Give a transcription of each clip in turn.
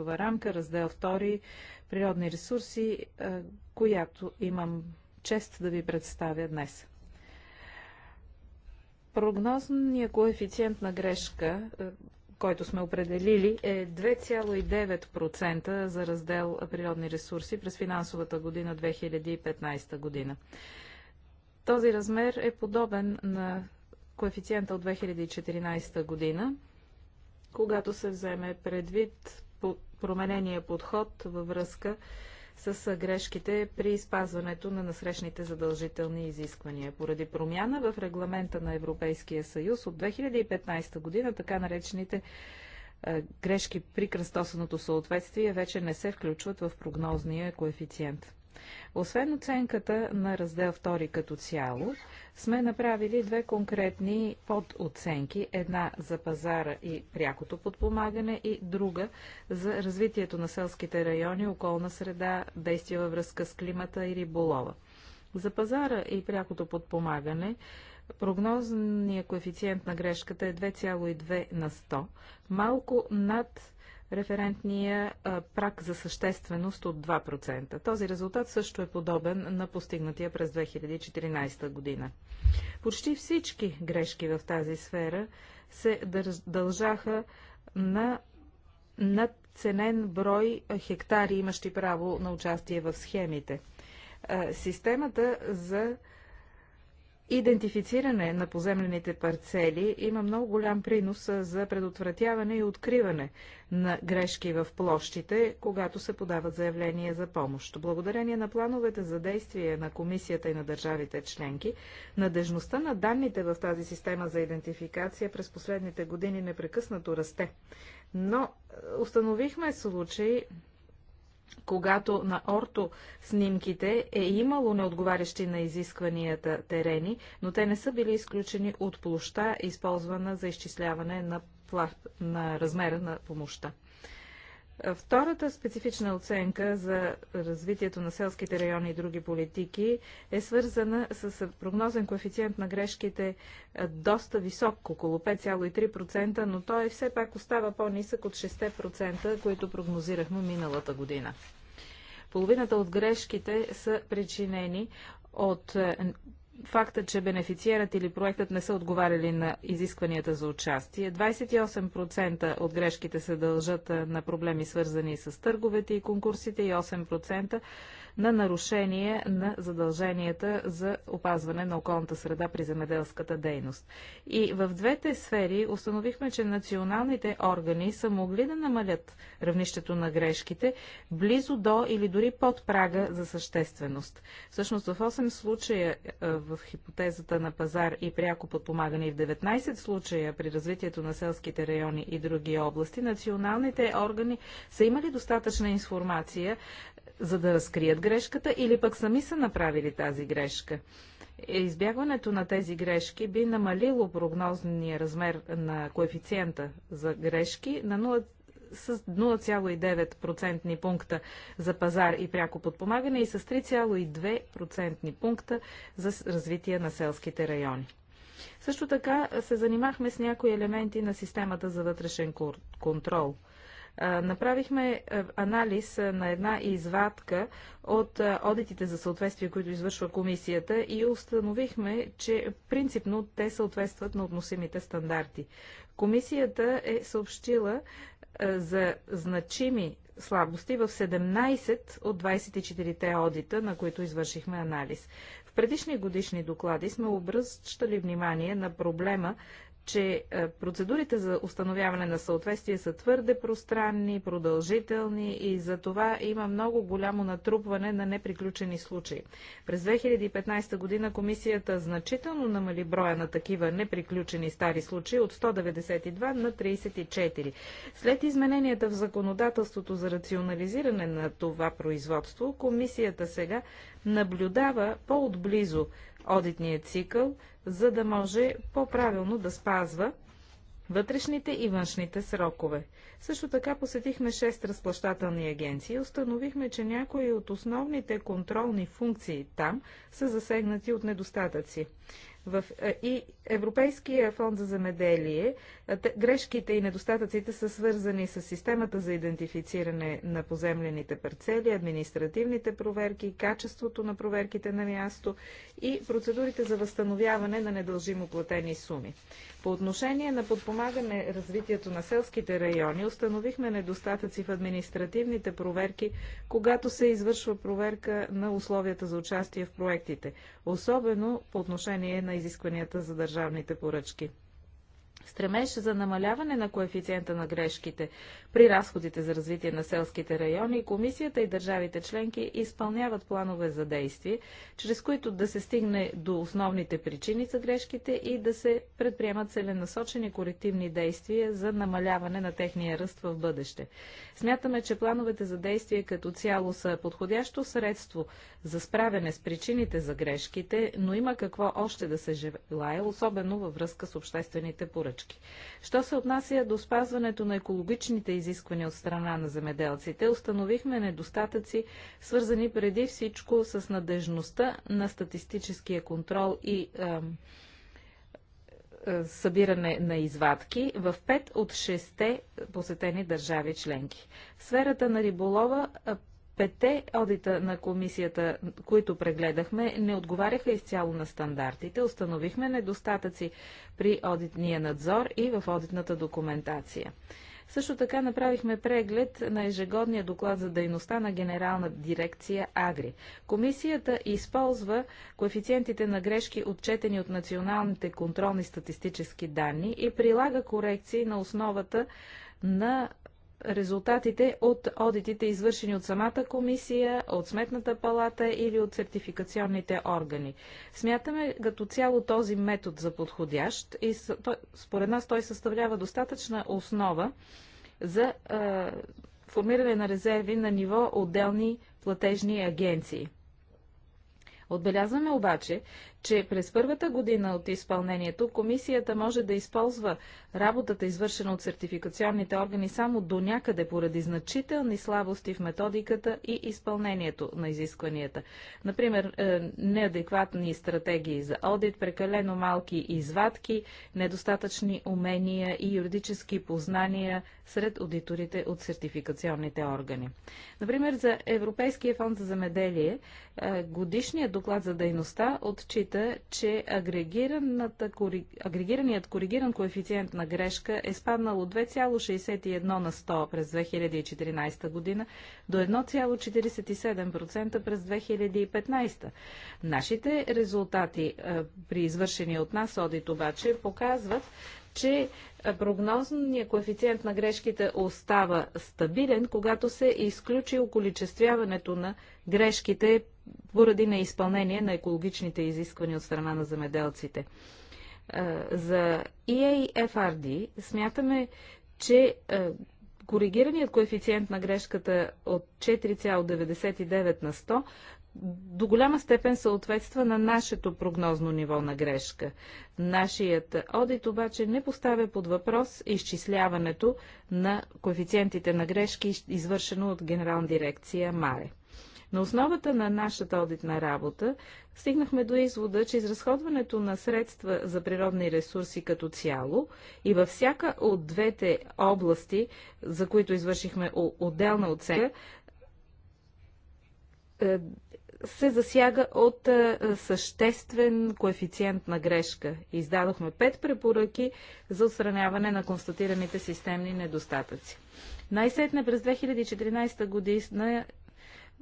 финансова рамка, раздел 2 природни ресурси, е, която имам чест да ви представя днес. Прогнозният коефициент на грешка, е, който сме определили, е 2,9% за раздел природни ресурси през финансовата година 2015 година. Този размер е подобен на коефициента от 2014 година, когато се вземе предвид променения подход във връзка с грешките при спазването на насрещните задължителни изисквания. Поради промяна в регламента на Европейския съюз от 2015 година, така наречените грешки при кръстосаното съответствие вече не се включват в прогнозния коефициент. Освен оценката на раздел 2 като цяло, сме направили две конкретни подоценки. Една за пазара и прякото подпомагане и друга за развитието на селските райони, околна среда, действия във връзка с климата и риболова. За пазара и прякото подпомагане прогнозният коефициент на грешката е 2,2 на 100, малко над референтния прак за същественост от 2%. Този резултат също е подобен на постигнатия през 2014 година. Почти всички грешки в тази сфера се дължаха на надценен брой хектари, имащи право на участие в схемите. Системата за идентифициране на поземлените парцели има много голям принос за предотвратяване и откриване на грешки в площите, когато се подават заявления за помощ. Благодарение на плановете за действие на комисията и на държавите членки, надежността на данните в тази система за идентификация през последните години непрекъснато расте. Но установихме случаи когато на орто снимките е имало неотговарящи на изискванията терени, но те не са били изключени от площа, използвана за изчисляване на, плат... на размера на помощта. Е, втората специфична оценка за развитието на селските райони и други политики е свързана с е, прогнозен коефициент на грешките е, доста висок, около 5,3%, но той все пак остава по-нисък от 6%, които прогнозирахме миналата година. Половината от грешките са причинени от факта, че бенефициерът или проектът не са отговаряли на изискванията за участие. 28% от грешките се дължат на проблеми свързани с търговете и конкурсите и 8% на нарушение на задълженията за опазване на околната среда при земеделската дейност. И в двете сфери установихме, че националните органи са могли да намалят равнището на грешките близо до или дори под прага за същественост. Всъщност в 8 случая в в хипотезата на пазар и пряко подпомагане и в 19 случая при развитието на селските райони и други области, националните органи са имали достатъчна информация, за да разкрият грешката или пък сами са направили тази грешка. Е, избягването на тези грешки би намалило прогнозния размер на коефициента за грешки на 0 с 0,9% пункта за пазар и пряко подпомагане и с 3,2% пункта за развитие на селските райони. Също така се занимахме с някои елементи на системата за вътрешен контрол. Направихме анализ на една извадка от одитите за съответствие, които извършва комисията и установихме, че принципно те съответстват на относимите стандарти. Комисията е съобщила, е, за значими слабости в 17 от 24-те одита, на които извършихме анализ. В предишни годишни доклади сме обръщали внимание на проблема че е, процедурите за установяване на съответствие са твърде пространни, продължителни и за това има много голямо натрупване на неприключени случаи. През 2015 година комисията значително намали броя на такива неприключени стари случаи от 192 на 34. След измененията в законодателството за рационализиране на това производство, комисията сега наблюдава по-отблизо одитния цикъл, за да може по-правилно да спазва вътрешните и външните срокове. Също така посетихме 6 разплащателни агенции и установихме, че някои от основните контролни функции там са засегнати от недостатъци. В, е, и Европейския фонд за земеделие Грешките и недостатъците са свързани с системата за идентифициране на поземлените парцели, административните проверки, качеството на проверките на място и процедурите за възстановяване на недължимо платени суми. По отношение на подпомагане развитието на селските райони, установихме недостатъци в административните проверки, когато се извършва проверка на условията за участие в проектите, особено по отношение на изискванията за държавните поръчки. Стремеж за намаляване на коефициента на грешките при разходите за развитие на селските райони, комисията и държавите членки изпълняват планове за действие, чрез които да се стигне до основните причини за грешките и да се предприемат целенасочени корективни действия за намаляване на техния ръст в бъдеще. Смятаме, че плановете за действие като цяло са подходящо средство за справяне с причините за грешките, но има какво още да се желая, особено във връзка с обществените поръчки поръчки. Що се отнася до спазването на екологичните изисквания от страна на земеделците, установихме недостатъци, свързани преди всичко с надежността на статистическия контрол и събиране на извадки в 5 от 6 посетени държави членки. В сферата на риболова Петте одита на комисията, които прегледахме, не отговаряха изцяло на стандартите. Установихме недостатъци при одитния надзор и в одитната документация. Също така направихме преглед на ежегодния доклад за дейността на Генерална дирекция Агри. Комисията използва коефициентите на грешки, отчетени от националните контролни статистически данни и прилага корекции на основата на резултатите от одитите, извършени от самата комисия, от Сметната палата или от сертификационните органи. Смятаме като цяло този метод за подходящ и според нас той съставлява достатъчна основа за е, формиране на резерви на ниво отделни платежни агенции. Отбелязваме обаче, че през първата година от изпълнението комисията може да използва работата, извършена от сертификационните органи, само до някъде поради значителни слабости в методиката и изпълнението на изискванията. Например, е, неадекватни стратегии за одит, прекалено малки извадки, недостатъчни умения и юридически познания сред аудиторите от сертификационните органи. Например, за Европейския фонд за замеделие е, годишният доклад за дейността отчита счита, че агрегираният коригиран коефициент на грешка е спаднал от 2,61 на 100 през 2014 година до 1,47% през 2015. Нашите резултати е, при извършени от нас одит обаче показват, че е, прогнозният коефициент на грешките остава стабилен, когато се изключи околичествяването на грешките поради неизпълнение на екологичните изисквания от страна на замеделците. За EAFRD смятаме, че коригираният коефициент на грешката от 4,99 на 100 до голяма степен съответства на нашето прогнозно ниво на грешка. Нашият одит обаче не поставя под въпрос изчисляването на коефициентите на грешки, извършено от Генерална дирекция МАРЕ. На основата на нашата одитна работа стигнахме до извода, че изразходването на средства за природни ресурси като цяло и във всяка от двете области, за които извършихме отделна оценка, е, се засяга от е, съществен коефициент на грешка. Издадохме пет препоръки за отстраняване на констатираните системни недостатъци. Най-сетне през 2014 година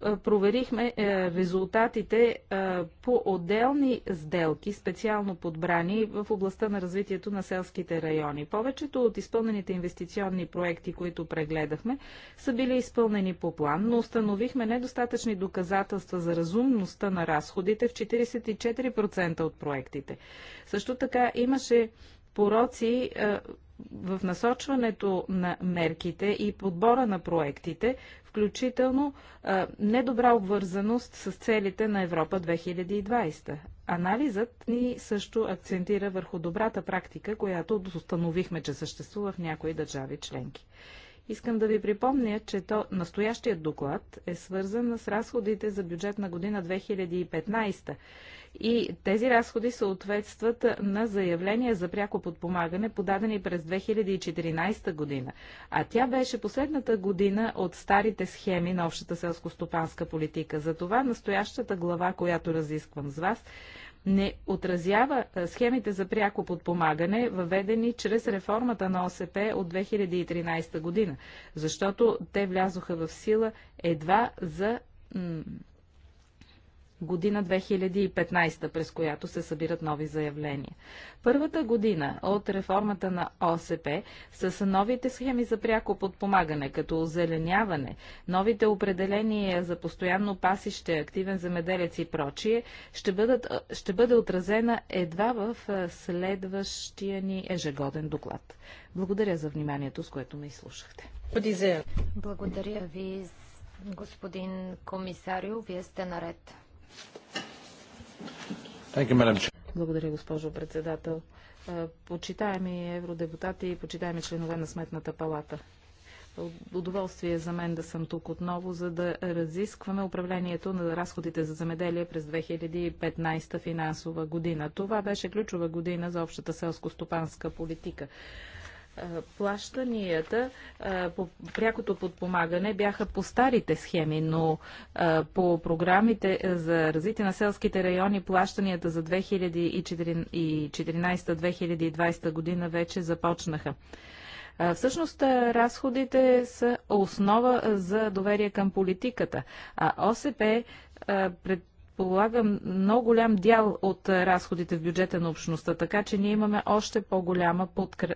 е, проверихме е, резултатите е, по отделни сделки, специално подбрани в областта на развитието на селските райони. Повечето от изпълнените инвестиционни проекти, които прегледахме, са били изпълнени по план, но установихме недостатъчни доказателства за разумността на разходите в 44% от проектите. Също така имаше пороци в насочването на мерките и подбора на проектите, включително а, недобра обвързаност с целите на Европа 2020. Анализът ни също акцентира върху добрата практика, която установихме, че съществува в някои държави членки. Искам да ви припомня, че то, настоящият доклад е свързан с разходите за бюджет на година 2015 и тези разходи съответстват на заявления за пряко подпомагане, подадени през 2014 година. А тя беше последната година от старите схеми на общата селско-стопанска политика. Затова настоящата глава, която разисквам с вас, не отразява схемите за пряко подпомагане, въведени чрез реформата на ОСП от 2013 година, защото те влязоха в сила едва за година 2015, през която се събират нови заявления. Първата година от реформата на ОСП с новите схеми за пряко подпомагане, като озеленяване, новите определения за постоянно пасище, активен земеделец и прочие, ще, бъдат, ще бъде отразена едва в следващия ни ежегоден доклад. Благодаря за вниманието, с което ме изслушахте. Благодаря ви, господин комисарио. Вие сте наред. Благодаря, госпожо председател. Почитаеми евродепутати и почитаеми членове на Сметната палата. Удоволствие за мен да съм тук отново, за да разискваме управлението на разходите за замеделие през 2015 финансова година. Това беше ключова година за общата селско-стопанска политика. Плащанията по прякото подпомагане бяха по старите схеми, но по програмите за развитие на селските райони плащанията за 2014-2020 година вече започнаха. Всъщност разходите са основа за доверие към политиката, а ОСП пред полага много голям дял от разходите в бюджета на общността, така че ние имаме още по-голяма подкр...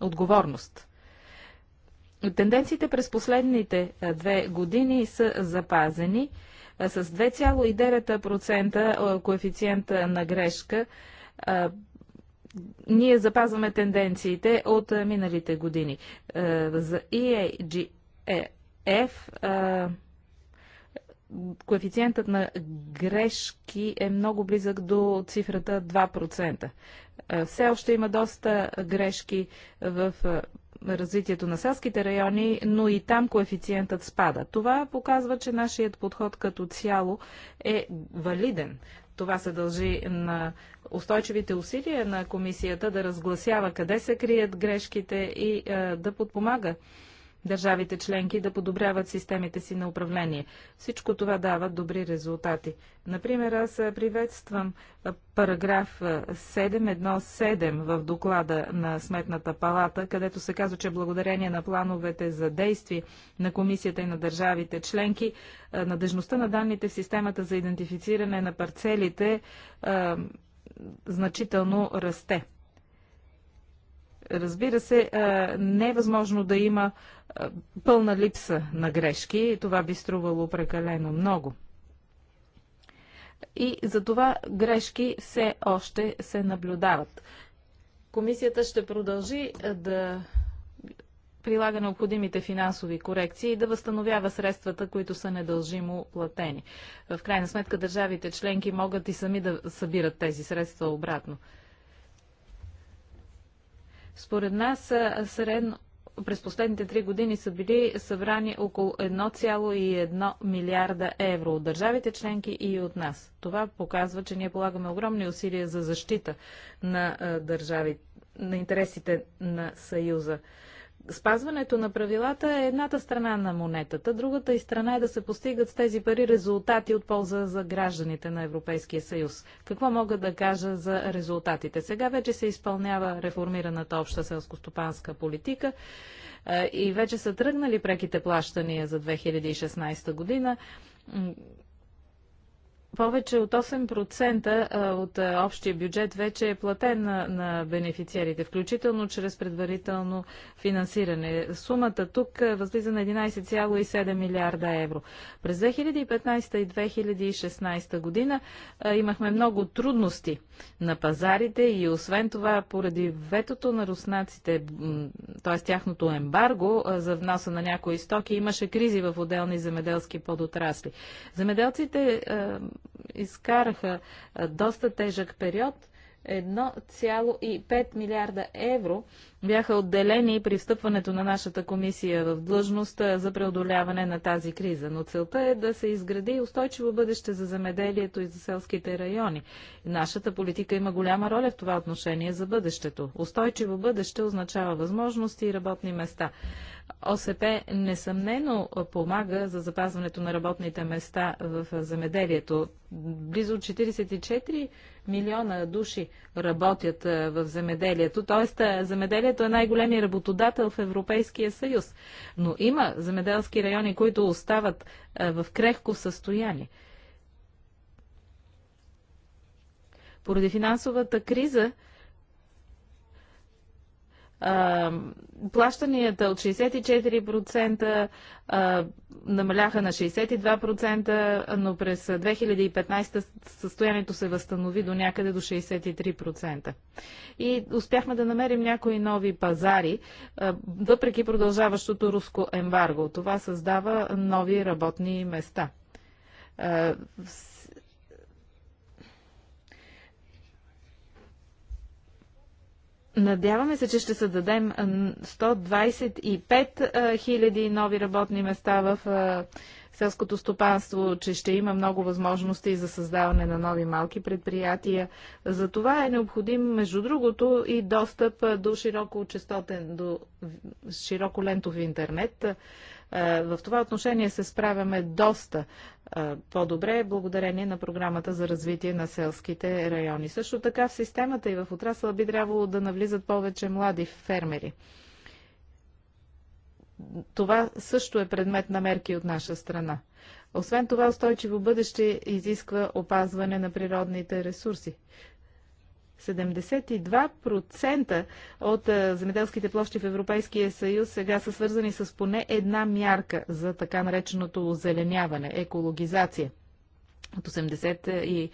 отговорност. Тенденциите през последните две години са запазени с 2,9% коефициента на грешка. Ние запазваме тенденциите от миналите години. За EAGF e коефициентът на грешки е много близък до цифрата 2%. Е, все още има доста грешки в е, развитието на селските райони, но и там коефициентът спада. Това показва, че нашият подход като цяло е валиден. Това се дължи на устойчивите усилия на комисията да разгласява къде се крият грешките и е, да подпомага държавите членки да подобряват системите си на управление. Всичко това дава добри резултати. Например, аз приветствам параграф 7.1.7 в доклада на Сметната палата, където се казва, че благодарение на плановете за действие на комисията и на държавите членки, надежността на данните в системата за идентифициране на парцелите значително расте. Разбира се, не е възможно да има пълна липса на грешки. Това би струвало прекалено много. И за това грешки все още се наблюдават. Комисията ще продължи да прилага необходимите финансови корекции и да възстановява средствата, които са недължимо платени. В крайна сметка държавите членки могат и сами да събират тези средства обратно. Според нас средно през последните три години са били събрани около 1,1 милиарда евро от държавите членки и от нас. Това показва, че ние полагаме огромни усилия за защита на държави, на интересите на Съюза спазването на правилата е едната страна на монетата, другата и страна е да се постигат с тези пари резултати от полза за гражданите на Европейския съюз. Какво мога да кажа за резултатите? Сега вече се изпълнява реформираната обща селскостопанска политика и вече са тръгнали преките плащания за 2016 година. Повече от 8% от общия бюджет вече е платен на, на бенефициерите, включително чрез предварително финансиране. Сумата тук възлиза на 11,7 милиарда евро. През 2015 и 2016 година а, имахме много трудности на пазарите и освен това, поради ветото на руснаците, т.е. тяхното ембарго за вноса на някои стоки, имаше кризи в отделни земеделски подотрасли. Земеделците е, изкараха доста тежък период 1,5 милиарда евро бяха отделени при встъпването на нашата комисия в длъжност за преодоляване на тази криза. Но целта е да се изгради устойчиво бъдеще за земеделието и за селските райони. Нашата политика има голяма роля в това отношение за бъдещето. Устойчиво бъдеще означава възможности и работни места. ОСП несъмнено помага за запазването на работните места в земеделието. Близо 44 милиона души работят в земеделието, т.е. земеделието е най-големият работодател в Европейския съюз. Но има земеделски райони, които остават в крехко състояние. Поради финансовата криза, плащанията от 64% а, намаляха на 62%, но през 2015 състоянието се възстанови до някъде до 63%. И успяхме да намерим някои нови пазари, а, въпреки продължаващото руско ембарго. Това създава нови работни места Надяваме се, че ще създадем 125 000 нови работни места в селското стопанство, че ще има много възможности за създаване на нови малки предприятия. За това е необходим, между другото, и достъп до широко частотен, до широко лентов интернет. Е, в това отношение се справяме доста е, по-добре благодарение на програмата за развитие на селските райони. Също така в системата и в отрасъла би трябвало да навлизат повече млади фермери. Това също е предмет на мерки от наша страна. Освен това, устойчиво бъдеще изисква опазване на природните ресурси. 72% от земеделските площи в Европейския съюз сега са свързани с поне една мярка за така нареченото озеленяване, екологизация. От, 80 и,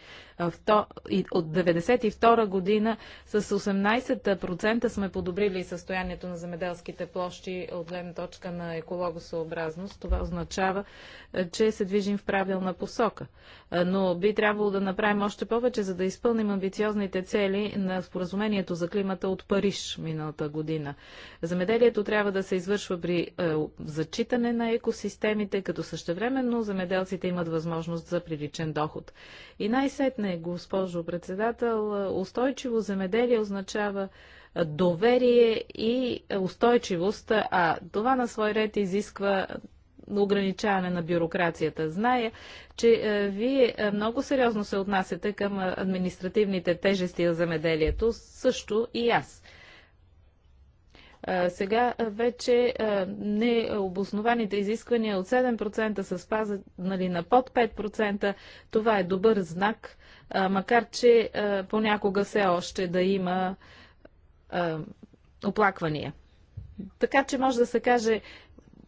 от 92 година с 18% сме подобрили състоянието на земеделските площи от гледна точка на екологосъобразност. Това означава, че се движим в правилна посока. Е, но би трябвало да направим още повече, за да изпълним амбициозните цели на споразумението за климата от Париж миналата година. Замеделието трябва да се извършва при е, зачитане на екосистемите, като същевременно замеделците имат възможност за приличен доход. И най-сетне, госпожо председател, е, устойчиво замеделие означава е, доверие и устойчивост, а това на свой ред изисква ограничаване на бюрокрацията. Зная, че е, вие е, много сериозно се отнасяте към е, административните тежести за земеделието, също и аз. Сега вече необоснованите изисквания от 7% са спазнали на под 5%. Това е добър знак, макар че понякога все още да има оплаквания. Така че може да се каже,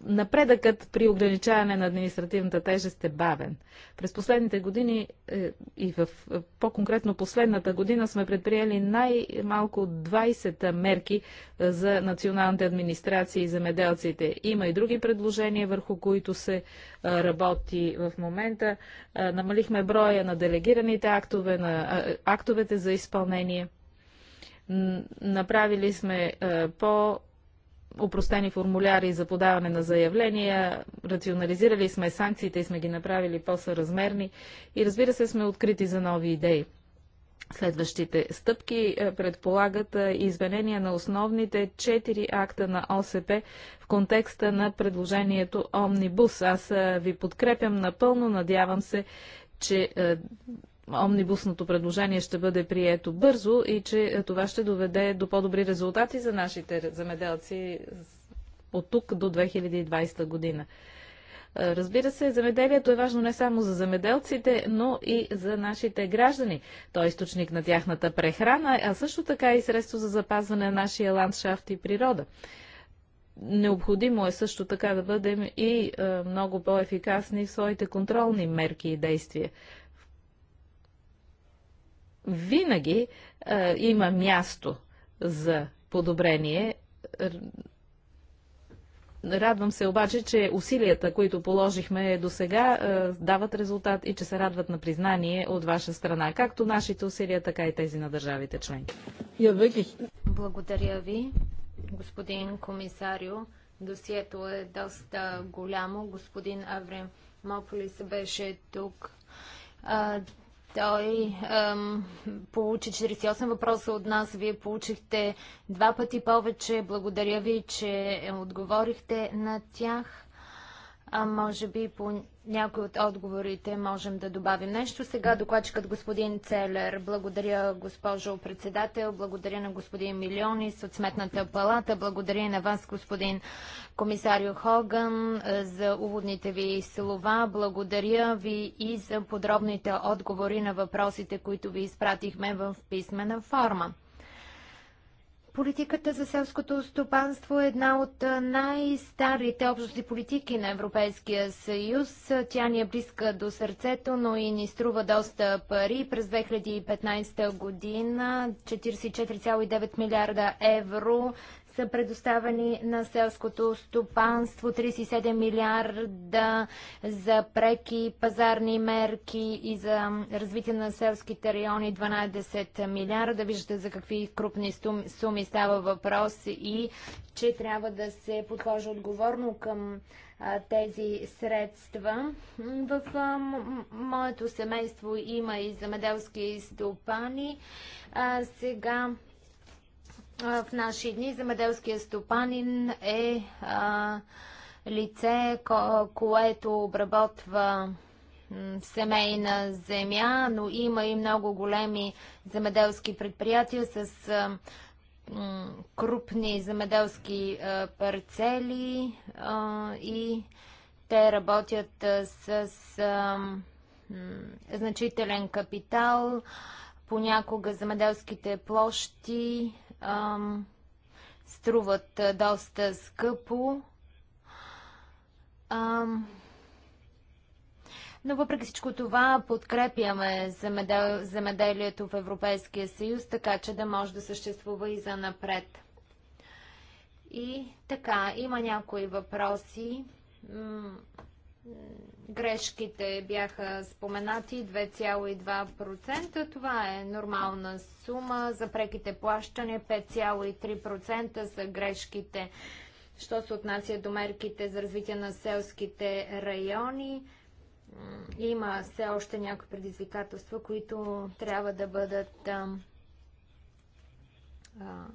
напредъкът при ограничаване на административната тежест е бавен. През последните години е, и в е, по-конкретно последната година сме предприели най-малко 20 мерки е, за националните администрации и замеделците. Има и други предложения, върху които се работи в момента. Намалихме броя на делегираните актове, на актовете за изпълнение. Направили сме по- упростени формуляри за подаване на заявления, рационализирали сме санкциите и сме ги направили по-съразмерни и разбира се сме открити за нови идеи. Следващите стъпки е, предполагат е, изменения на основните четири акта на ОСП в контекста на предложението Омнибус. Аз е, ви подкрепям напълно, надявам се, че омнибусното предложение ще бъде прието бързо и че това ще доведе до по-добри резултати за нашите замеделци от тук до 2020 година. Разбира се, земеделието е важно не само за земеделците, но и за нашите граждани. Той е източник на тяхната прехрана, а също така и средство за запазване на нашия ландшафт и природа. Необходимо е също така да бъдем и е, много по-ефикасни в своите контролни мерки и действия винаги а, е, има място за подобрение. Радвам се обаче, че усилията, които положихме до сега, е, дават резултат и че се радват на признание от ваша страна, както нашите усилия, така и тези на държавите членки. Благодаря ви, господин комисарио. Досието е доста голямо. Господин Аврем Мополис беше тук. Той ем, получи 48 въпроса от нас. Вие получихте два пъти повече. Благодаря ви, че отговорихте на тях. А може би по някои от отговорите можем да добавим нещо. Сега докладчикът господин Целер. Благодаря госпожо председател, благодаря на господин Милионис от Сметната палата, благодаря на вас господин комисарио Хоган е, за уводните ви слова, благодаря ви и за подробните отговори на въпросите, които ви изпратихме в писмена форма. Политиката за селското стопанство е една от най-старите общи политики на Европейския съюз. Тя ни е близка до сърцето, но и ни струва доста пари. През 2015 година 44,9 милиарда евро са предоставени на селското стопанство, 37 милиарда за преки пазарни мерки и за развитие на селските райони, 12 милиарда. Виждате за какви крупни суми става въпрос и че трябва да се подхожа отговорно към тези средства. В моето семейство има и замеделски стопани. сега в наши дни земеделския стопанин е а, лице, което обработва семейна земя, но има и много големи земеделски предприятия с а, м, крупни земеделски а, парцели а, и те работят с м, значителен капитал. Понякога земеделските площи струват доста скъпо. Ам, но въпреки всичко това подкрепяме замеделието в Европейския съюз, така че да може да съществува и за напред. И така, има някои въпроси Грешките бяха споменати 2,2%. Това е нормална сума. За преките плащане 5,3% са грешките. Що се отнася до мерките за развитие на селските райони, има все още някои предизвикателства, които трябва да бъдат а, а,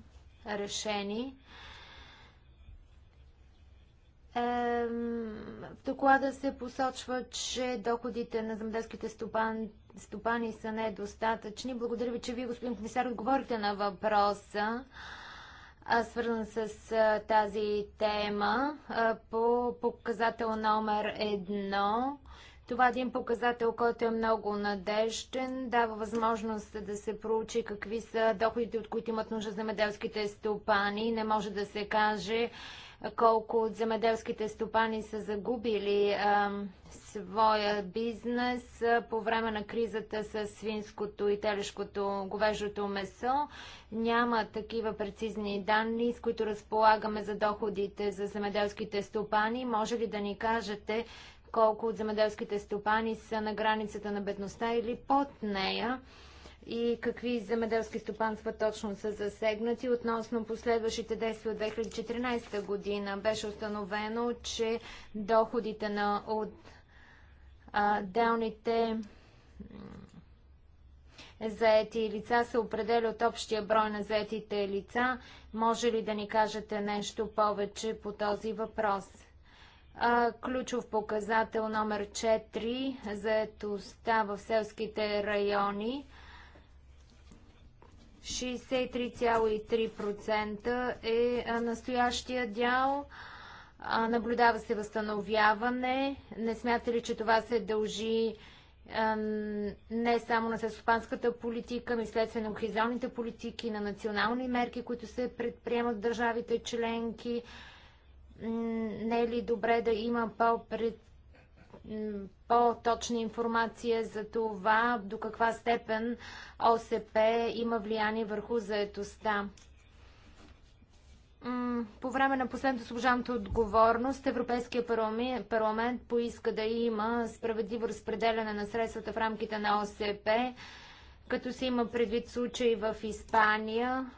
решени. В доклада се посочва, че доходите на земеделските стопани, стопани са недостатъчни. Благодаря ви, че вие, господин комисар, отговорите на въпроса, свързан с тази тема по показател номер едно. Това е един показател, който е много надежден, дава възможност да се проучи какви са доходите, от които имат нужда земеделските стопани. Не може да се каже колко от земеделските стопани са загубили а, своя бизнес а, по време на кризата с свинското и телешкото говежото месо. Няма такива прецизни данни, с които разполагаме за доходите за земеделските стопани. Може ли да ни кажете колко от земеделските стопани са на границата на бедността или под нея? и какви земеделски стопанства точно са засегнати. Относно последващите действия от 2014 година беше установено, че доходите на отделните заети лица се определя от общия брой на заетите лица. Може ли да ни кажете нещо повече по този въпрос? Ключов показател номер 4 заетостта в селските райони 63,3% е настоящия дял. Наблюдава се възстановяване. Не смята ли, че това се дължи не само на сеспанската политика, но и следствие на кохезионните политики, на национални мерки, които се предприемат в държавите членки. Не е ли добре да има по-пред по-точна информация за това до каква степен ОСП има влияние върху заетостта. По време на последното служебната отговорност Европейския парламент, поиска да има справедливо разпределяне на средствата в рамките на ОСП, като се има предвид случаи в Испания.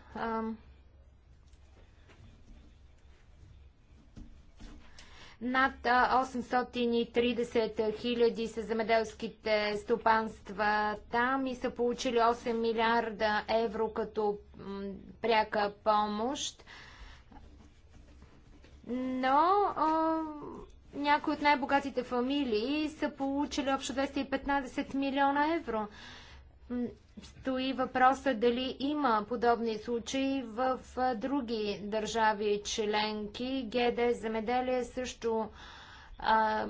Над 830 хиляди са земеделските стопанства там и са получили 8 милиарда евро като пряка помощ. Но а, някои от най-богатите фамилии са получили общо 215 милиона евро стои въпроса дали има подобни случаи в други държави членки. ГД Земеделие също а,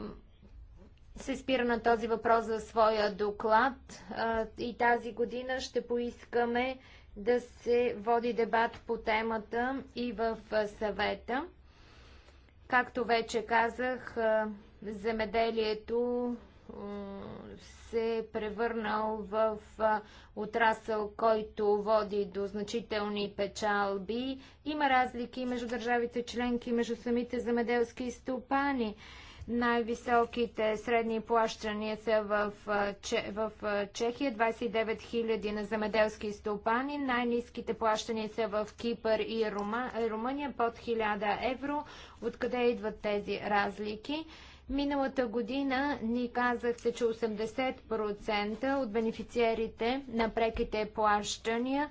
се спира на този въпрос за своя доклад а, и тази година ще поискаме да се води дебат по темата и в съвета. Както вече казах, земеделието се е превърнал в отрасъл, който води до значителни печалби. Има разлики между държавите членки, между самите земеделски стопани. Най-високите средни плащания са в, в Чехия 29 000 на земеделски стопани, най-низките плащания са в Кипър и Рума, Румъния под 1000 евро. Откъде идват тези разлики? Миналата година ни казахте, че 80% от бенефициерите на преките плащания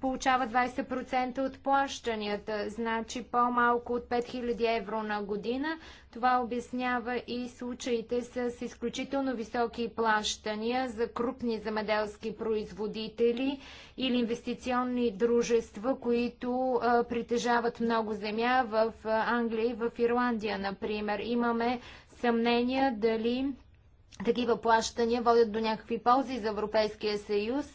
получава 20% от плащанията, значи по-малко от 5000 евро на година. Това обяснява и случаите с изключително високи плащания за крупни замеделски производители или инвестиционни дружества, които а, притежават много земя в Англия и в Ирландия, например. Имаме съмнения дали такива плащания водят до някакви ползи за Европейския съюз.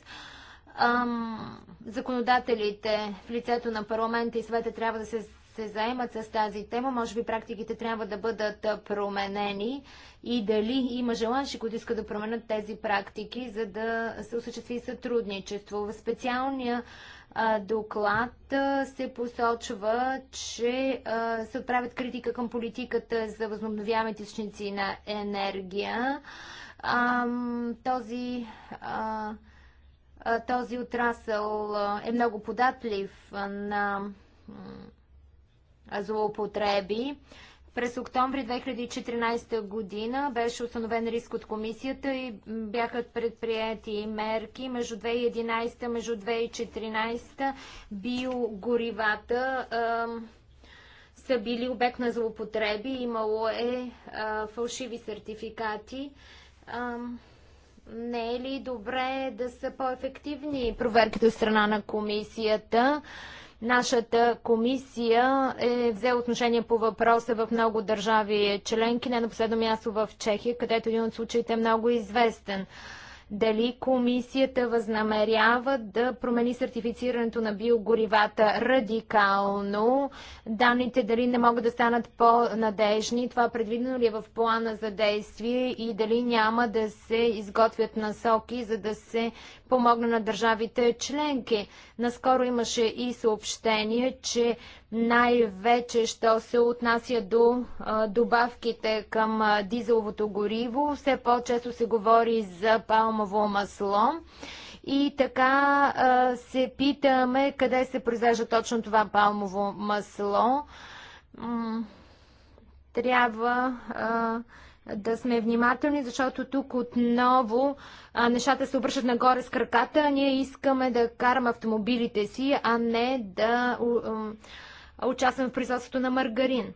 Ам, законодателите в лицето на парламента и света трябва да се се заемат с тази тема, може би практиките трябва да бъдат променени и дали има желанши, които искат да променят тези практики, за да се осъществи сътрудничество. В специалния доклад се посочва, че се отправят критика към политиката за възобновяване източници на енергия. Този този отрасъл е много податлив на злоупотреби. През октомври 2014 година беше установен риск от комисията и бяха предприяти мерки. Между 2011 между 2014 биогоривата е, са били обект на злоупотреби. Имало е, а, фалшиви сертификати. А, не е ли добре да са по-ефективни проверките от страна на комисията? Нашата комисия е взела отношение по въпроса в много държави членки, не на последно място в Чехия, където един от случаите е много известен. Дали комисията възнамерява да промени сертифицирането на биогоривата радикално? Данните дали не могат да станат по-надежни? Това предвидено ли е в плана за действие и дали няма да се изготвят насоки, за да се помогне на държавите членки? Наскоро имаше и съобщение, че най-вече, що се отнася до добавките към дизеловото гориво, все по-често се говори за палм палмово масло. И така а, се питаме къде се произвежда точно това палмово масло. М трябва а, да сме внимателни, защото тук отново а, нещата се обръщат нагоре с краката. ние искаме да караме автомобилите си, а не да участваме в производството на маргарин.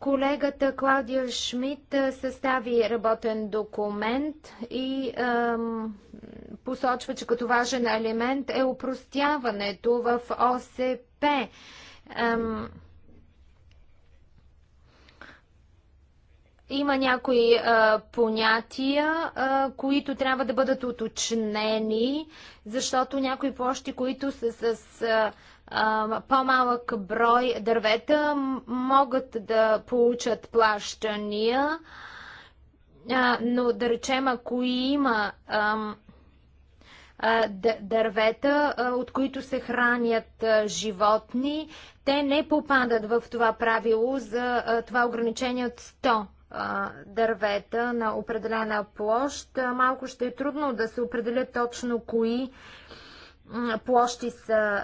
Колегата Клаудия Шмидт състави работен документ и ем, посочва, че като важен елемент е упростяването в ОСП. Ем, Има някои а, понятия, а, които трябва да бъдат уточнени, защото някои площи, които са с а, по-малък брой дървета могат да получат плащания, но да речем, ако има дървета, от които се хранят животни, те не попадат в това правило за това ограничение от 100 дървета на определена площ. Малко ще е трудно да се определят точно кои площи са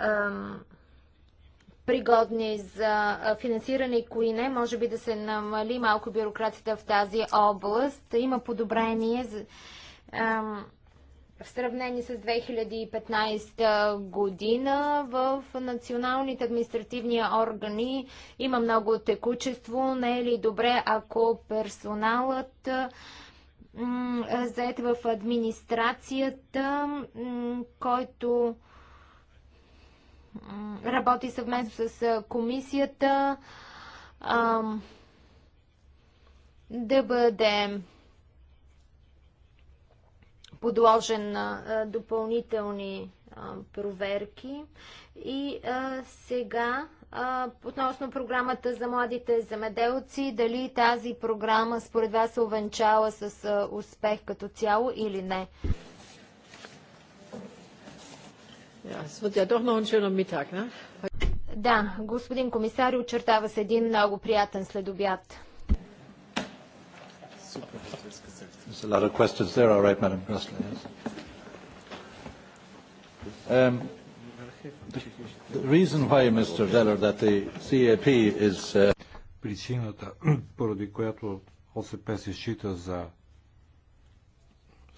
пригодни за финансиране и кои не. Може би да се намали малко бюрокрацията в тази област. Има подобрение за, ам, в сравнение с 2015 година в националните административни органи има много текучество. Не е ли добре, ако персоналът заед в администрацията, който работи съвместно с комисията а, да бъде подложен на допълнителни проверки. И а, сега относно програмата за младите замеделци, дали тази програма според вас се увенчала с успех като цяло или не? Да, господин комисар, очертава се един много приятен следобяд. There's a lot of questions there, all right, Madam Yes. Um, the, reason why, Mr. that the CAP is... Uh, Причината, поради която ОСП се счита за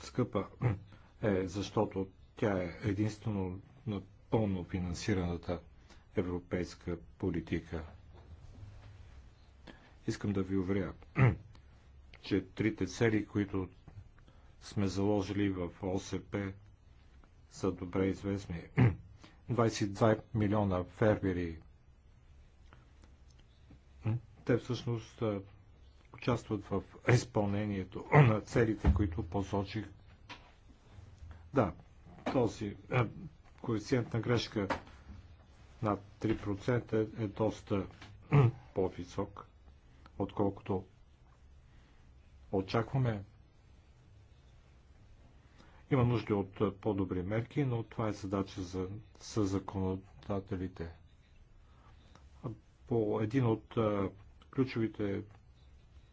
скъпа, е защото тя е единствено на пълно финансираната европейска политика. Искам да ви уверя, че трите цели, които сме заложили в ОСП, са добре известни. 22 милиона фермери. Те всъщност участват в изпълнението на целите, които посочих. Да, този коефициент на грешка над 3% е доста по-висок, отколкото очакваме. Има нужда от по-добри мерки, но това е задача за, за законодателите. По един от ключовите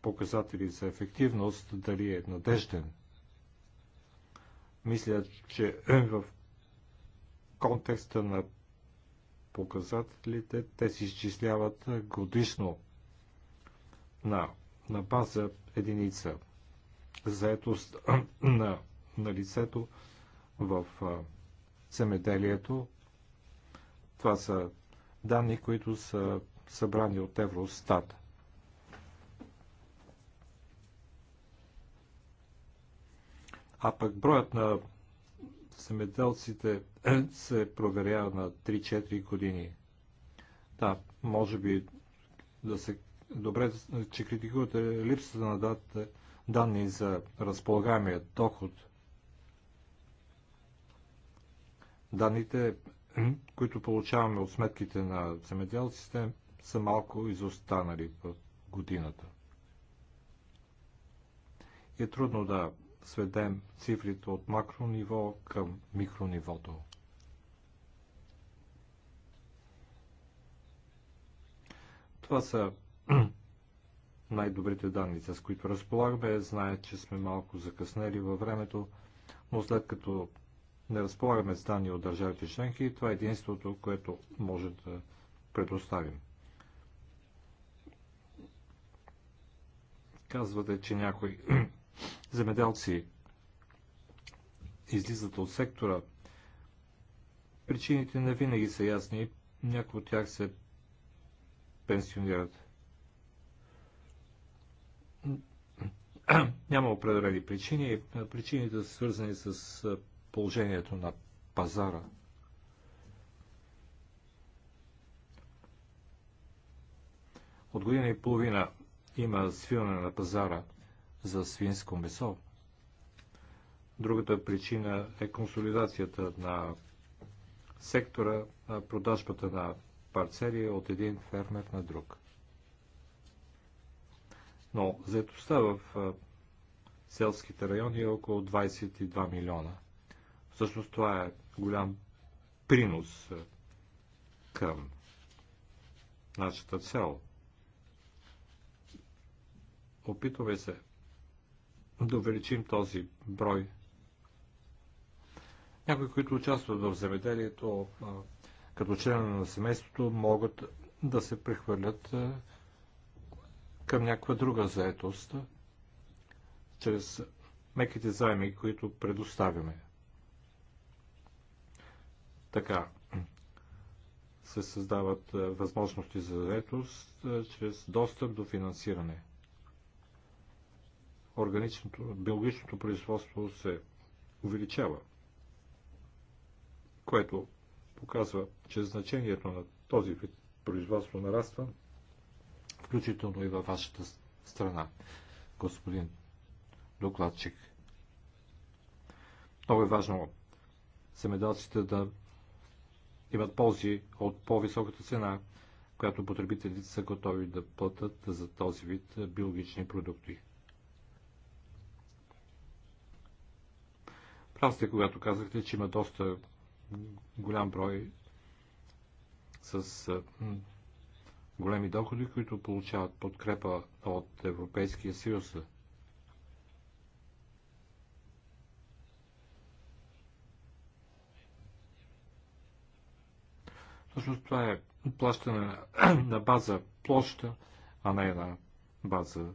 показатели за ефективност, дали е надежден, мисля, че в контекста на показателите, те се изчисляват годишно на, на база единица заетост на, на лицето в земеделието. Това са данни, които са събрани от Евростат. А пък броят на земеделците се проверява на 3-4 години. Да, може би да се... Добре, че критикувате липсата на дата, данни за разполагаемия доход. Данните, които получаваме от сметките на земеделците, са малко изостанали в годината. И е трудно да сведем цифрите от макро ниво към микро нивото. Това са най-добрите данни, с които разполагаме. Знаят, че сме малко закъснели във времето, но след като не разполагаме с данни от държавите членки, това е единството, което може да предоставим. Казвате, че някой земеделци излизат от сектора. Причините не винаги са ясни. Някои от тях се пенсионират. Няма определени причини. Причините са свързани с положението на пазара. От година и половина има свиване на пазара за свинско месо. Другата причина е консолидацията на сектора, продажбата на парцели от един фермер на друг. Но заетостта в селските райони е около 22 милиона. Всъщност това е голям принос към нашата цел. Опитваме се да увеличим този брой. Някои, които участват в земеделието като члена на семейството, могат да се прехвърлят към някаква друга заетост чрез меките заеми, които предоставяме. Така се създават възможности за заетост чрез достъп до финансиране – органичното, биологичното производство се увеличава, което показва, че значението на този вид производство нараства, включително и във вашата страна, господин докладчик. Много е важно семедалците да имат ползи от по-високата цена, която потребителите са готови да платят за този вид биологични продукти. прав сте, когато казахте, че има доста голям брой с големи доходи, които получават подкрепа от Европейския съюз. Всъщност това е плащане на база площа, а не на база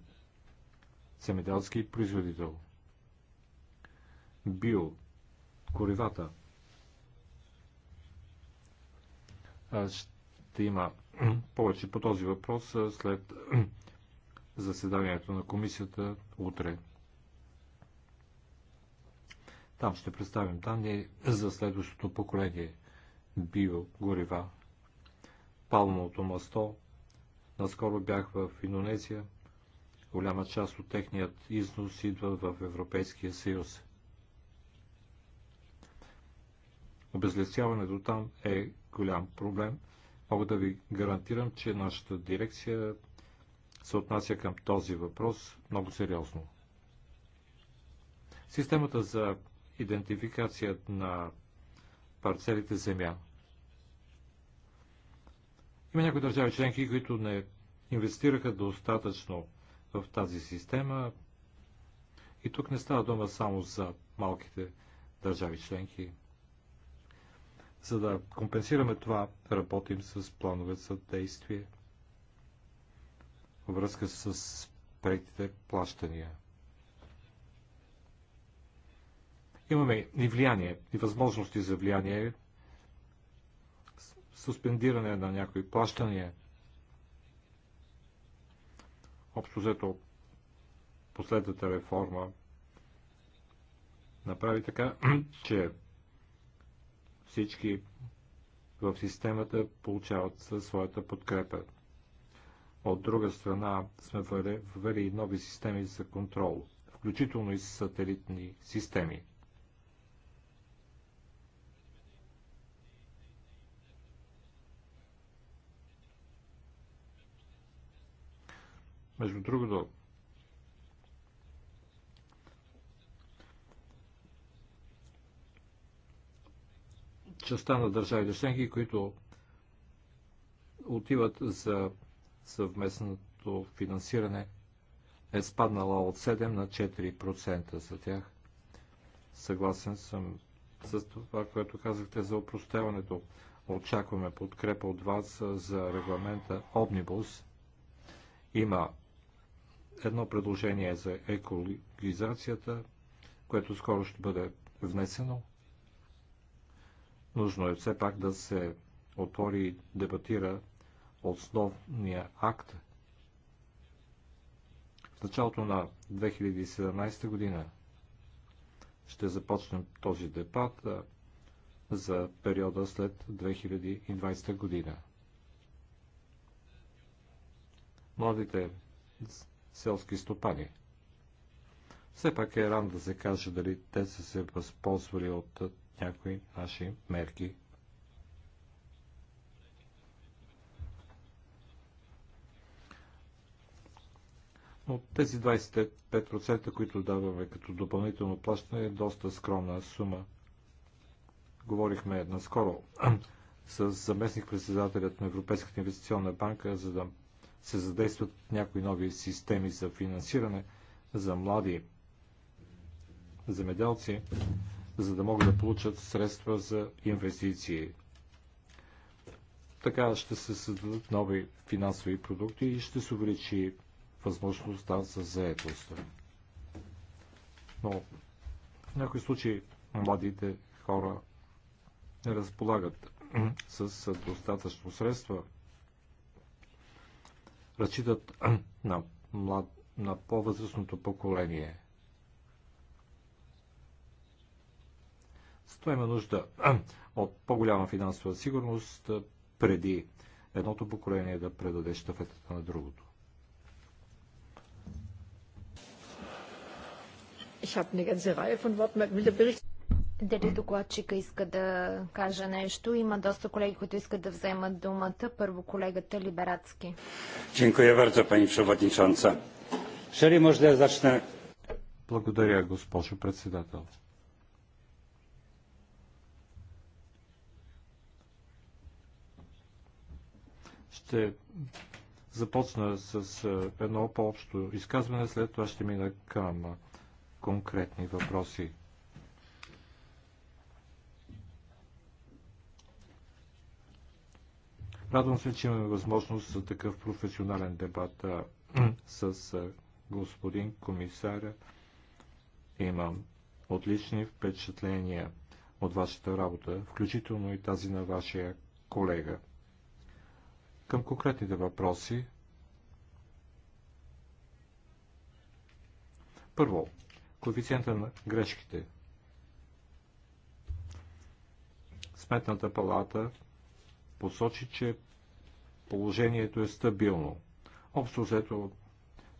земеделски производител био горивата. Ще има повече по този въпрос след заседанието на комисията утре. Там ще представим данни за следващото поколение био Горива. Палмовото масло. Наскоро бях в Индонезия. Голяма част от техният износ идва в Европейския съюз. Обезлесяването там е голям проблем. Мога да ви гарантирам, че нашата дирекция се отнася към този въпрос много сериозно. Системата за идентификация на парцелите земя. Има някои държави членки, които не инвестираха достатъчно в тази система. И тук не става дума само за малките държави членки. За да компенсираме това, работим с планове за действие връзка с преките плащания. Имаме и влияние, и възможности за влияние, суспендиране на някои плащания. Общо взето последната реформа направи така, че всички в системата получават своята подкрепа. От друга страна сме ввели и нови системи за контрол, включително и сателитни системи. Между другото, частта на държавите членки, които отиват за съвместното финансиране, е спаднала от 7 на 4% за тях. Съгласен съм с това, което казахте за опростяването. Очакваме подкрепа от вас за регламента Обнибус. Има едно предложение за екологизацията, което скоро ще бъде внесено. Нужно е все пак да се отвори и дебатира основния акт. В началото на 2017 година ще започнем този дебат за периода след 2020 година. Младите селски стопани. Все пак е рано да се каже дали те са се възползвали от някои наши мерки. Но тези 25%, които даваме като допълнително плащане, е доста скромна сума. Говорихме наскоро с заместник-председателят на Европейската инвестиционна банка, за да се задействат някои нови системи за финансиране за млади земеделци за да могат да получат средства за инвестиции. Така ще се създадат нови финансови продукти и ще се увеличи възможността за заедост. Но в някои случаи младите хора не разполагат с достатъчно средства, разчитат на, млад, на по-възрастното поколение – Защо има нужда от по-голяма финансова сигурност преди едното поколение да предаде щафетата на другото? Дали докладчика иска да кажа нещо? Има доста колеги, които искат да вземат думата. Първо колегата Либерацки. Dziękuję bardzo, pani przewodnicząca. Jeżeli można zacznę. Благодаря, госпожо председател. Ще започна с едно по-общо изказване, след това ще мина към конкретни въпроси. Радвам се, че имаме възможност за такъв професионален дебат с господин комисаря. Имам отлични впечатления от вашата работа, включително и тази на вашия колега към конкретните въпроси. Първо, коефициента на грешките. Сметната палата посочи, че положението е стабилно. Общо взето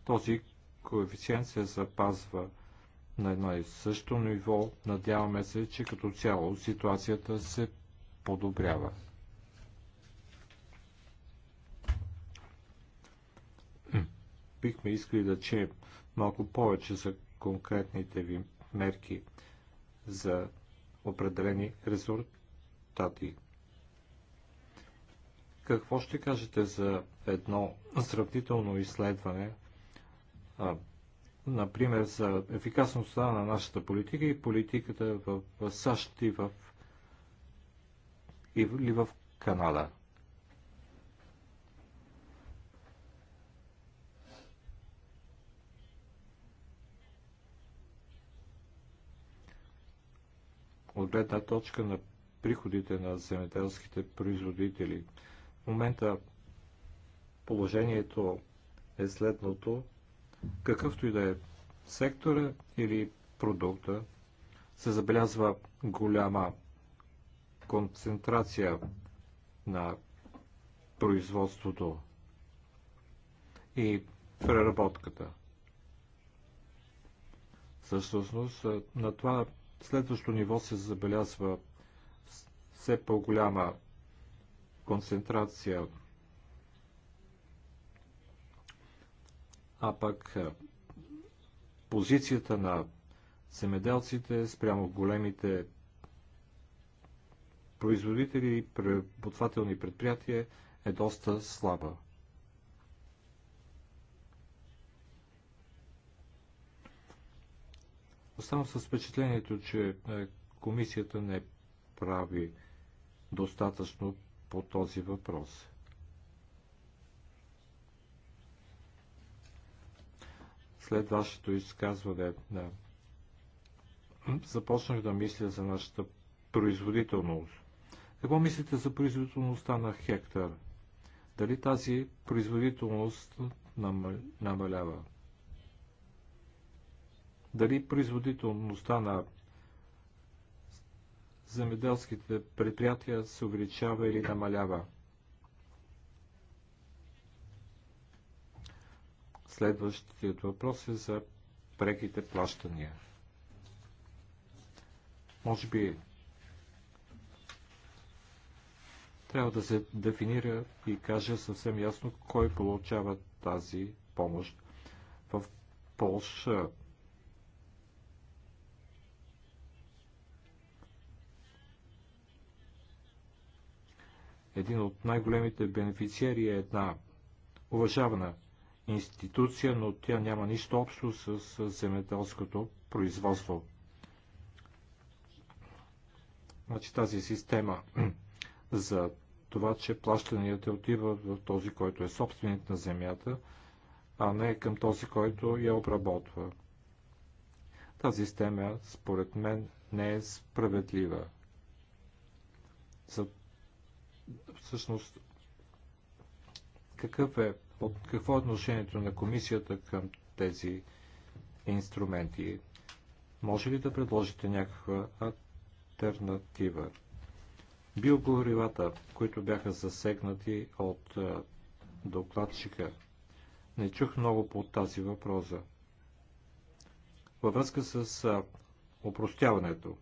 този коефициент се запазва на едно и също ниво. Надяваме се, че като цяло ситуацията се подобрява. бихме искали да чуем малко повече за конкретните ви мерки за определени резултати. Какво ще кажете за едно сравнително изследване, а, например, за ефикасността на нашата политика и политиката в САЩ и в, или в Канада? от гледна точка на приходите на земеделските производители. В момента положението е следното. Какъвто и да е сектора или продукта, се забелязва голяма концентрация на производството и преработката. Същност на това следващо ниво се забелязва все по-голяма концентрация, а пък е, позицията на земеделците спрямо големите производители и преработвателни предприятия е доста слаба. Оставам с впечатлението, че е, комисията не прави достатъчно по този въпрос. След вашето изказване да, е, започнах да мисля за нашата производителност. Какво мислите за производителността на хектар? Дали тази производителност намалява? дали производителността на земеделските предприятия се увеличава или намалява. Следващият въпрос е за преките плащания. Може би трябва да се дефинира и каже съвсем ясно кой получава тази помощ. В Полша един от най-големите бенефициери е една уважавана институция, но тя няма нищо общо с земеделското производство. Значи тази система за това, че плащанията отиват в този, който е собственик на земята, а не към този, който я обработва. Тази система, според мен, не е справедлива. За всъщност какъв е, какво е отношението на комисията към тези инструменти? Може ли да предложите някаква альтернатива? Биогоривата, които бяха засегнати от докладчика, не чух много по тази въпроса. Във връзка с опростяването,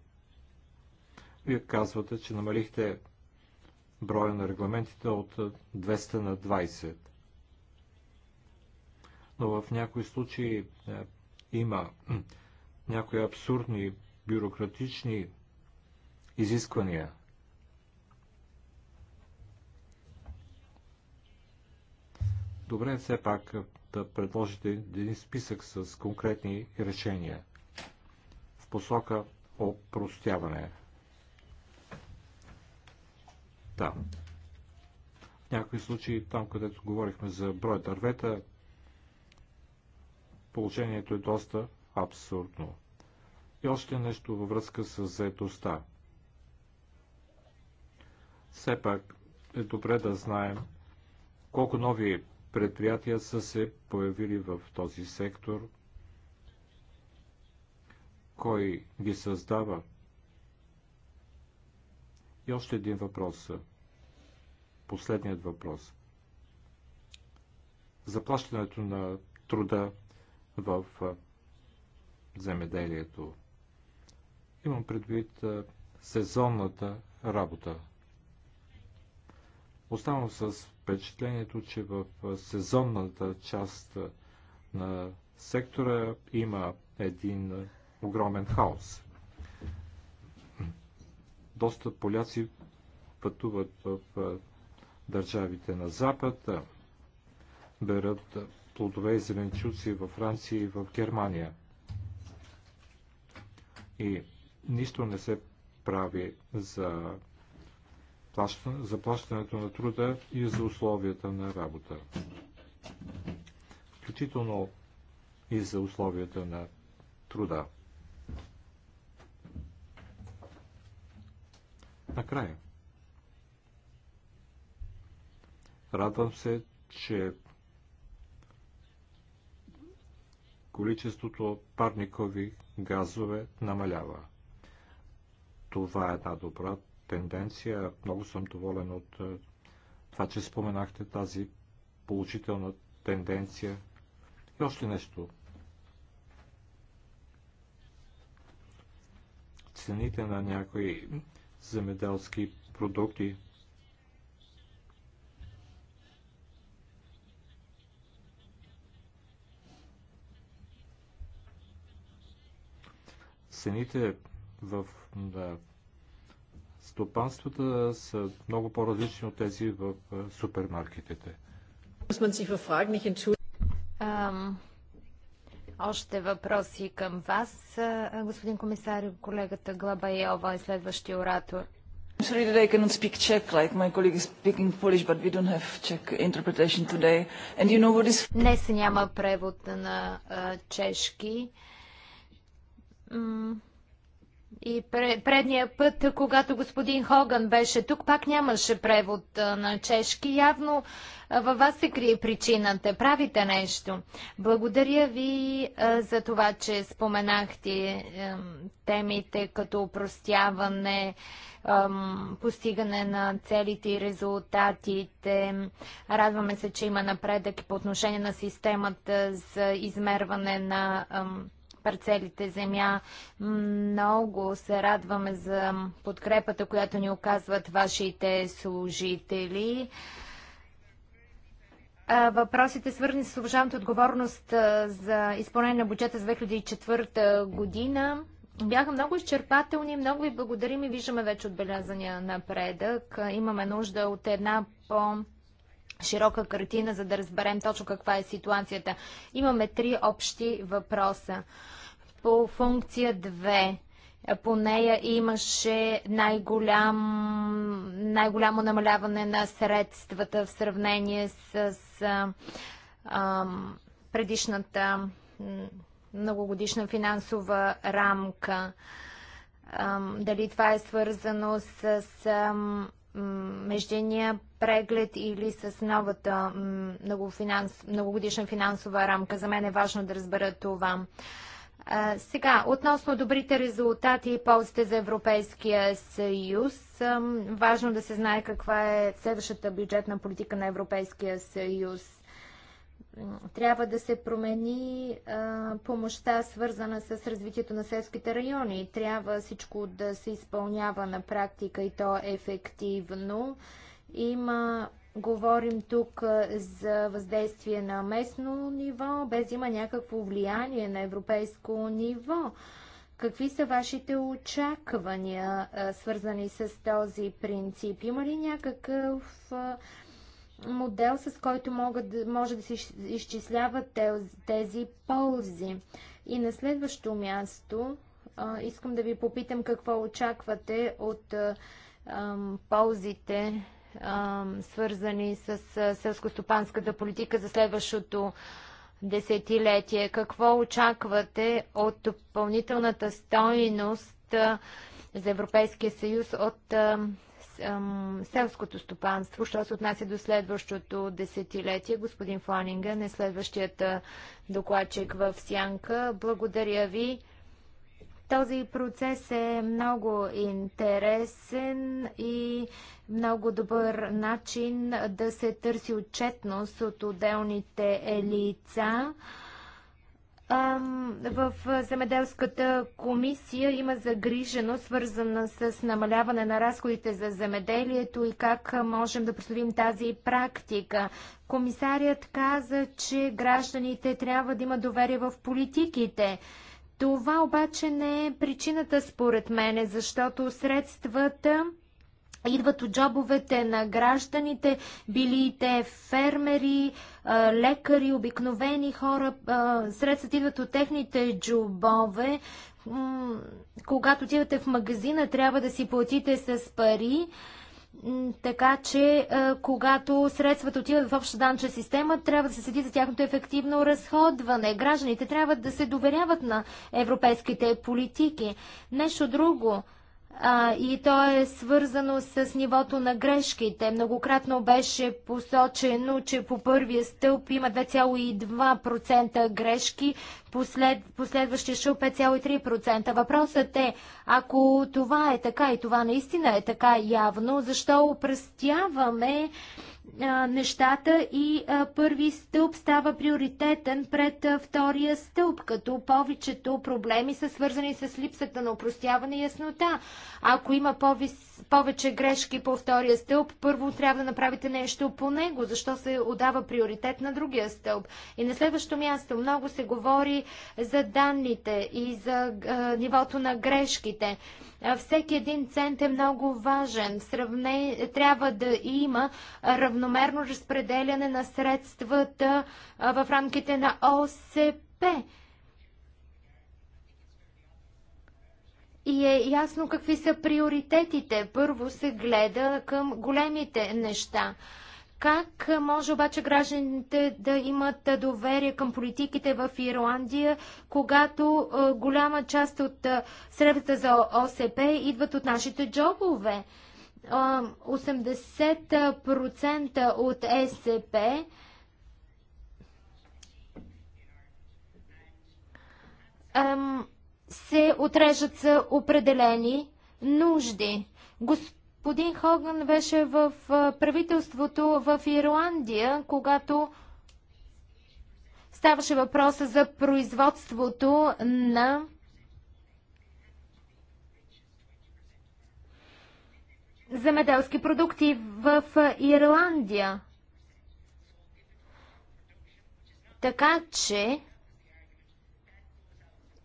вие казвате, че намалихте броя на регламентите от 200 на 20. Но в някои случаи е, има някои абсурдни бюрократични изисквания. Добре е все пак е, да предложите един списък с конкретни решения в посока опростяване там. В някои случаи, там където говорихме за брой дървета, положението е доста абсурдно. И още нещо във връзка с заедостта. Все пак е добре да знаем колко нови предприятия са се появили в този сектор, кой ги създава, и още един въпрос. Последният въпрос. Заплащането на труда в земеделието. Имам предвид сезонната работа. Оставам с впечатлението, че в сезонната част на сектора има един огромен хаос. Доста поляци пътуват в държавите на Запад, берат плодове и зеленчуци във Франция и в Германия. И нищо не се прави за заплащането на труда и за условията на работа. Включително и за условията на труда. накрая. Радвам се, че количеството парникови газове намалява. Това е една добра тенденция. Много съм доволен от е, това, че споменахте тази положителна тенденция. И още нещо. Цените на някои земеделски продукти. Цените в да, стопанствата са много по-различни от тези в супермаркетите. Um, още въпроси към вас, господин комисар, колегата Глабаева е следващия оратор. Sorry that I cannot speak Czech like my colleague is speaking Polish, but we don't have Czech interpretation today. And you know what is... Днес няма превод на а, чешки. М и предния път, когато господин Хоган беше тук, пак нямаше превод на чешки. Явно във вас се крие причината. Правите нещо. Благодаря ви за това, че споменахте темите като упростяване, постигане на целите и резултатите. Радваме се, че има напредък по отношение на системата за измерване на парцелите земя. Много се радваме за подкрепата, която ни оказват вашите служители. Въпросите свързани с служаната отговорност за изпълнение на бюджета за 2004 година бяха много изчерпателни. Много ви благодарим и виждаме вече отбелязания напредък. Имаме нужда от една по- широка картина, за да разберем точно каква е ситуацията. Имаме три общи въпроса. По функция 2 по нея имаше най-голям, най-голямо намаляване на средствата в сравнение с, с а, предишната многогодишна финансова рамка. А, дали това е свързано с, с междения преглед или с новата многофинанс, многогодишна финансова рамка. За мен е важно да разбера това. сега, относно добрите резултати и ползите за Европейския съюз, важно да се знае каква е следващата бюджетна политика на Европейския съюз трябва да се промени а, помощта, свързана с развитието на селските райони. Трябва всичко да се изпълнява на практика и то ефективно. Има, говорим тук за въздействие на местно ниво, без има някакво влияние на европейско ниво. Какви са вашите очаквания, а, свързани с този принцип? Има ли някакъв а, модел, с който могат, може да се изчисляват тези ползи. И на следващо място а, искам да ви попитам какво очаквате от а, ползите, а, свързани с селскостопанската политика за следващото десетилетие. Какво очаквате от допълнителната стойност за Европейския съюз от селското стопанство, що се отнася до следващото десетилетие. Господин Фланингън е следващият докладчик в Сянка. Благодаря ви. Този процес е много интересен и много добър начин да се търси отчетност от отделните лица в земеделската комисия има загрижено, свързана с намаляване на разходите за земеделието и как можем да проследим тази практика. Комисарият каза, че гражданите трябва да имат доверие в политиките. Това обаче не е причината според мене, защото средствата идват от джобовете на гражданите, били те фермери, лекари, обикновени хора, средствата идват от техните джобове. Когато отивате в магазина, трябва да си платите с пари. Така че, когато средствата отиват в обща данча система, трябва да се следи за тяхното ефективно разходване. Гражданите трябва да се доверяват на европейските политики. Нещо друго – а, и то е свързано с нивото на грешките. Многократно беше посочено, че по първия стълб има 2,2% грешки, послед, последващия шоу е 5,3%. Въпросът е, ако това е така и това наистина е така явно, защо упростяваме нещата и първи стълб става приоритетен пред втория стълб, като повечето проблеми са свързани с липсата на упростяване и яснота. Ако има повече грешки по втория стълб, първо трябва да направите нещо по него, защо се отдава приоритет на другия стълб. И на следващо място много се говори за данните и за е, нивото на грешките. Всеки един цент е много важен. Сравне... Трябва да има равновесие равномерно разпределяне на средствата в рамките на ОСП. И е ясно какви са приоритетите. Първо се гледа към големите неща. Как може обаче гражданите да имат доверие към политиките в Ирландия, когато голяма част от средствата за ОСП идват от нашите джобове? 80% от СЦП се отрежат за определени нужди. Господин Хоган беше в правителството в Ирландия, когато ставаше въпроса за производството на земеделски продукти в Ирландия. Така че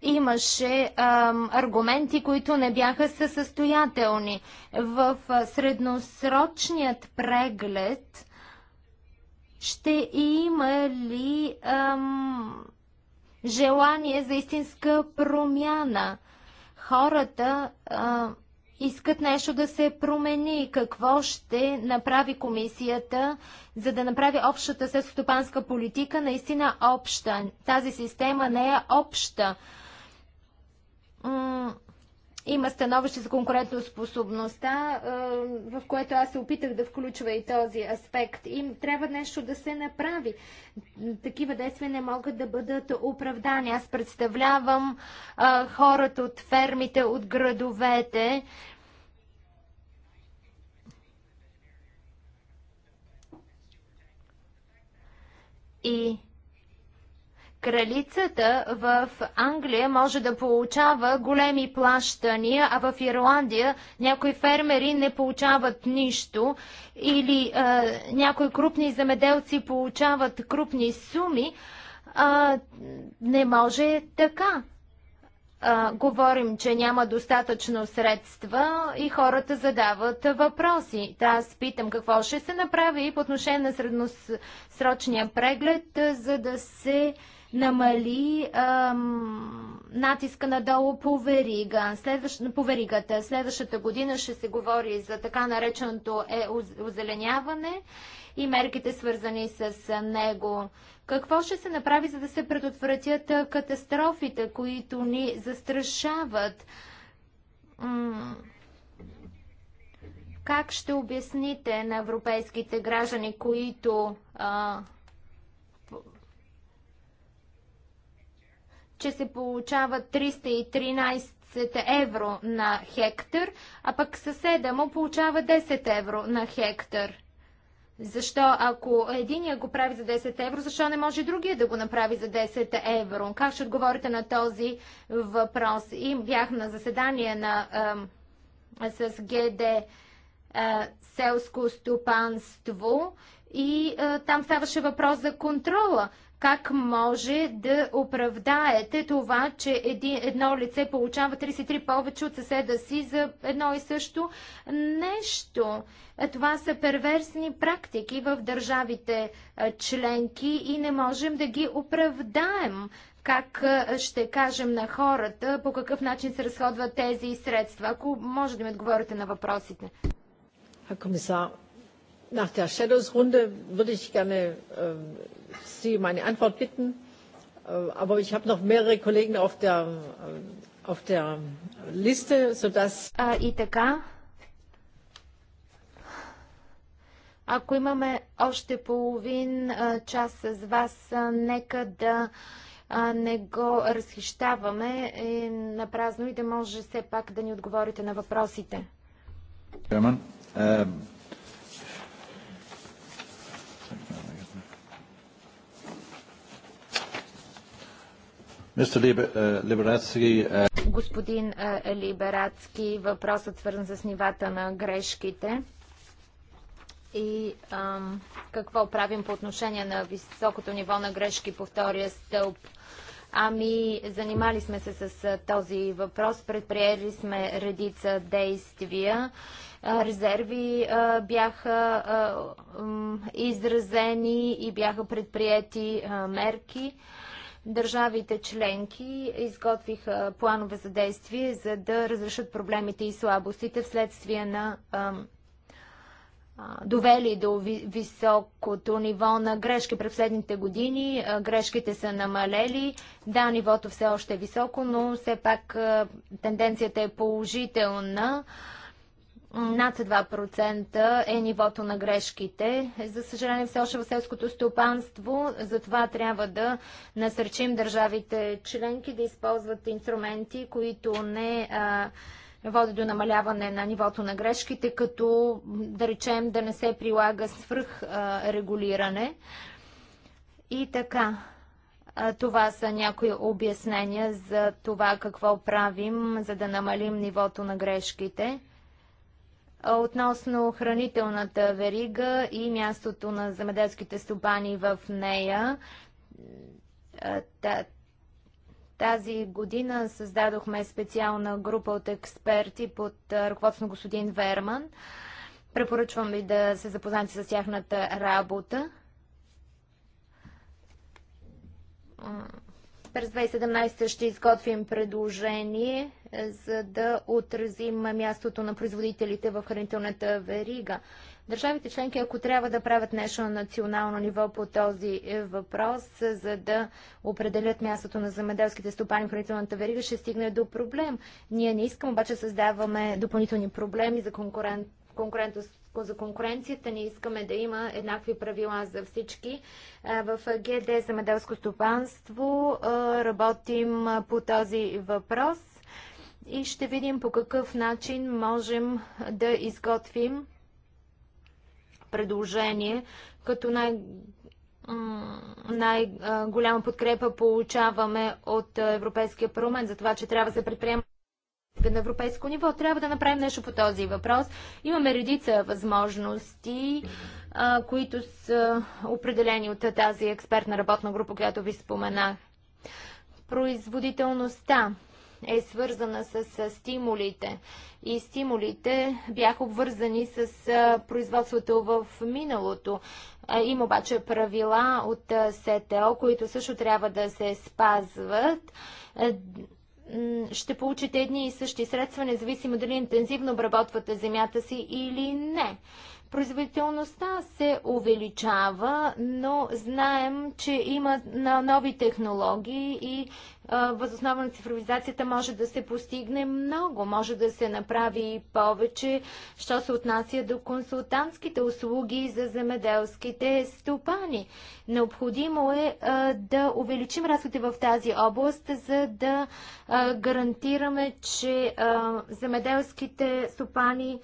имаше ам, аргументи, които не бяха състоятелни. В средносрочният преглед ще има ли ам, желание за истинска промяна? Хората ам, искат нещо да се промени. Какво ще направи комисията, за да направи общата селскостопанска политика наистина обща? Тази система не е обща. Има становище за конкурентоспособността, е, в което аз се опитах да включва и този аспект. Им трябва нещо да се направи. Такива действия не могат да бъдат оправдани. Аз представлявам е, хората от фермите, от градовете. И Кралицата в Англия може да получава големи плащания, а в Ирландия някои фермери не получават нищо или а, някои крупни земеделци получават крупни суми. А, не може така. А, говорим, че няма достатъчно средства и хората задават въпроси. Та аз питам какво ще се направи по отношение на средносрочния преглед, за да се а, намали ам, натиска надолу по, верига. Следващ, по веригата. Следващата година ще се говори за така нареченото е озеленяване и мерките свързани с него. Какво ще се направи, за да се предотвратят катастрофите, които ни застрашават? Как ще обясните на европейските граждани, които а, че се получава 313 евро на хектар, а пък съседа му получава 10 евро на хектар. Защо, ако единия го прави за 10 евро, защо не може другия да го направи за 10 евро? Как ще отговорите на този въпрос? И бях на заседание на, а, с ГД а, селско стопанство и а, там ставаше въпрос за контрола как може да оправдаете това, че едно лице получава 33 повече от съседа си за едно и също нещо? Това са перверсни практики в държавите членки и не можем да ги оправдаем. Как ще кажем на хората по какъв начин се разходват тези средства? Ако може да ми отговорите на въпросите. Комисар, Nach der Shadows-Runde würde ich gerne Sie um eine Antwort bitten. Aber ich habe noch mehrere Kollegen auf der, auf der Liste, sodass... А, така, ако имаме още половин а, час с вас, а, нека да не го разхищаваме е, на празно и да може все пак да ни отговорите на въпросите. Герман, Е, е, Господин е, Либерацки, въпросът свързан с нивата на грешките и ам, какво правим по отношение на високото ниво на грешки по втория стълб. Ами, занимали сме се с този въпрос, предприели сме редица действия. Резерви а, бяха а, изразени и бяха предприяти мерки. Държавите членки изготвиха планове за действие, за да разрешат проблемите и слабостите вследствие на довели до високото ниво на грешки през последните години. Грешките са намалели. Да, нивото все още е високо, но все пак тенденцията е положителна над 2% е нивото на грешките. За съжаление, все още в селското стопанство, затова трябва да насърчим държавите членки да използват инструменти, които не водят води до намаляване на нивото на грешките, като да речем да не се прилага свръх регулиране. И така, това са някои обяснения за това какво правим, за да намалим нивото на грешките относно хранителната верига и мястото на земеделските стопани в нея. Тази година създадохме специална група от експерти под ръководство на господин Верман. Препоръчвам ви да се запознаете с тяхната работа. През 2017 ще изготвим предложение, е, за да отразим мястото на производителите в хранителната верига. Държавите членки, ако трябва да правят нещо на национално ниво по този е, въпрос, е, за да определят мястото на земеделските стопани в хранителната верига, ще стигне до проблем. Ние не искаме обаче създаваме допълнителни проблеми за конкурент, конкурентност за конкуренцията ни искаме да има еднакви правила за всички. В ГД меделско стопанство работим по този въпрос и ще видим по какъв начин можем да изготвим предложение, като най- най-голяма подкрепа получаваме от Европейския парламент за това, че трябва да се предприема на европейско ниво. Трябва да направим нещо по този въпрос. Имаме редица възможности, а, които са определени от тази експертна работна група, която ви споменах. Производителността е свързана с, с стимулите. И стимулите бяха обвързани с а, производството в миналото. А, има обаче правила от СТО, които също трябва да се спазват ще получите едни и същи средства, независимо дали интензивно обработвате земята си или не. Производителността се увеличава, но знаем, че има на нови технологии и възоснова на цифровизацията може да се постигне много, може да се направи повече, що се отнася до консултантските услуги за земеделските стопани. Необходимо е а, да увеличим разходите в тази област, за да а, гарантираме, че а, земеделските стопани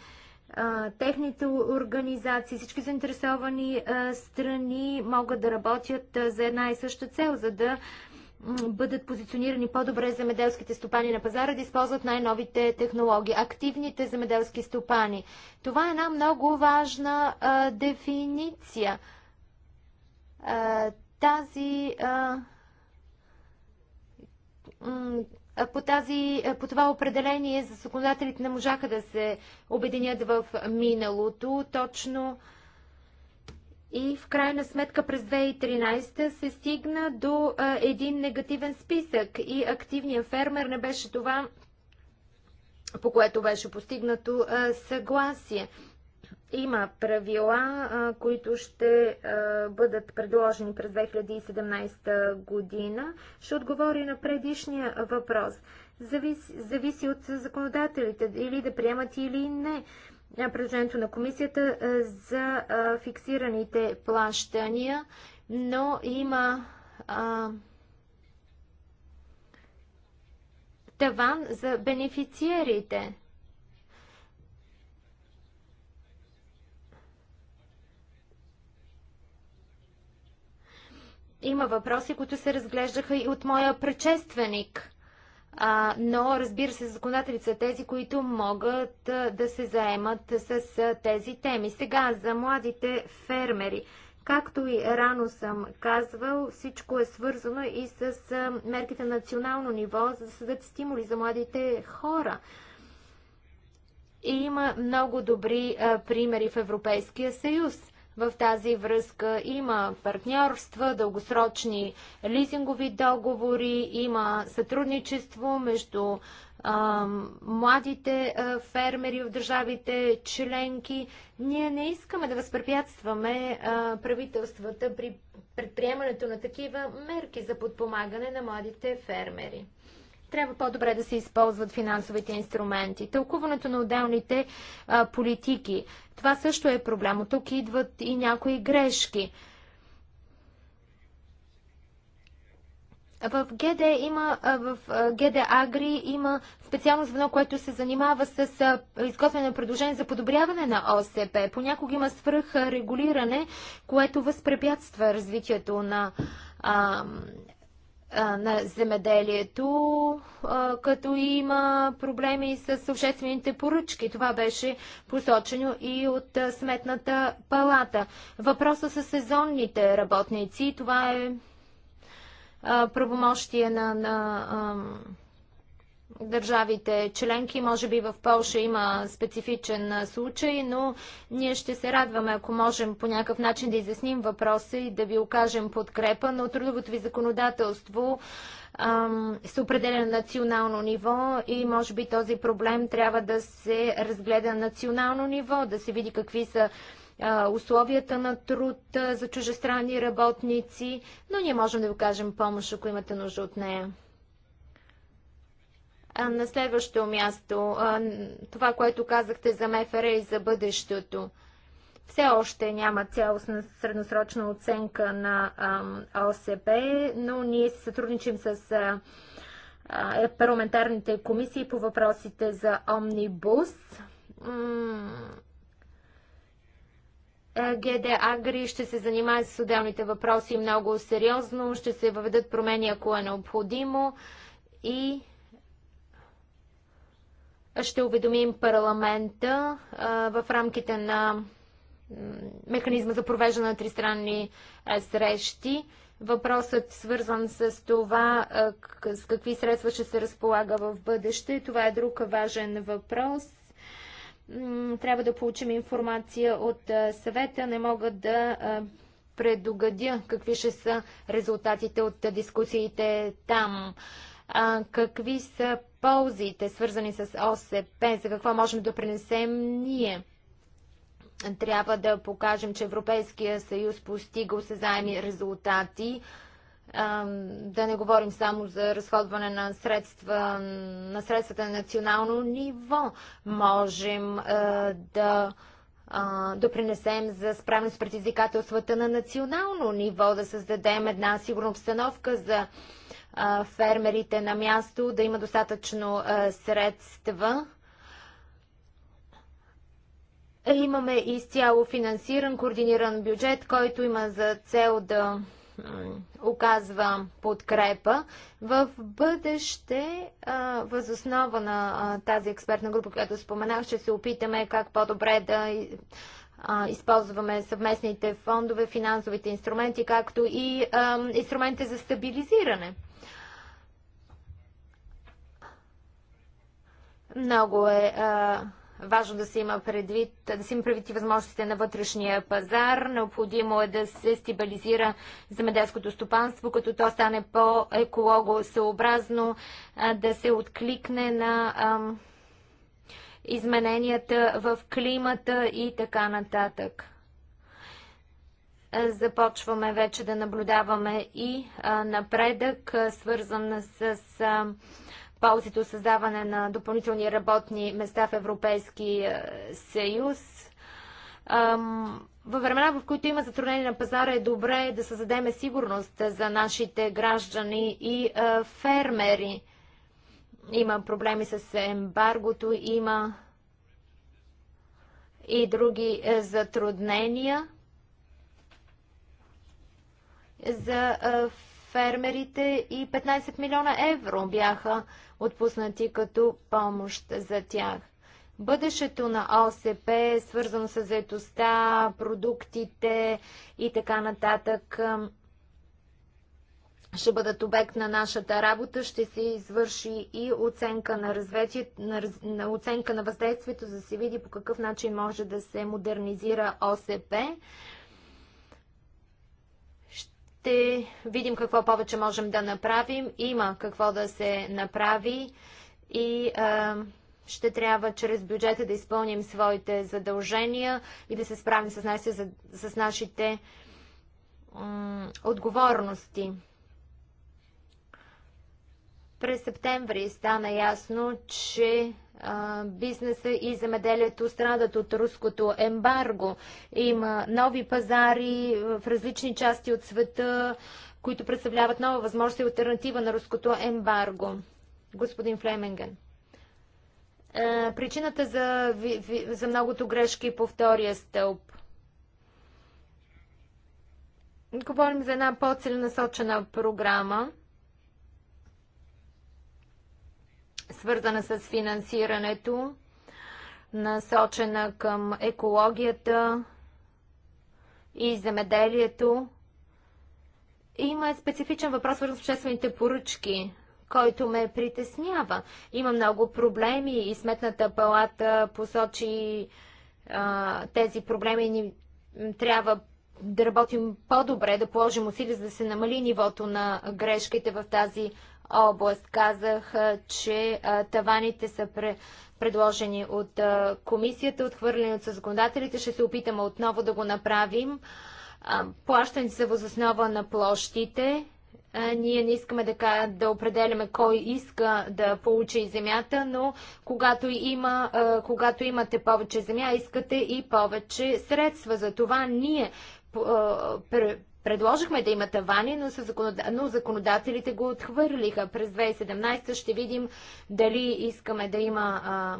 техните организации, всички заинтересовани страни могат да работят за една и съща цел, за да бъдат позиционирани по-добре земеделските стопани на пазара, да използват най-новите технологии, активните земеделски стопани. Това е една много важна а, дефиниция. А, тази а, по, тази, по това определение законодателите не можаха да се обединят в миналото точно и в крайна сметка през 2013 се стигна до а, един негативен списък и активният фермер не беше това, по което беше постигнато а, съгласие. Има правила, които ще бъдат предложени през 2017 година. Ще отговори на предишния въпрос. Зависи, зависи от законодателите или да приемат или не предложението на комисията за фиксираните плащания, но има таван за бенефициерите. има въпроси, които се разглеждаха и от моя предшественик. А, но, разбира се, законодателите са тези, които могат а, да се заемат с а, тези теми. Сега за младите фермери. Както и рано съм казвал, всичко е свързано и с а, мерките на национално ниво, за да създадат стимули за младите хора. И има много добри а, примери в Европейския съюз в тази връзка има партньорства, дългосрочни лизингови договори, има сътрудничество между младите фермери в държавите членки. Ние не искаме да възпрепятстваме правителствата при предприемането на такива мерки за подпомагане на младите фермери. Трябва по-добре да се използват финансовите инструменти. Тълкуването на отделните а, политики. Това също е проблем. тук идват и някои грешки. В ГД има, в ГД Агри има специално звено, което се занимава с изготвяне на предложение за подобряване на ОСП. Понякога има свръх регулиране, което възпрепятства развитието на на земеделието, като има проблеми с обществените поръчки. Това беше посочено и от Сметната палата. Въпроса с сезонните работници, това е правомощие на, на държавите членки. Може би в Польша има специфичен случай, но ние ще се радваме, ако можем по някакъв начин да изясним въпроса и да ви окажем подкрепа, но трудовото ви законодателство се определя на национално ниво и може би този проблем трябва да се разгледа на национално ниво, да се види какви са условията на труд за чужестранни работници, но ние можем да ви кажем помощ, ако имате нужда от нея. На следващо място, това, което казахте за МФР и за бъдещето. Все още няма цялостна средносрочна оценка на ОСП, но ние се сътрудничим с е, парламентарните комисии по въпросите за Омнибус. Е, ГД Агри ще се занимае с отделните въпроси много сериозно, ще се въведат промени, ако е необходимо и ще уведомим парламента в рамките на механизма за провеждане на тристранни срещи. Въпросът свързан с това с какви средства ще се разполага в бъдеще. Това е друг важен въпрос. Трябва да получим информация от съвета. Не мога да предугадя какви ще са резултатите от дискусиите там. Какви са ползите, свързани с ОСП, за какво можем да принесем ние. Трябва да покажем, че Европейския съюз постига осезаеми резултати. Да не говорим само за разходване на, средства, на средствата на национално ниво. Можем да да принесем за справяне с предизвикателствата на национално ниво, да създадем една сигурна обстановка за фермерите на място, да има достатъчно средства. Имаме изцяло финансиран, координиран бюджет, който има за цел да оказва подкрепа. В бъдеще, възоснова на тази експертна група, която споменах, ще се опитаме как по-добре да използваме съвместните фондове, финансовите инструменти, както и инструменти за стабилизиране. Много е важно да се има предвид, да се има предвид и възможностите на вътрешния пазар. Необходимо е да се стабилизира земеделското стопанство, като то стане по-екологосъобразно, да се откликне на а, измененията в климата и така нататък. Е, започваме вече да наблюдаваме и напредък, свързан с ползите създаване на допълнителни работни места в Европейски е, съюз. Във времена, в които има затруднение на пазара, е добре да създадем сигурност за нашите граждани и фермери. Има проблеми с ембаргото, има и други е, затруднения за е, фермерите и 15 милиона евро бяха отпуснати като помощ за тях. Бъдещето на ОСП е свързано с заетостта, продуктите и така нататък ще бъдат обект на нашата работа. Ще се извърши и оценка на, развитие, на, раз, на оценка на въздействието, за да се види по какъв начин може да се модернизира ОСП. Ще видим какво повече можем да направим. Има какво да се направи и а, ще трябва чрез бюджета да изпълним своите задължения и да се справим с, нас, с, с нашите отговорности. През септември стана ясно, че а, бизнеса и земеделието страдат от руското ембарго. Има нови пазари в различни части от света, които представляват нова възможност и альтернатива на руското ембарго. Господин Флеменген. А, причината за, ви, ви, за многото грешки по втория стълб. Говорим за една по-целенасочена програма свързана с финансирането, насочена към екологията и земеделието. Има специфичен въпрос свързан с обществените поръчки, който ме притеснява. Има много проблеми и Сметната палата посочи а, тези проблеми ни трябва да работим по-добре, да положим усилия, за да се намали нивото на грешките в тази област. Казах, че таваните са пре, предложени от комисията, отхвърлени от законодателите. Ще се опитаме отново да го направим. Плащани са възоснова на площите. Ние не искаме да, да определяме кой иска да получи земята, но когато, има, когато имате повече земя, искате и повече средства. За това ние Предложихме да има тавани, но, законод... но законодателите го отхвърлиха. През 2017 ще видим дали искаме да има а,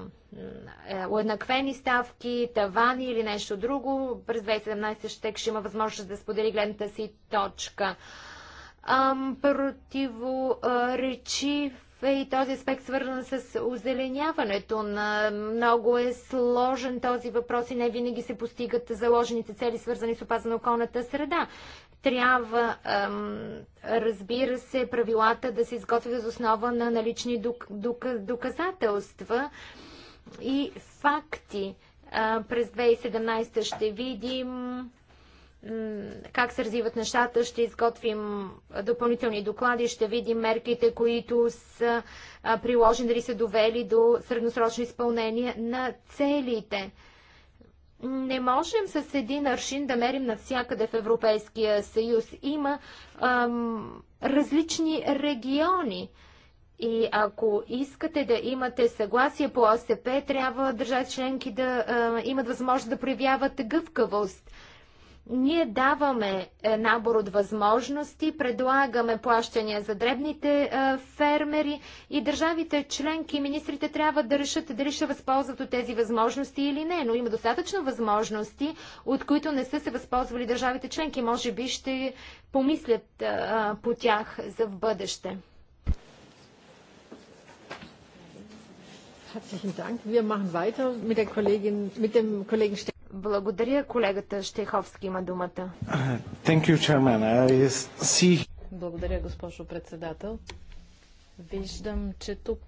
е, уеднаквени ставки, тавани или нещо друго. През 2017 ще, ще има възможност да сподели гледната си точка. противоречив е и този аспект свързан с озеленяването. На много е сложен този въпрос и не винаги се постигат заложените цели, свързани с опазване на околната среда. Трябва, разбира се, правилата да се изготвят за основа на налични доказателства и факти. През 2017 ще видим как се развиват нещата, ще изготвим допълнителни доклади, ще видим мерките, които са приложени, дали са довели до средносрочно изпълнение на целите не можем с един аршин да мерим навсякъде в Европейския съюз. Има ам, различни региони. И ако искате да имате съгласие по ОСП, трябва държави членки да а, имат възможност да проявяват гъвкавост. Ние даваме е, набор от възможности, предлагаме плащания за дребните е, фермери и държавите членки и министрите трябва да решат дали ще възползват от тези възможности или не. Но има достатъчно възможности, от които не са се възползвали държавите членки. Може би ще помислят е, по тях за в бъдеще. Herzlichen Dank. Wir machen weiter mit, der Kollegin, mit dem Kollegen Ste благодаря. Колегата Штеховски има думата. Thank you, chairman. I see... Благодаря, госпожо председател. Виждам, че тук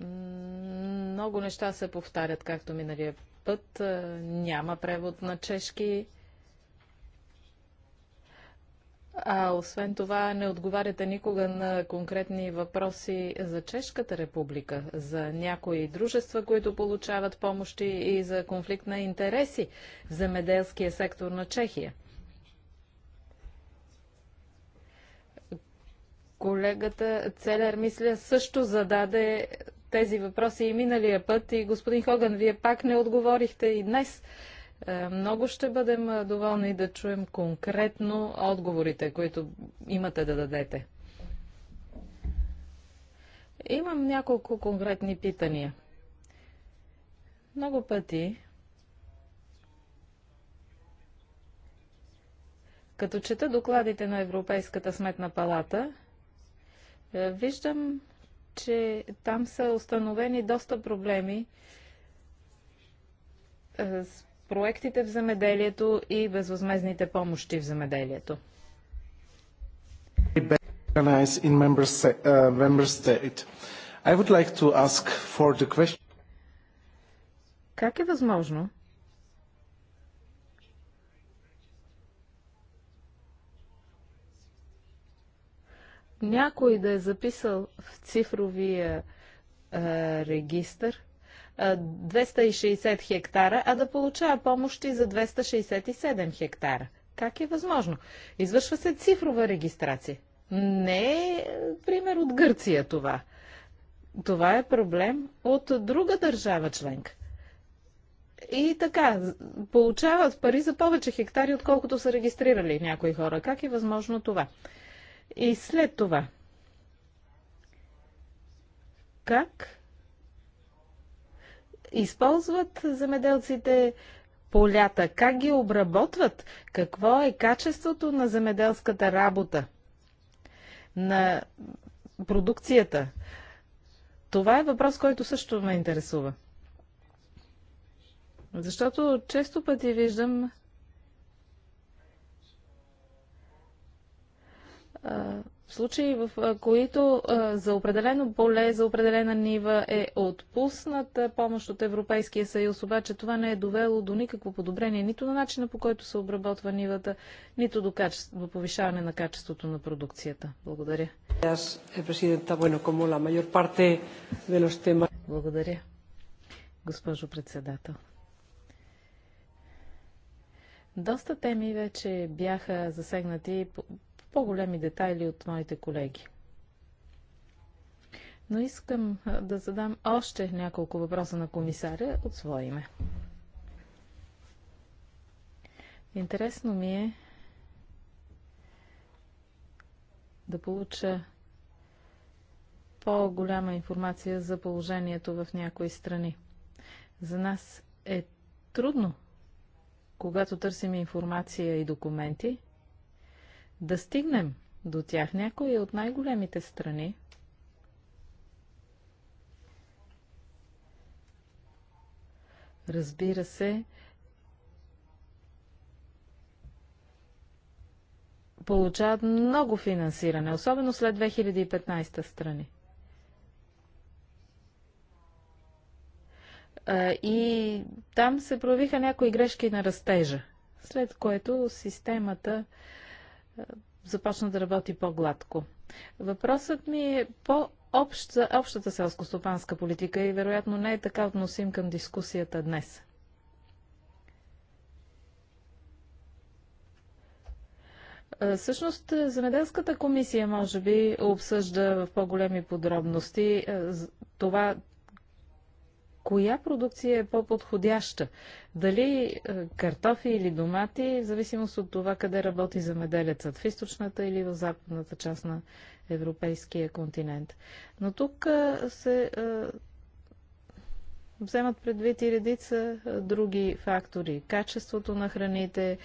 много неща се повтарят, както миналия път. Няма превод на чешки. А освен това, не отговаряте никога на конкретни въпроси за Чешката република, за някои дружества, които получават помощи и за конфликт на интереси в земеделския сектор на Чехия. Колегата Целер, мисля, също зададе тези въпроси и миналия път и господин Хоган, вие пак не отговорихте и днес. Е, много ще бъдем е, доволни да чуем конкретно отговорите, които имате да дадете. Имам няколко конкретни питания. Много пъти, като чета докладите на Европейската сметна палата, е, виждам, че там са установени доста проблеми с проектите в земеделието и безвъзмезните помощи в земеделието. Uh, как е възможно някой да е записал в цифровия е, регистър 260 хектара, а да получава помощи за 267 хектара. Как е възможно? Извършва се цифрова регистрация. Не е, е пример от Гърция това. Това е проблем от друга държава членка. И така, получават пари за повече хектари, отколкото са регистрирали някои хора. Как е възможно това? И след това. Как използват земеделците полята, как ги обработват, какво е качеството на земеделската работа, на продукцията. Това е въпрос, който също ме интересува. Защото често пъти виждам а, в случаи, в които за определено поле, за определена нива е отпусната помощ от Европейския съюз, обаче това не е довело до никакво подобрение нито на начина по който се обработва нивата, нито до, качество, до повишаване на качеството на продукцията. Благодаря. Eh, Благодаря, госпожо председател. Доста теми вече бяха засегнати по-големи детайли от моите колеги. Но искам да задам още няколко въпроса на комисаря от свое име. Интересно ми е да получа по-голяма информация за положението в някои страни. За нас е трудно, когато търсим информация и документи, да стигнем до тях. Някои от най-големите страни разбира се, получават много финансиране, особено след 2015 страни. И там се проявиха някои грешки на растежа, след което системата започна да работи по-гладко. Въпросът ми е по-общ общата селско-стопанска политика и вероятно не е така относим към дискусията днес. Всъщност, е, Земеделската комисия, може би, обсъжда в по-големи подробности е, това коя продукция е по-подходяща. Дали е, картофи или домати, в зависимост от това къде работи замеделецът, в източната или в западната част на европейския континент. Но тук е, се е, вземат предвид и редица други фактори. Качеството на храните,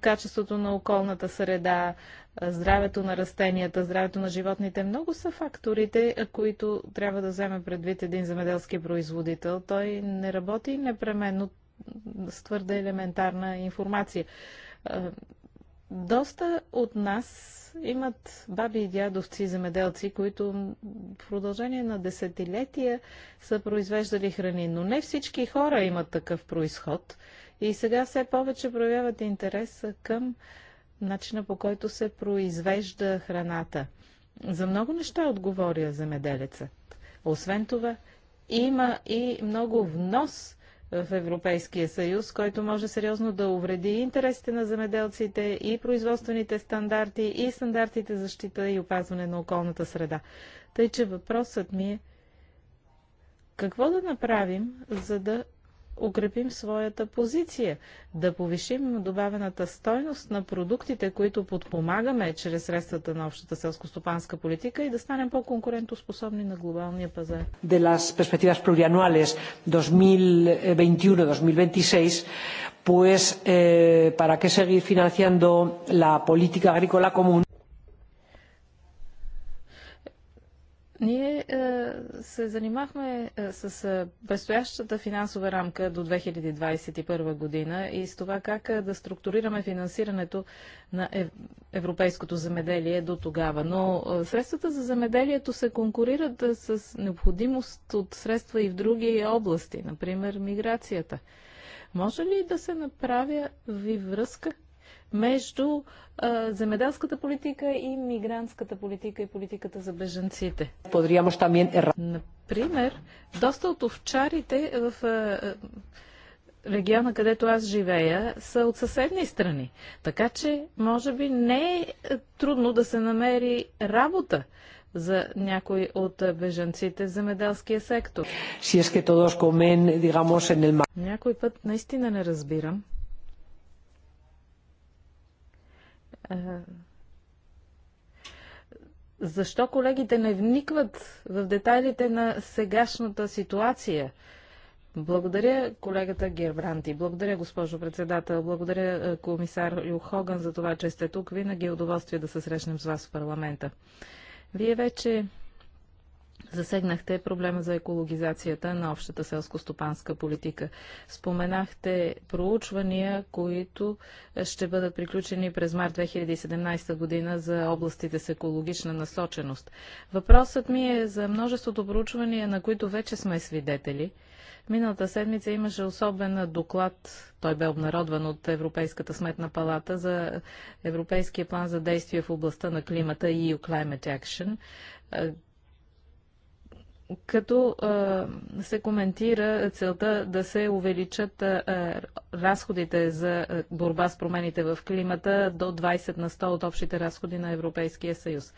качеството на околната среда, здравето на растенията, здравето на животните. Много са факторите, които трябва да вземе предвид един земеделски производител. Той не работи непременно с твърде елементарна информация. Доста от нас имат баби и дядовци земеделци, които в продължение на десетилетия са произвеждали храни, но не всички хора имат такъв происход и сега все повече проявяват интерес към начина по който се произвежда храната. За много неща отговоря земеделецът. Освен това, има и много внос в Европейския съюз, който може сериозно да увреди интересите на земеделците и производствените стандарти и стандартите защита и опазване на околната среда. Тъй, че въпросът ми е какво да направим, за да укрепим своята позиция, да повишим добавената стойност на продуктите, които подпомагаме чрез средствата на общата селско-стопанска политика и да станем по-конкурентоспособни на глобалния пазар. De las perspectivas plurianuales 2021-2026, pues eh, para qué seguir financiando la política agrícola común Ние е, се занимахме е, с е, предстоящата финансова рамка до 2021 година и с това как е, да структурираме финансирането на ев, европейското земеделие до тогава. Но е, средствата за земеделието се конкурират с необходимост от средства и в други области, например миграцията. Може ли да се направя ви връзка между земеделската политика и мигрантската политика и политиката за беженците. Например, доста от овчарите в региона, където аз живея, са от съседни страни. Така че, може би, не е трудно да се намери работа за някой от бежанците в земеделския сектор. Е е някой път наистина не разбирам Е, защо колегите не вникват в детайлите на сегашната ситуация? Благодаря колегата Гербранти. Благодаря, госпожо председател. Благодаря, е, комисар Юхоган, за това, че сте тук. Винаги е удоволствие да се срещнем с вас в парламента. Вие вече Засегнахте проблема за екологизацията на общата селско-стопанска политика. Споменахте проучвания, които ще бъдат приключени през март 2017 година за областите с екологична насоченост. Въпросът ми е за множеството проучвания, на които вече сме свидетели. Миналата седмица имаше особен доклад, той бе обнародван от Европейската сметна палата за Европейския план за действие в областта на климата EU Climate Action, като се коментира целта да се увеличат разходите за борба с промените в климата до 20 на 100 от общите разходи на Европейския съюз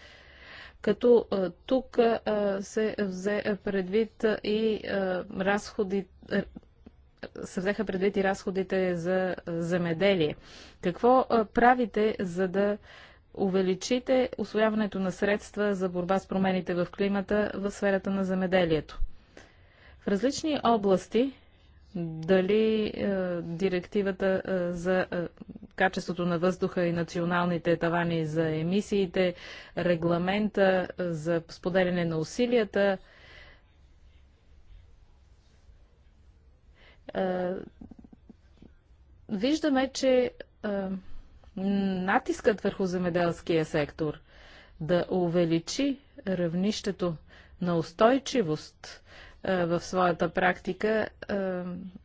като тук се взе предвид и разходи, се взеха предвид и разходите за земеделие. Какво правите, за да увеличите освояването на средства за борба с промените в климата в сферата на земеделието. В различни области, дали е, директивата е, за е, качеството на въздуха и националните тавани за емисиите, регламента е, за споделяне на усилията, е, виждаме, че е, натискът върху земеделския сектор, да увеличи равнището на устойчивост е, в своята практика, е,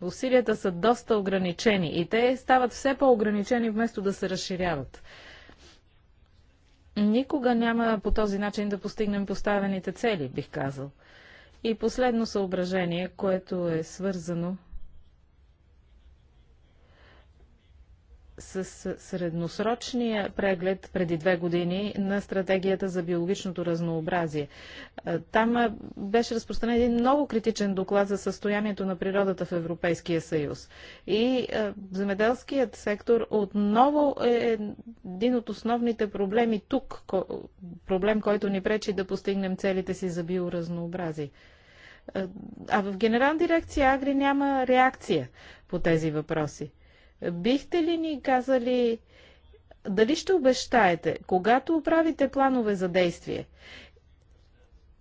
усилията са доста ограничени и те стават все по-ограничени вместо да се разширяват. Никога няма по този начин да постигнем поставените цели, бих казал. И последно съображение, което е свързано с средносрочния преглед преди две години на стратегията за биологичното разнообразие. Там беше разпространен един много критичен доклад за състоянието на природата в Европейския съюз. И земеделският сектор отново е един от основните проблеми тук, проблем, който ни пречи да постигнем целите си за биоразнообразие. А в Генерална дирекция Агри няма реакция по тези въпроси. Бихте ли ни казали дали ще обещаете, когато правите планове за действие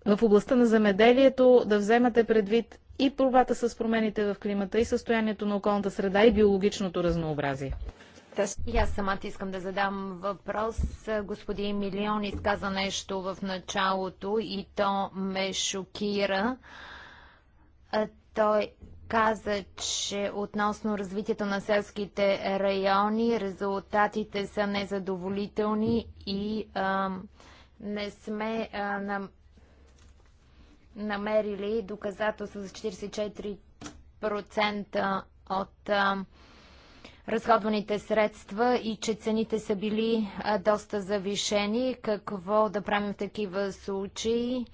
в областта на земеделието, да вземате предвид и борбата с промените в климата, и състоянието на околната среда, и биологичното разнообразие? И аз самата искам да задам въпрос. Господин Милион изказа нещо в началото и то ме шокира. Той каза, че относно развитието на селските райони резултатите са незадоволителни и а, не сме а, на, намерили доказателства за 44% от а, разходваните средства и че цените са били а, доста завишени. Какво да правим в такива случаи?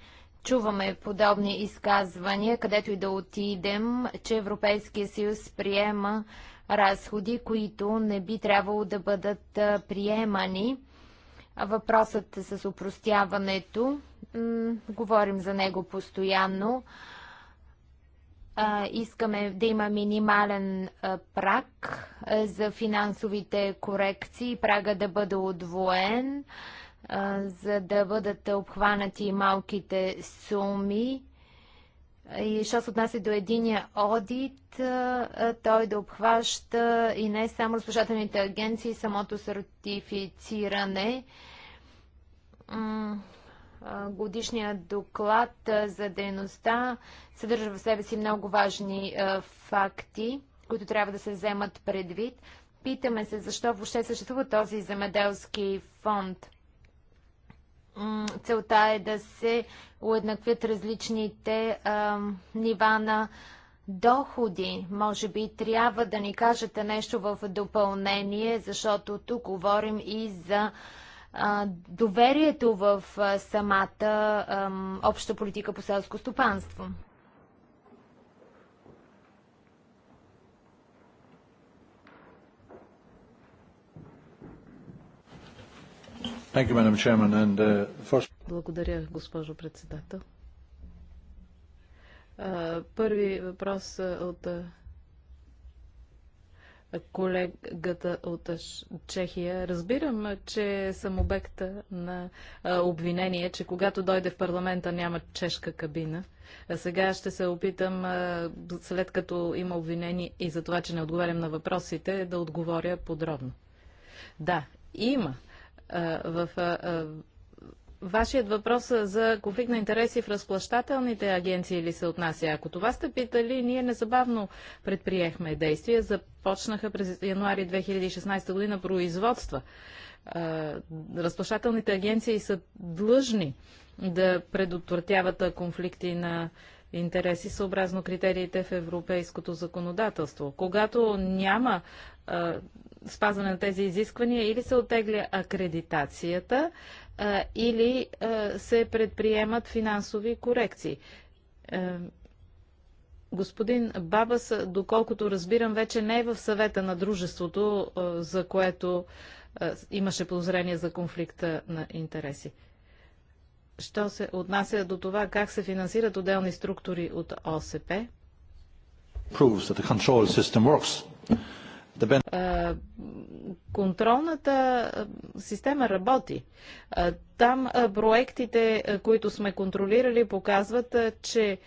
чуваме подобни изказвания, където и да отидем, че Европейския съюз приема разходи, които не би трябвало да бъдат приемани. Въпросът с упростяването, говорим за него постоянно. Искаме да има минимален прак за финансовите корекции, прага да бъде удвоен за да бъдат обхванати малките суми. И що се отнася до единия одит, той да обхваща и не само разплащателните агенции, самото сертифициране. Годишният доклад за дейността съдържа в себе си много важни факти, които трябва да се вземат предвид. Питаме се защо въобще съществува този земеделски фонд – целта е да се уеднаквят различните а, нива на доходи. Може би трябва да ни кажете нещо в допълнение, защото тук говорим и за а, доверието в а, самата обща политика по селско стопанство. Uh, Благодаря, госпожо председател. Първи въпрос от колегата от Чехия. Разбирам, че съм обекта на обвинение, че когато дойде в парламента няма чешка кабина. А сега ще се опитам, след като има обвинение и за това, че не отговарям на въпросите, да отговоря подробно. Да, има в Вашият въпрос за конфликт на интереси в разплащателните агенции ли се отнася? Ако това сте питали, ние незабавно предприехме действия. Започнаха през януари 2016 година производства. Разплащателните агенции са длъжни да предотвратяват конфликти на интереси съобразно критериите в европейското законодателство. Когато няма спазване на тези изисквания или се отегля акредитацията, а, или а, се предприемат финансови корекции. А, е, господин Бабас, доколкото разбирам, вече не е в съвета на дружеството, а, за което а, имаше подозрение за конфликта на интереси. Що се отнася до това как се финансират отделни структури от ОСП? Proves that the control system works контролната система работи. Там проектите, които сме контролирали, показват, че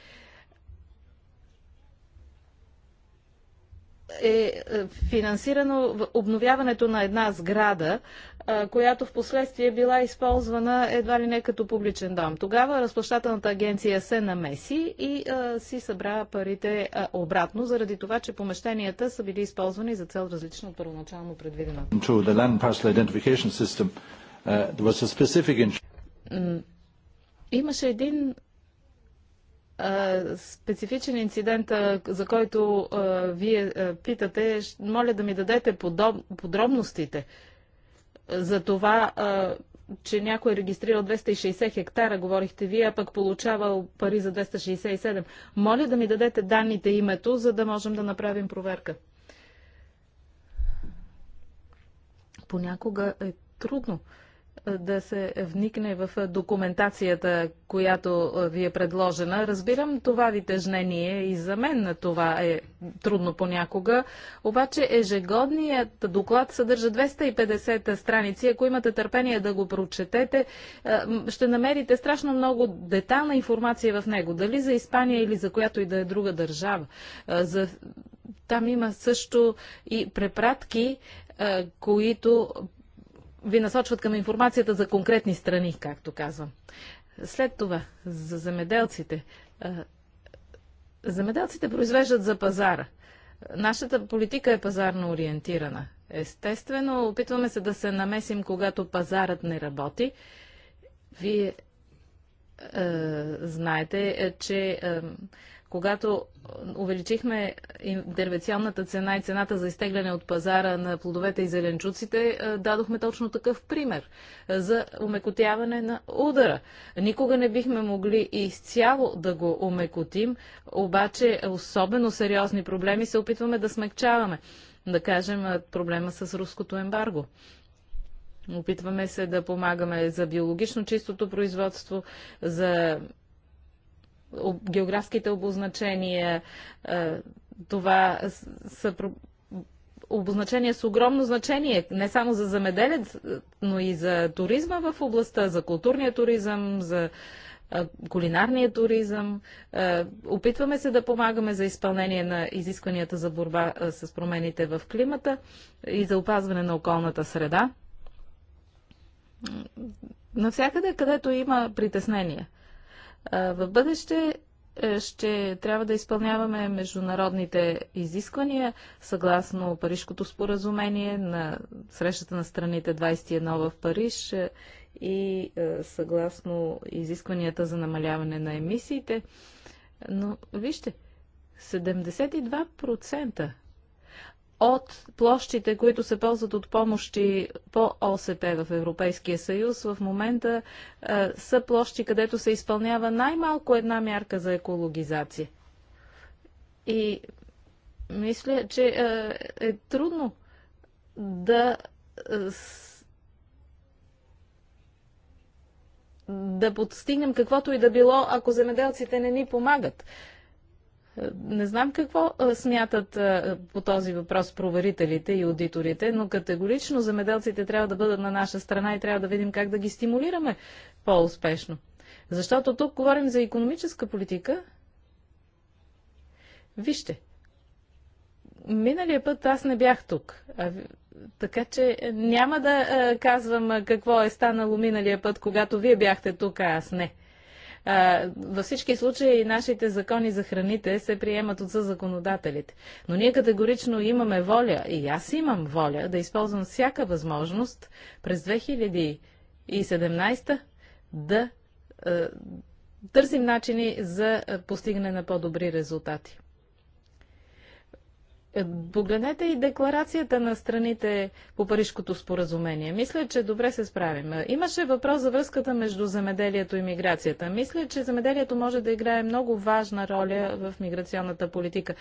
Е, е финансирано обновяването на една сграда, е, която в последствие била използвана едва ли не като публичен дом. Тогава разплащателната агенция се намеси и а, е, си събра парите а, обратно, заради това, че помещенията са били използвани за цел различна от първоначално предвидена. Uh, имаше един специфичен инцидент, за който вие питате, моля да ми дадете подробностите за това, че някой е регистрирал 260 хектара, говорихте вие, а пък получавал пари за 267. Моля да ми дадете данните името, за да можем да направим проверка. Понякога е трудно да се вникне в документацията, която ви е предложена. Разбирам това ви тежнение и за мен това е трудно понякога, обаче ежегодният доклад съдържа 250 страници. Ако имате търпение да го прочетете, ще намерите страшно много детална информация в него. Дали за Испания или за която и да е друга държава. За... Там има също и препратки, които ви насочват към информацията за конкретни страни, както казвам. След това, за земеделците. Земеделците произвеждат за пазара. Нашата политика е пазарно ориентирана. Естествено, опитваме се да се намесим, когато пазарът не работи. Вие е, знаете, че е, когато увеличихме интервенционната цена и цената за изтегляне от пазара на плодовете и зеленчуците, е, дадохме точно такъв пример е, за омекотяване на удара. Никога не бихме могли изцяло да го омекотим, обаче особено сериозни проблеми се опитваме да смекчаваме. Да кажем е, проблема с руското ембарго. Опитваме се да помагаме за биологично чистото производство, за географските обозначения, това са обозначения с огромно значение, не само за замеделец, но и за туризма в областта, за културния туризъм, за кулинарния туризъм. Опитваме се да помагаме за изпълнение на изискванията за борба с промените в климата и за опазване на околната среда. Навсякъде, където има притеснения – в бъдеще е, ще трябва да изпълняваме международните изисквания съгласно Парижкото споразумение на срещата на страните 21 в Париж е, и е, съгласно изискванията за намаляване на емисиите. Но вижте, 72% от площите, които се ползват от помощи по ОСП в Европейския съюз, в момента е, са площи, където се изпълнява най-малко една мярка за екологизация. И мисля, че е, е трудно да е, да подстигнем каквото и да било, ако земеделците не ни помагат. Не знам какво смятат по този въпрос проверителите и аудиторите, но категорично замеделците трябва да бъдат на наша страна и трябва да видим как да ги стимулираме по-успешно. Защото тук говорим за економическа политика. Вижте, миналия път аз не бях тук. А, така че няма да казвам какво е станало миналия път, когато вие бяхте тук, а аз не. А, във всички случаи нашите закони за храните се приемат от законодателите. Но ние категорично имаме воля, и аз имам воля, да използвам всяка възможност през 2017 да а, търсим начини за постигане на по-добри резултати. Погледнете и декларацията на страните по Парижкото споразумение. Мисля, че добре се справим. Имаше въпрос за връзката между земеделието и миграцията. Мисля, че земеделието може да играе много важна роля в миграционната политика.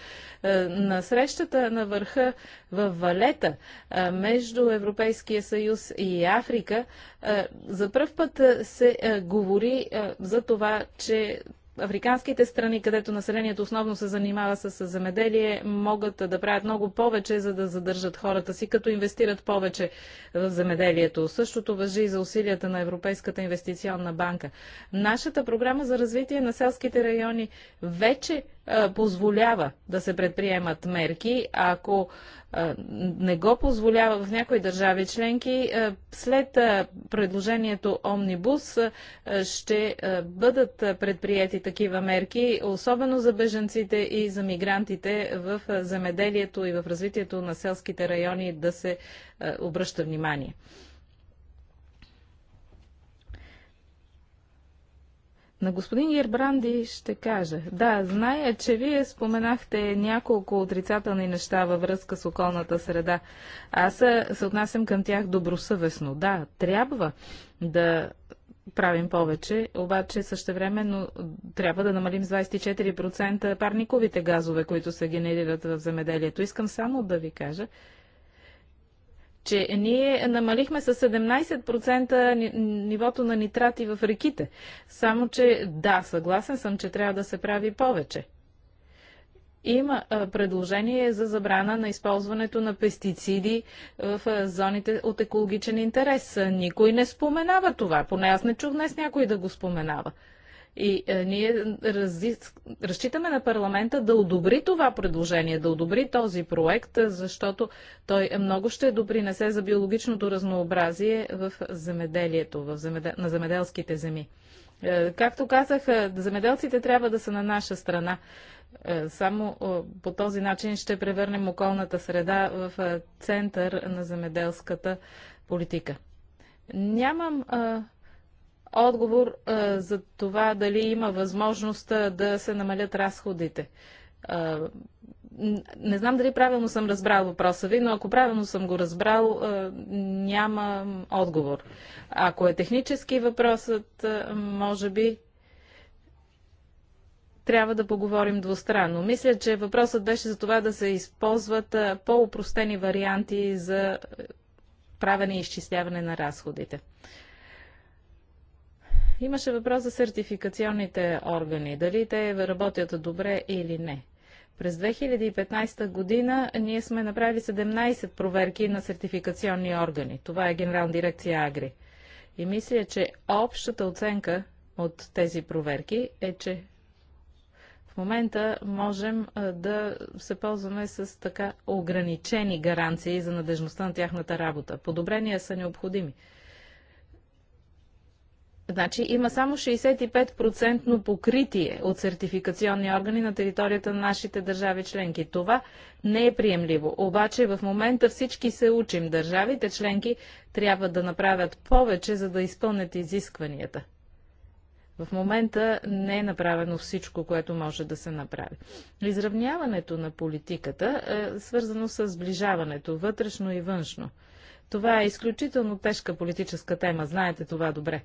Е, на срещата на върха в Валета е, между Европейския съюз и Африка е, за първ път се говори за това, че африканските страни, където населението основно се занимава с земеделие, могат да правят много повече, за да задържат хората си, като инвестират повече в земеделието. Същото въжи и за усилията на Европейската инвестиционна банка. Нашата програма за развитие на селските райони вече позволява да се предприемат мерки, ако не го позволява в някои държави членки. След предложението Омнибус ще бъдат предприяти такива мерки, особено за беженците и за мигрантите в земеделието и в развитието на селските райони да се обръща внимание. На господин Гербранди ще кажа. Да, зная, че вие споменахте няколко отрицателни неща във връзка с околната среда. Аз се отнасям към тях добросъвестно. Да, трябва да правим повече, обаче същевременно трябва да намалим с 24% парниковите газове, които се генерират в земеделието. Искам само да ви кажа, че ние намалихме с 17% нивото на нитрати в реките. Само, че да, съгласен съм, че трябва да се прави повече. Има предложение за забрана на използването на пестициди в зоните от екологичен интерес. Никой не споменава това, поне аз не чух днес някой да го споменава. И е, ние рази... разчитаме на парламента да одобри това предложение, да одобри този проект, е, защото той е много ще допринесе за биологичното разнообразие в земеделието, в земедел... на земеделските земи. Е, както казах, е, земеделците трябва да са на наша страна. Само по този начин ще превърнем околната среда в център на земеделската политика. Нямам отговор а, за това дали има възможност да се намалят разходите. А, не знам дали правилно съм разбрал въпроса ви, но ако правилно съм го разбрал, няма отговор. Ако е технически въпросът, може би трябва да поговорим двустранно. Мисля, че въпросът беше за това да се използват по-упростени варианти за правене и изчисляване на разходите. Имаше въпрос за сертификационните органи, дали те работят добре или не. През 2015 година ние сме направили 17 проверки на сертификационни органи. Това е Генерална дирекция Агри. И мисля, че общата оценка от тези проверки е, че в момента можем да се ползваме с така ограничени гаранции за надежността на тяхната работа. Подобрения са необходими. Значи има само 65% покритие от сертификационни органи на територията на нашите държави членки. Това не е приемливо. Обаче в момента всички се учим. Държавите членки трябва да направят повече, за да изпълнят изискванията. В момента не е направено всичко, което може да се направи. Изравняването на политиката е свързано с сближаването, вътрешно и външно. Това е изключително тежка политическа тема, знаете това добре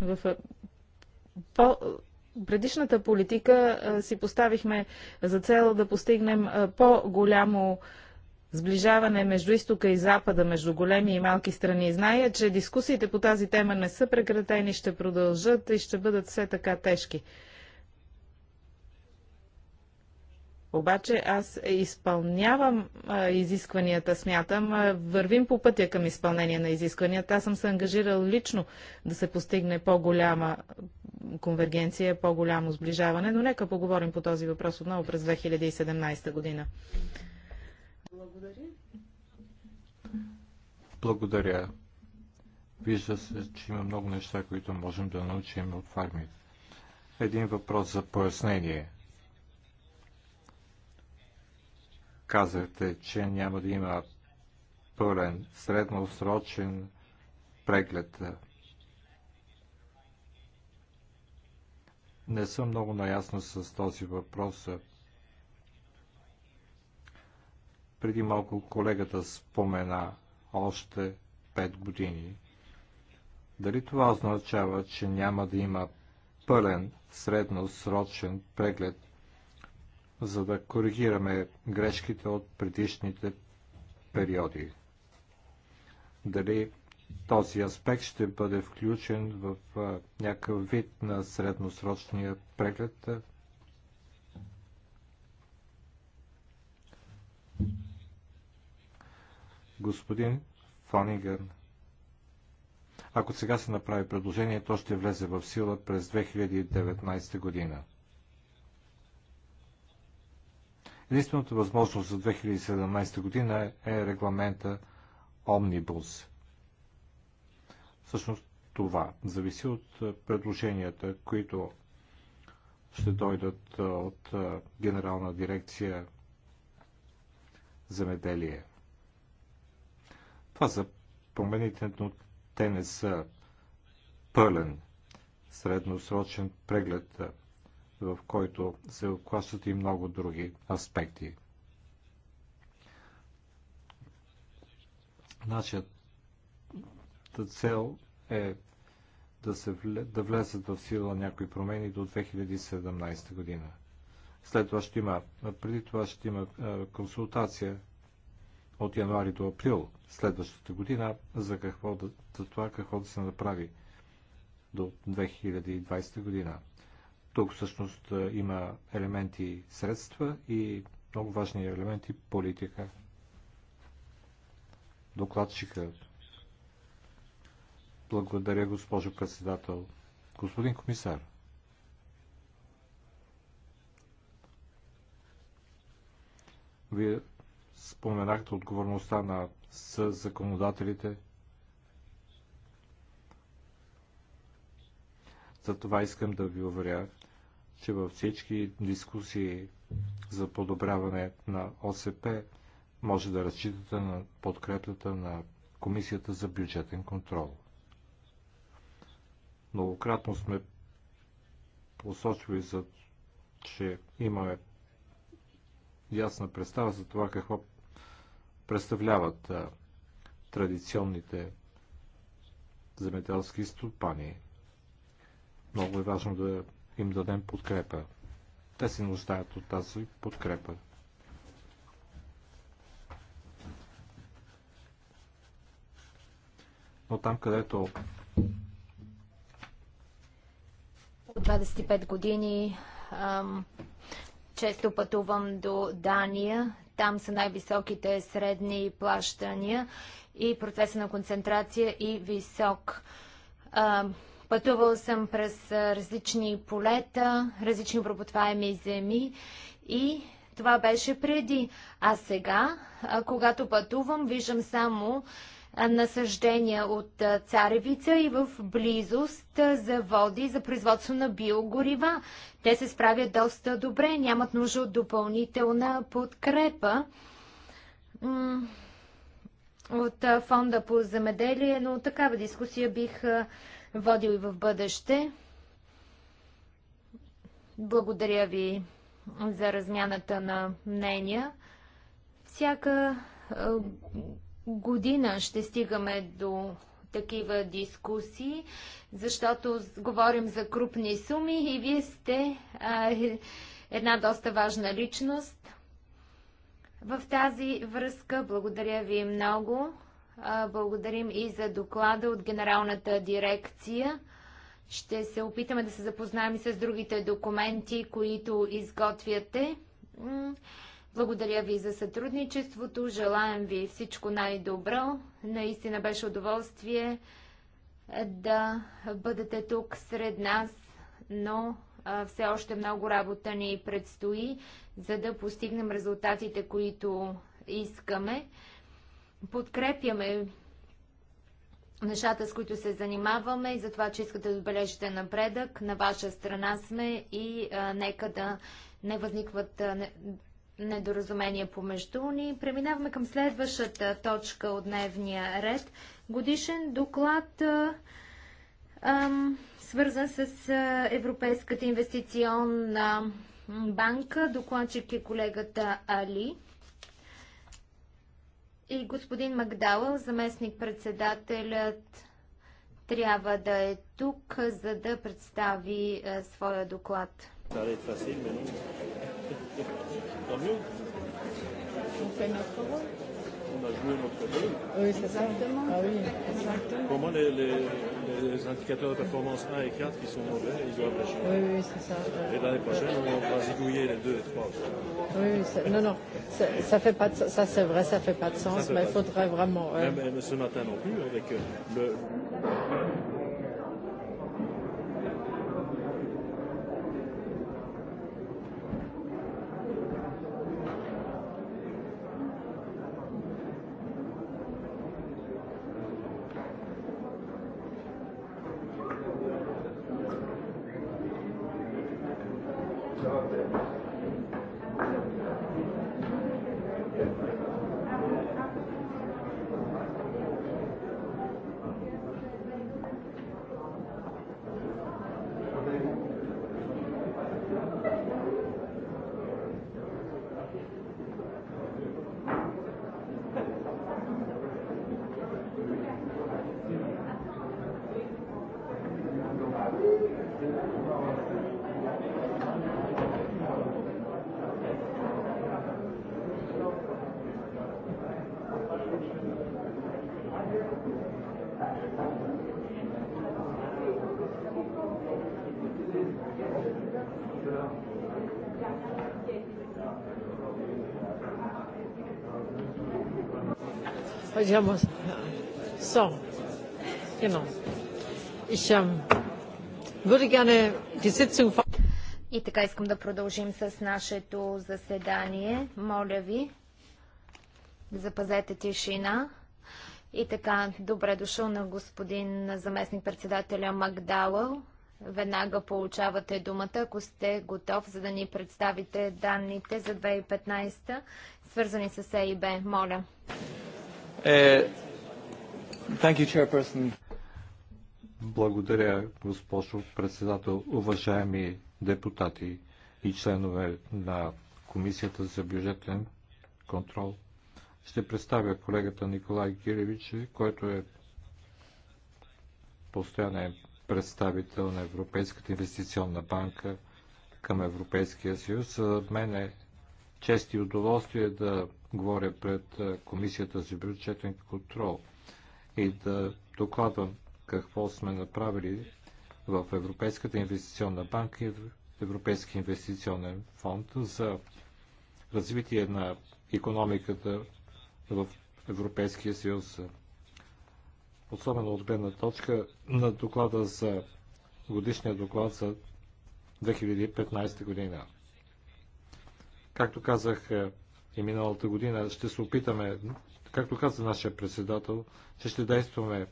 в по предишната политика си поставихме за цел да постигнем по-голямо сближаване между изтока и запада, между големи и малки страни. Зная, че дискусиите по тази тема не са прекратени, ще продължат и ще бъдат все така тежки. Обаче аз изпълнявам а, изискванията, смятам, а, вървим по пътя към изпълнение на изискванията. Аз съм се ангажирал лично да се постигне по-голяма конвергенция, по-голямо сближаване, но нека поговорим по този въпрос отново през 2017 година. Благодаря. Благодаря. Вижда се, че има много неща, които можем да научим от фармите. Един въпрос за пояснение – казахте, че няма да има пълен средносрочен преглед. Не съм много наясна с този въпрос. Преди малко колегата спомена още 5 години. Дали това означава, че няма да има пълен средносрочен преглед за да коригираме грешките от предишните периоди. Дали този аспект ще бъде включен в някакъв вид на средносрочния преглед? Господин Фониган, ако сега се направи предложение, то ще влезе в сила през 2019 година. Единствената възможност за 2017 година е регламента Омнибус. Всъщност това зависи от предложенията, които ще дойдат от Генерална дирекция Земеделие. Това са промените, но те не са пълен средносрочен преглед в който се обхващат и много други аспекти. Нашата цел е да, се, да влезат в сила някои промени до 2017 година. След това ще има, преди това ще има консултация от януари до април следващата година за, какво да, за това какво да се направи до 2020 година. Тук всъщност има елементи средства и много важни елементи политика. Докладчика. Благодаря, госпожо председател. Господин комисар. Вие споменахте отговорността на законодателите. За това искам да ви уверя, че във всички дискусии за подобряване на ОСП може да разчитате на подкрепата на Комисията за бюджетен контрол. Многократно сме посочвали за, че имаме ясна представа за това какво представляват а, традиционните земеделски стопани. Много е важно да им дадем подкрепа. Те се нуждаят от тази подкрепа. Но там, където От 25 години ам, често пътувам до Дания. Там са най-високите средни плащания и процеса на концентрация и висок. Ам, Пътувал съм през различни полета, различни обработваеми земи и това беше преди. А сега, когато пътувам, виждам само насъждения от царевица и в близост заводи за производство на биогорива. Те се справят доста добре, нямат нужда от допълнителна подкрепа от фонда по земеделие, но такава дискусия бих водил и в бъдеще. Благодаря ви за размяната на мнения. Всяка година ще стигаме до такива дискусии, защото говорим за крупни суми и вие сте а, една доста важна личност. В тази връзка благодаря ви много Благодарим и за доклада от Генералната дирекция. Ще се опитаме да се запознаем и с другите документи, които изготвяте. Благодаря ви за сътрудничеството. Желаем ви всичко най-добро. Наистина беше удоволствие да бъдете тук сред нас, но все още много работа ни предстои, за да постигнем резултатите, които искаме. Подкрепяме нещата, с които се занимаваме и за това, че искате да отбележите напредък. На ваша страна сме и а, нека да не възникват а, не, недоразумения помежду ни. Преминаваме към следващата точка от дневния ред. Годишен доклад а, ам, свързан с а, Европейската инвестиционна банка. Докладчик е колегата Али. И господин Магдалъл, заместник-председателят, трябва да е тук, за да представи е, своя доклад. a joué notre rôle. Oui, c'est ça. Exactement. Ah oui, exactement. Pour moi, les, les, les indicateurs de performance 1 et 4 qui sont mauvais, ils doivent lâcher. Oui, oui, c'est ça. Et l'année prochaine, on va zigouiller les 2 et 3 Oui, non, non, ça, fait pas de, ça c'est vrai, ça fait pas de sens, mais il faudrait vraiment. Euh... Même, ce matin non plus, avec le. digamos, So, genau. Ich ähm, würde gerne die Sitzung. И така искам да продължим с нашето заседание. Моля ви, запазете тишина. И така, добре дошъл на господин заместник председателя Макдауъл. Веднага получавате думата, ако сте готов, за да ни представите данните за 2015, свързани с ЕИБ. Моля. Uh, thank you, Chairperson. Благодаря, госпожо председател, уважаеми депутати и членове на Комисията за бюджетен контрол. Ще представя колегата Николай Киревич, който е постоянен представител на Европейската инвестиционна банка към Европейския съюз. За мен е чест и удоволствие да говоря пред Комисията за бюджетен контрол и да докладвам какво сме направили в Европейската инвестиционна банка и Европейски инвестиционен фонд за развитие на економиката в Европейския съюз. Особено от гледна точка на доклада за годишния доклад за 2015 година. Както казах е, и миналата година, ще се опитаме, както каза нашия председател, че ще действаме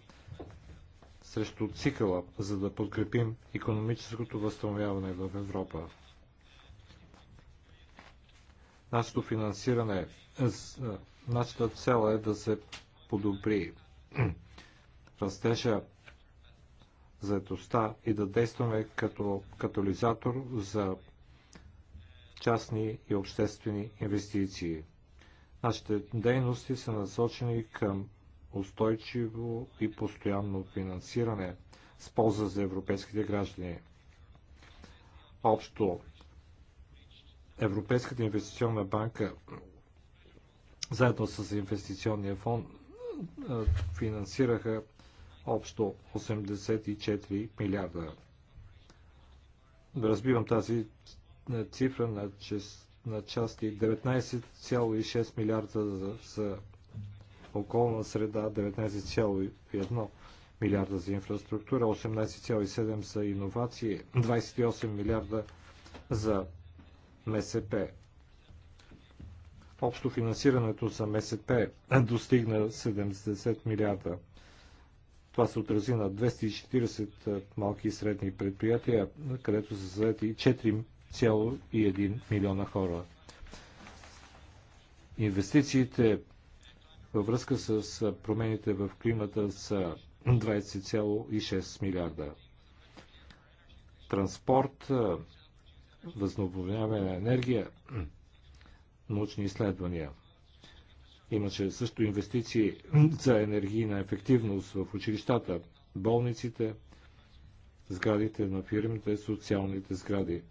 срещу цикъла, за да подкрепим економическото възстановяване в Европа. Нашето финансиране, е е, нашата цела е да се подобри растежа заедостта и да действаме като катализатор за частни и обществени инвестиции. Нашите дейности са насочени към устойчиво и постоянно финансиране с полза за европейските граждани. Общо Европейската инвестиционна банка заедно с инвестиционния фонд финансираха общо 84 милиарда. Разбивам тази цифра на, чест, на части 19,6 милиарда за, за околна среда, 19,1 милиарда за инфраструктура, 18,7 за иновации, 28 милиарда за МСП. Общо финансирането за МСП достигна 70 милиарда. Това се отрази на 240 малки и средни предприятия, където са заети 4 1,1 милиона хора. Инвестициите във връзка с промените в климата са 20,6 милиарда. Транспорт, възобновяване на енергия, научни изследвания. Имаше също инвестиции за енергийна ефективност в училищата, болниците, сградите на фирмите, социалните сгради.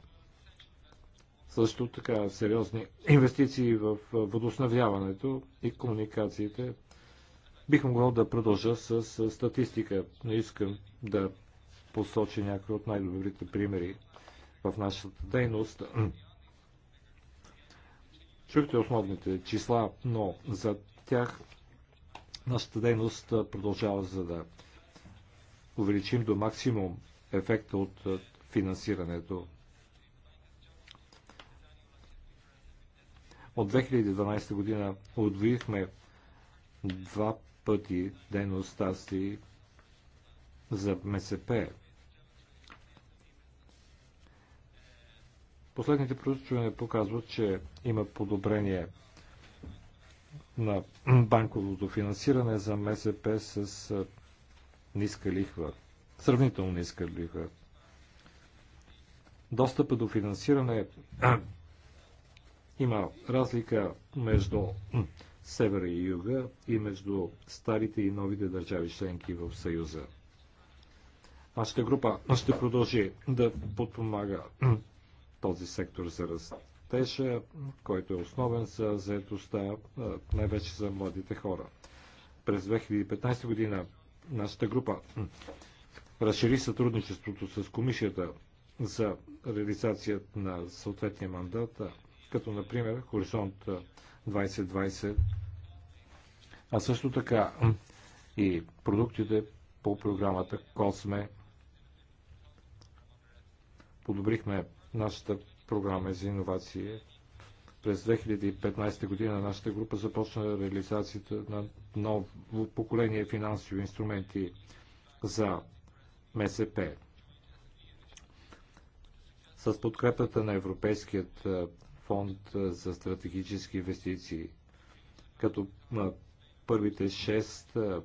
Също така сериозни инвестиции в водоснавяването и комуникациите. Бих могъл да продължа с статистика. Не искам да посоча някои от най-добрите примери в нашата дейност. Чухте основните числа, но за тях нашата дейност продължава за да увеличим до максимум ефекта от финансирането. От 2012 година отвоихме два пъти дейността си за МСП. Последните проучвания показват, че има подобрение на банковото финансиране за МСП с ниска лихва, сравнително ниска лихва. Достъпа до финансиране има разлика между севера и юга и между старите и новите държави членки в Съюза. Нашата група ще продължи да подпомага този сектор за растеж, който е основен за заедостта, най-вече за младите хора. През 2015 година нашата група разшири сътрудничеството с комисията за реализацията на съответния мандат като например Хоризонт 2020, а също така и продуктите по програмата Косме. Подобрихме нашата програма за иновации. През 2015 година нашата група започна реализацията на ново поколение финансови инструменти за МСП. С подкрепата на Европейският фонд за стратегически инвестиции, като първите 6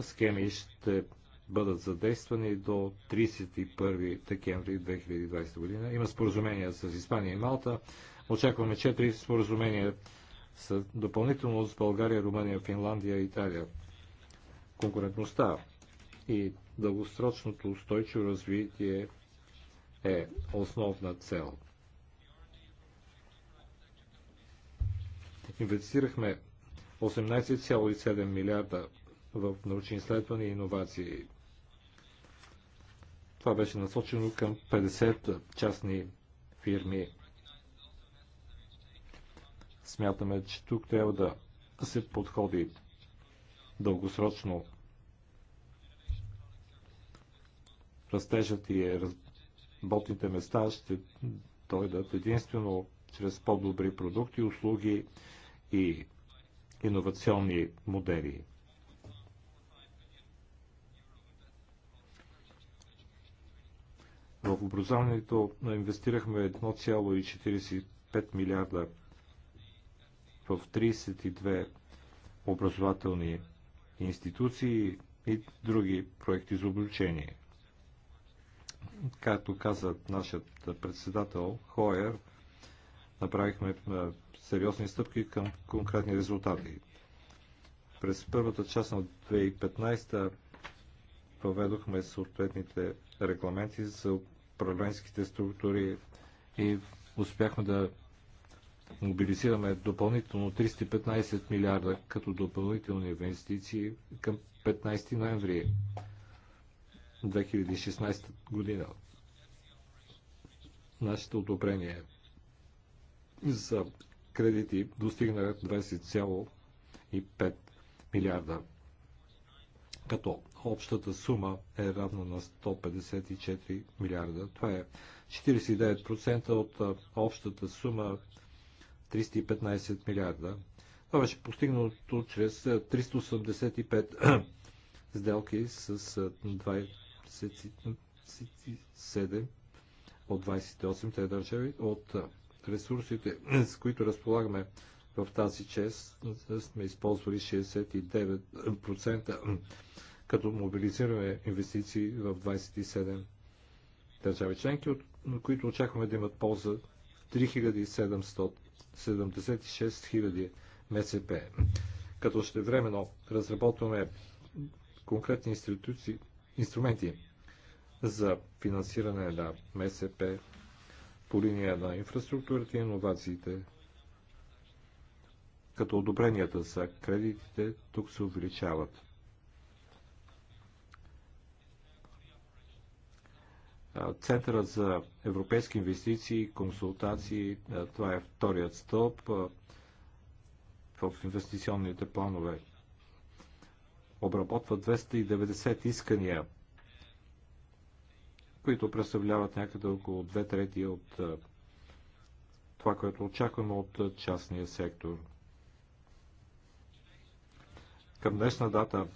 схеми ще бъдат задействани до 31 декември 2020 година. Има споразумения с Испания и Малта. Очакваме 4 споразумения с, допълнително с България, Румъния, Финландия и Италия. Конкурентността и дългосрочното устойчиво развитие е основна цел. Инвестирахме 18,7 милиарда в научни изследвания и иновации. Това беше насочено към 50 частни фирми. Смятаме, че тук трябва да се подходи дългосрочно. Растежът и работните места ще дойдат единствено чрез по-добри продукти, услуги и иновационни модели. В образованието инвестирахме 1,45 милиарда в 32 образователни институции и други проекти за обучение. Както каза нашият председател Хоер, направихме сериозни стъпки към конкретни резултати. През първата част на 2015 проведохме съответните регламенти за управленските структури и успяхме да мобилизираме допълнително 315 милиарда като допълнителни инвестиции към 15 ноември 2016 година. Нашето одобрение за кредити достигна 20,5 милиарда, като общата сума е равна на 154 милиарда. Това е 49% от общата сума 315 милиарда. Това беше постигнато чрез 385 сделки с 27 от 28-те държави от ресурсите, с които разполагаме в тази чест, сме използвали 69%, като мобилизираме инвестиции в 27 държави членки, от които очакваме да имат полза 3776 000 МСП. Като ще времено разработваме конкретни институции, инструменти за финансиране на МСП по линия на инфраструктурата и иновациите. Като одобренията за кредитите тук се увеличават. Центъра за европейски инвестиции, и консултации, това е вторият стълб в инвестиционните планове. Обработва 290 искания които представляват някъде около две трети от това, което очакваме от частния сектор. Към днешна дата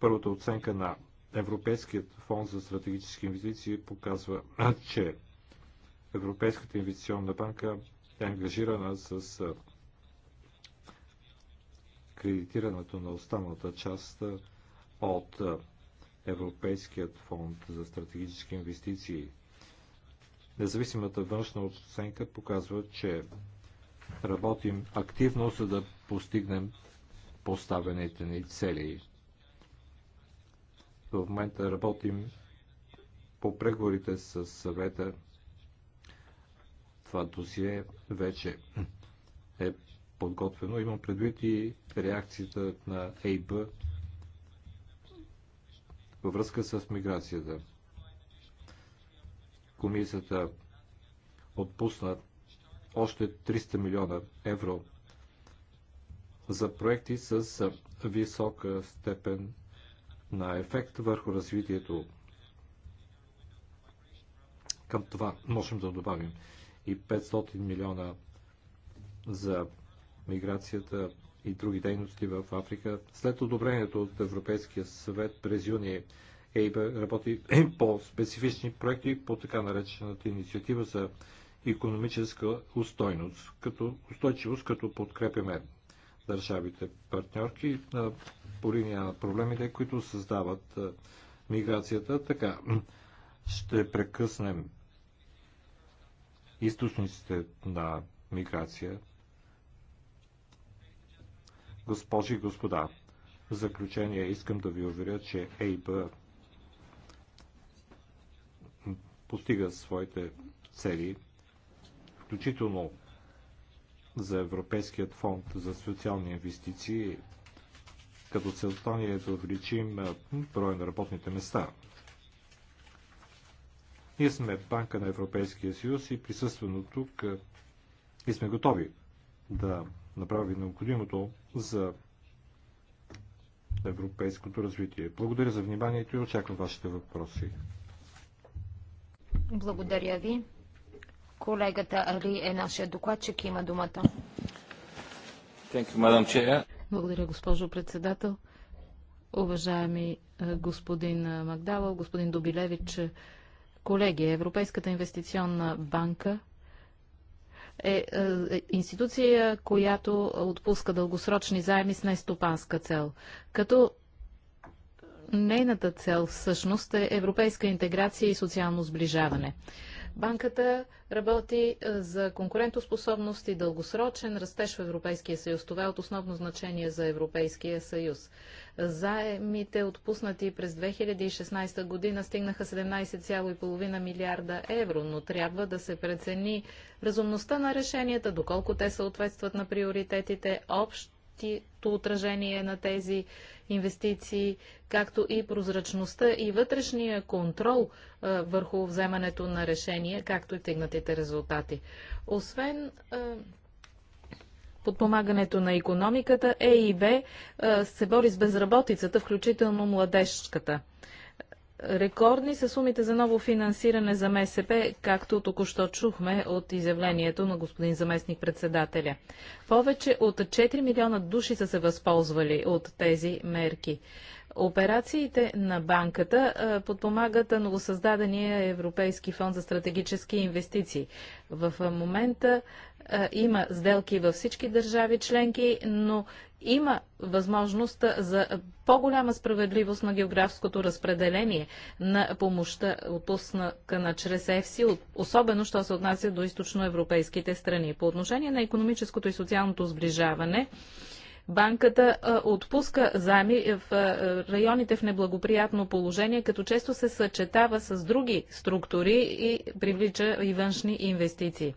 първата оценка на Европейският фонд за стратегически инвестиции показва, че Европейската инвестиционна банка е ангажирана с кредитирането на останалата част от Европейският фонд за стратегически инвестиции. Независимата външна оценка показва, че работим активно, за да постигнем поставените ни цели. В момента работим по преговорите с съвета. Това досие вече е подготвено. Имам предвид и реакцията на ЕИБ във връзка с миграцията. Комисията отпусна още 300 милиона евро за проекти с висока степен на ефект върху развитието. Към това можем да добавим и 500 милиона за миграцията и други дейности в Африка. След одобрението от Европейския съвет през юни ЕИБ работи по специфични проекти по така наречената инициатива за економическа устойност, като устойчивост, като подкрепяме държавите партньорки по линия на проблемите, които създават миграцията. Така ще прекъснем източниците на миграция Госпожи и господа, в заключение искам да ви уверя, че ЕИБ постига своите цели, включително за Европейският фонд за социални инвестиции, като целта ни е да увеличим броя на работните места. Ние сме банка на Европейския съюз и присъствено тук и сме готови да направим необходимото за европейското развитие. Благодаря за вниманието и очаквам вашите въпроси. Благодаря ви. Колегата Али е нашия докладчик. Има думата. You, Благодаря, госпожо председател. Уважаеми е, господин е, Магдавал, господин Добилевич, е, колеги, Европейската инвестиционна банка – е, е институция, която отпуска дългосрочни заеми с нестопанска цел. Като нейната цел всъщност е европейска интеграция и социално сближаване. Банката работи е, за конкурентоспособност и дългосрочен растеж в Европейския съюз. Това е от основно значение за Европейския съюз. Заемите, отпуснати през 2016 година, стигнаха 17,5 милиарда евро, но трябва да се прецени разумността на решенията, доколко те съответстват на приоритетите, общ отражение на тези инвестиции, както и прозрачността и вътрешния контрол а, върху вземането на решения, както и тигнатите резултати. Освен а, подпомагането на економиката, ЕИБ се бори с безработицата, включително младежката. Рекордни са сумите за ново финансиране за МСП, както току-що чухме от изявлението на господин заместник председателя. Повече от 4 милиона души са се възползвали от тези мерки. Операциите на банката подпомагат новосъздадения Европейски фонд за стратегически инвестиции. В момента има сделки във всички държави членки, но има възможност за по-голяма справедливост на географското разпределение на помощта, отпускана чрез ЕФСИ, особено що се отнася до източноевропейските страни. По отношение на економическото и социалното сближаване, банката отпуска заеми в районите в неблагоприятно положение, като често се съчетава с други структури и привлича и външни инвестиции.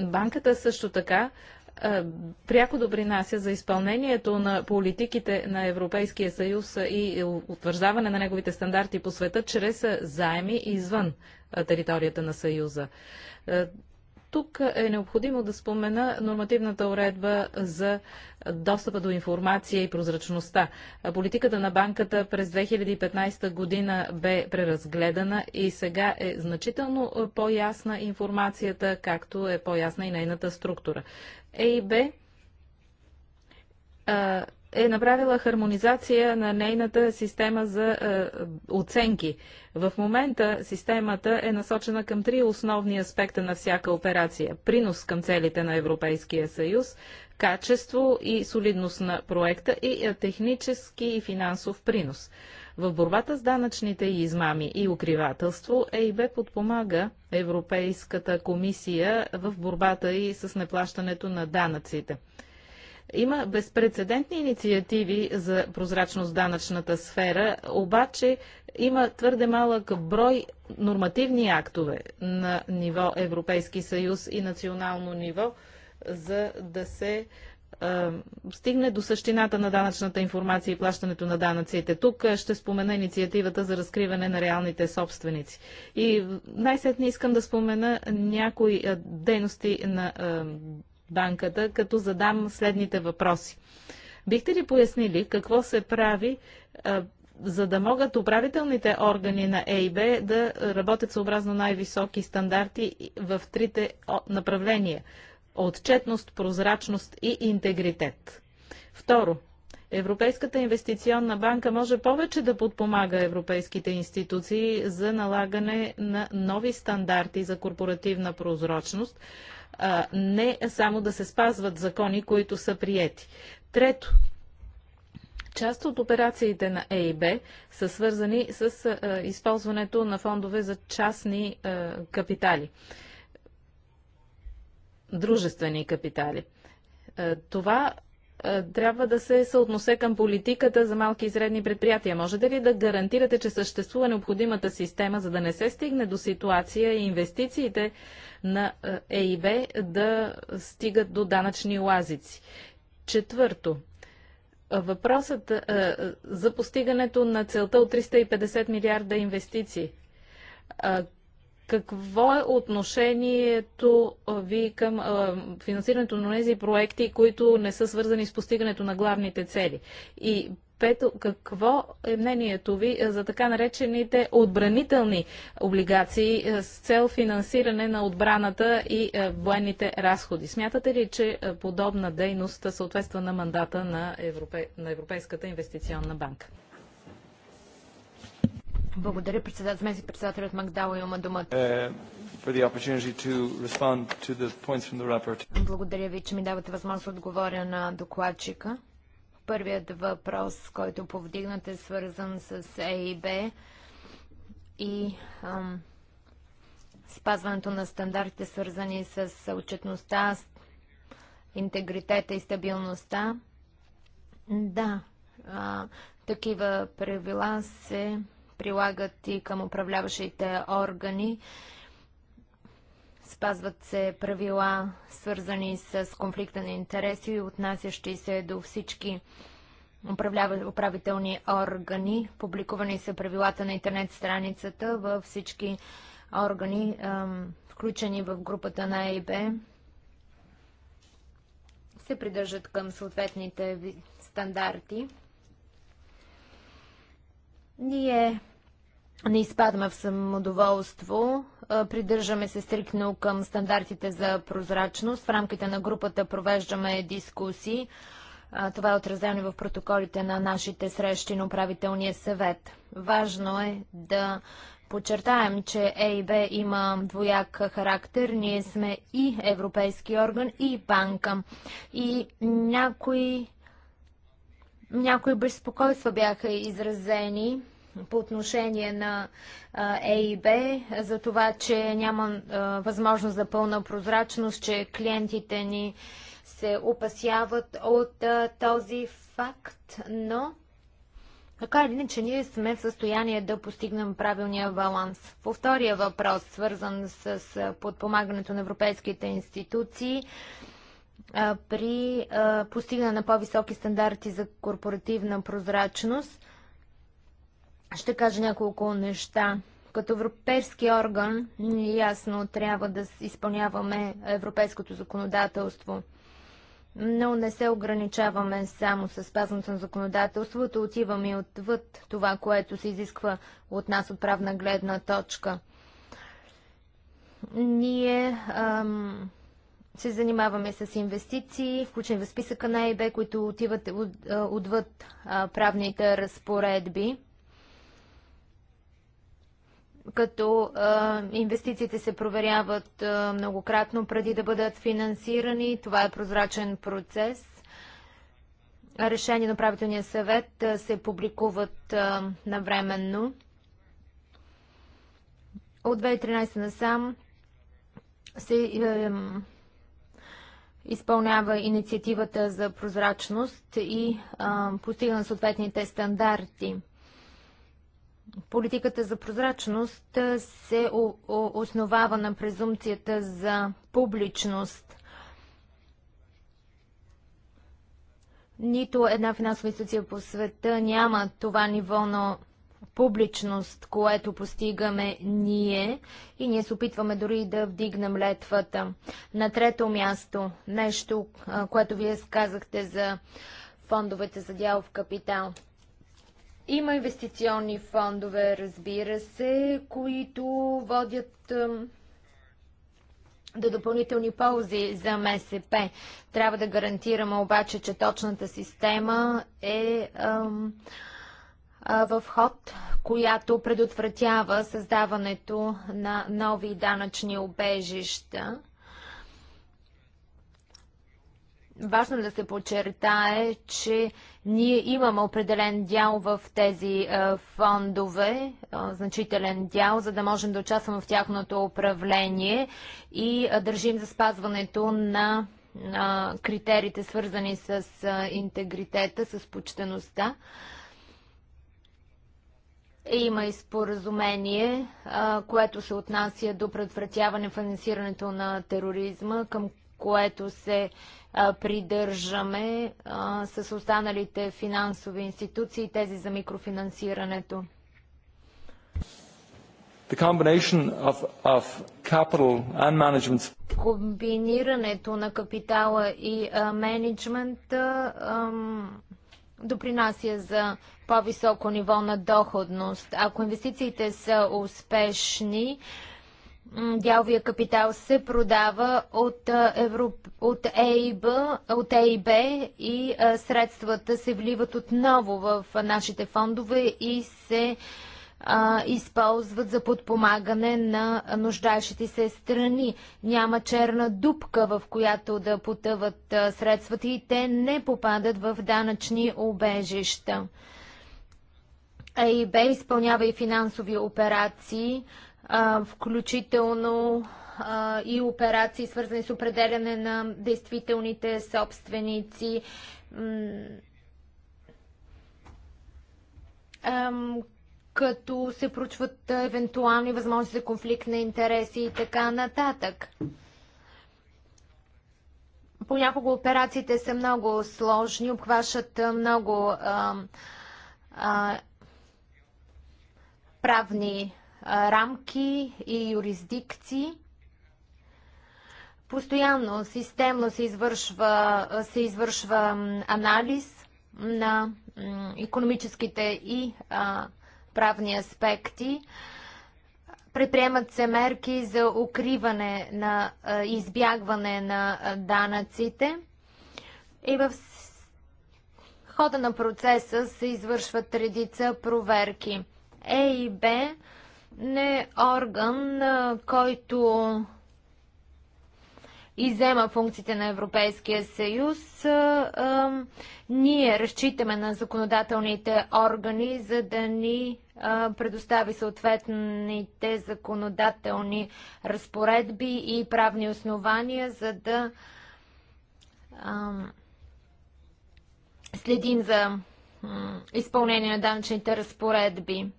Банката също така пряко допринася за изпълнението на политиките на Европейския съюз и утвърждаване на неговите стандарти по света чрез заеми извън територията на съюза. Тук е необходимо да спомена нормативната уредба за достъпа до информация и прозрачността. Политиката на банката през 2015 година бе преразгледана и сега е значително по-ясна информацията, както е по-ясна и нейната структура. ЕИБ е направила хармонизация на нейната система за е, оценки. В момента системата е насочена към три основни аспекта на всяка операция. Принос към целите на Европейския съюз, качество и солидност на проекта и е, технически и финансов принос. В борбата с данъчните измами и укривателство ЕИБ подпомага Европейската комисия в борбата и с неплащането на данъците. Има безпредседентни инициативи за прозрачност в данъчната сфера, обаче има твърде малък брой нормативни актове на ниво Европейски съюз и национално ниво, за да се стигне до същината на данъчната информация и плащането на данъците. Тук ще спомена инициативата за разкриване на реалните собственици. И най-сетне искам да спомена някои дейности на банката, като задам следните въпроси. Бихте ли пояснили какво се прави, за да могат управителните органи на ЕИБ да работят съобразно най-високи стандарти в трите направления отчетност, прозрачност и интегритет? Второ, Европейската инвестиционна банка може повече да подпомага европейските институции за налагане на нови стандарти за корпоративна прозрачност, а не само да се спазват закони, които са приети. Трето, Част от операциите на ЕИБ са свързани с а, използването на фондове за частни а, капитали, дружествени капитали. А, това е, трябва да се съотносе към политиката за малки и средни предприятия. Можете ли да гарантирате, че съществува необходимата система, за да не се стигне до ситуация и инвестициите на е, ЕИБ да стигат до данъчни лазици? Четвърто, въпросът е, за постигането на целта от 350 милиарда инвестиции. Е, какво е отношението ви към а, финансирането на тези проекти, които не са свързани с постигането на главните цели? И Пето, какво е мнението ви за така наречените отбранителни облигации с цел финансиране на отбраната и военните разходи? Смятате ли, че подобна дейност съответства на мандата на, Европе... на Европейската инвестиционна банка? Благодаря, председател, заместник председателят и има думата. Е, Благодаря ви, че ми давате възможност да отговоря на докладчика. Първият въпрос, който повдигнате, е свързан с ЕИБ и ам, спазването на стандартите, свързани с отчетността, интегритета и стабилността. Да, а, такива правила се прилагат и към управляващите органи. Спазват се правила, свързани с конфликта на интереси и отнасящи се до всички управителни органи. Публикувани са правилата на интернет страницата във всички органи, включени в групата на ЕИБ, се придържат към съответните стандарти. Ние не изпадаме в самодоволство, придържаме се стрикно към стандартите за прозрачност. В рамките на групата провеждаме дискусии. Това е отразено в протоколите на нашите срещи на управителния съвет. Важно е да подчертаем, че ЕИБ има двояк характер. Ние сме и европейски орган, и банка. И някои някои безпокойства бяха изразени по отношение на е Б, за това, че няма възможност за пълна прозрачност, че клиентите ни се опасяват от този факт, но така или иначе ние сме в състояние да постигнем правилния баланс. По втория въпрос, свързан с подпомагането на европейските институции, при постигане на по-високи стандарти за корпоративна прозрачност. Ще кажа няколко неща. Като европейски орган, ясно трябва да изпълняваме европейското законодателство. Но не се ограничаваме само с спазването на законодателството, отиваме и отвъд това, което се изисква от нас от правна гледна точка. Ние ам, се занимаваме с инвестиции, включени в списъка на ЕБ, които отиват отвъд правните разпоредби като а, инвестициите се проверяват а, многократно преди да бъдат финансирани. Това е прозрачен процес. Решения на правителния съвет а, се публикуват а, навременно. От 2013 насам се, изпълнява инициативата за прозрачност и постига на съответните стандарти. Политиката за прозрачност се основава на презумцията за публичност. Нито една финансова институция по света няма това ниво на публичност, което постигаме ние и ние се опитваме дори да вдигнем летвата. На трето място, нещо, което вие сказахте за фондовете за дял в капитал. Има инвестиционни фондове, разбира се, които водят до допълнителни ползи за МСП. Трябва да гарантираме обаче, че точната система е ам, е, в ход, която предотвратява създаването на нови данъчни обежища. Важно е да се подчертае, че ние имаме определен дял в тези е, фондове, е, значителен дял, за да можем да участваме в тяхното управление и държим за спазването на, критериите, свързани с интегритета, с почтеността. Има и споразумение, което се отнася до предотвратяване финансирането на тероризма, към което се придържаме с останалите финансови институции, тези за микрофинансирането. Of, of Комбинирането на капитала и менеджмента допринася за по-високо ниво на доходност. Ако инвестициите са успешни, дяловия капитал се продава от, Европ... от, ЕИБ, от ЕИБ и средствата се вливат отново в нашите фондове и се а, използват за подпомагане на нуждаещите се страни. Няма черна дупка, в която да потъват средствата и те не попадат в данъчни обежища. АИБ изпълнява и финансови операции, а, включително а, и операции, свързани с определяне на действителните собственици, като се проучват евентуални възможности за конфликт на интереси и така нататък. Понякога операциите са много сложни, обхващат много а, а, правни рамки и юрисдикции. Постоянно, системно се извършва, се извършва анализ на економическите и а, правни аспекти. Предприемат се мерки за укриване на а, избягване на а, данъците и в хода на процеса се извършват редица проверки. ЕИБ не е орган, който изема функциите на Европейския съюз. ние разчитаме на законодателните органи, за да ни предостави съответните законодателни разпоредби и правни основания, за да следим за изпълнение на данъчните разпоредби.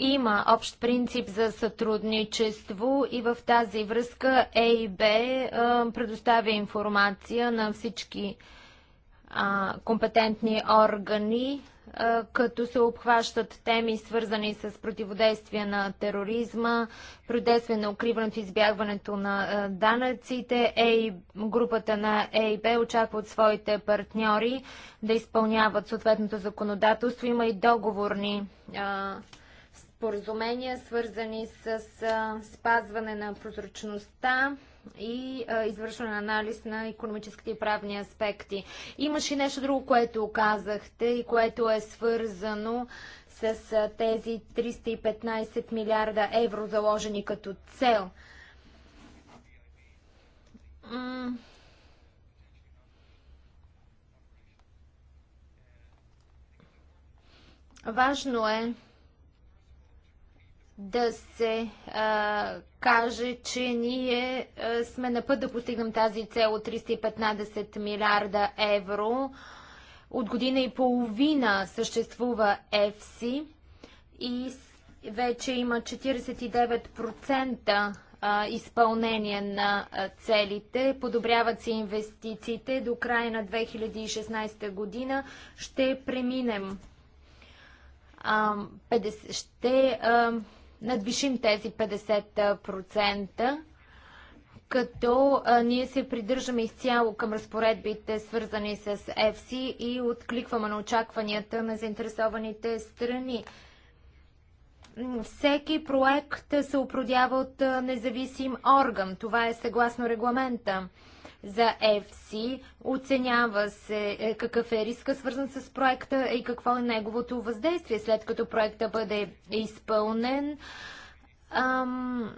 Има общ принцип за сътрудничество и в тази връзка ЕИБ предоставя информация на всички компетентни органи, като се обхващат теми свързани с противодействие на тероризма, противодействие на укриването и избягването на а, данъците. групата на ЕИБ очаква от своите партньори да изпълняват съответното законодателство. Има и договорни споразумения, свързани с спазване на прозрачността и извършване на анализ на економическите и правни аспекти. Имаше и нещо друго, което казахте и което е свързано с тези 315 милиарда евро заложени като цел. Важно е да се а, каже, че ние а, сме на път да постигнем тази цел от 315 милиарда евро. От година и половина съществува ЕФСИ и вече има 49% изпълнение на целите. Подобряват се инвестициите. До края на 2016 година ще преминем 50, ще надвишим тези 50%, като а, ние се придържаме изцяло към разпоредбите, свързани с FC и откликваме на очакванията на заинтересованите страни. Всеки проект се опродява от независим орган. Това е съгласно регламента за FC, оценява се е, какъв е риска свързан с проекта и какво е неговото въздействие след като проекта бъде изпълнен. Ам...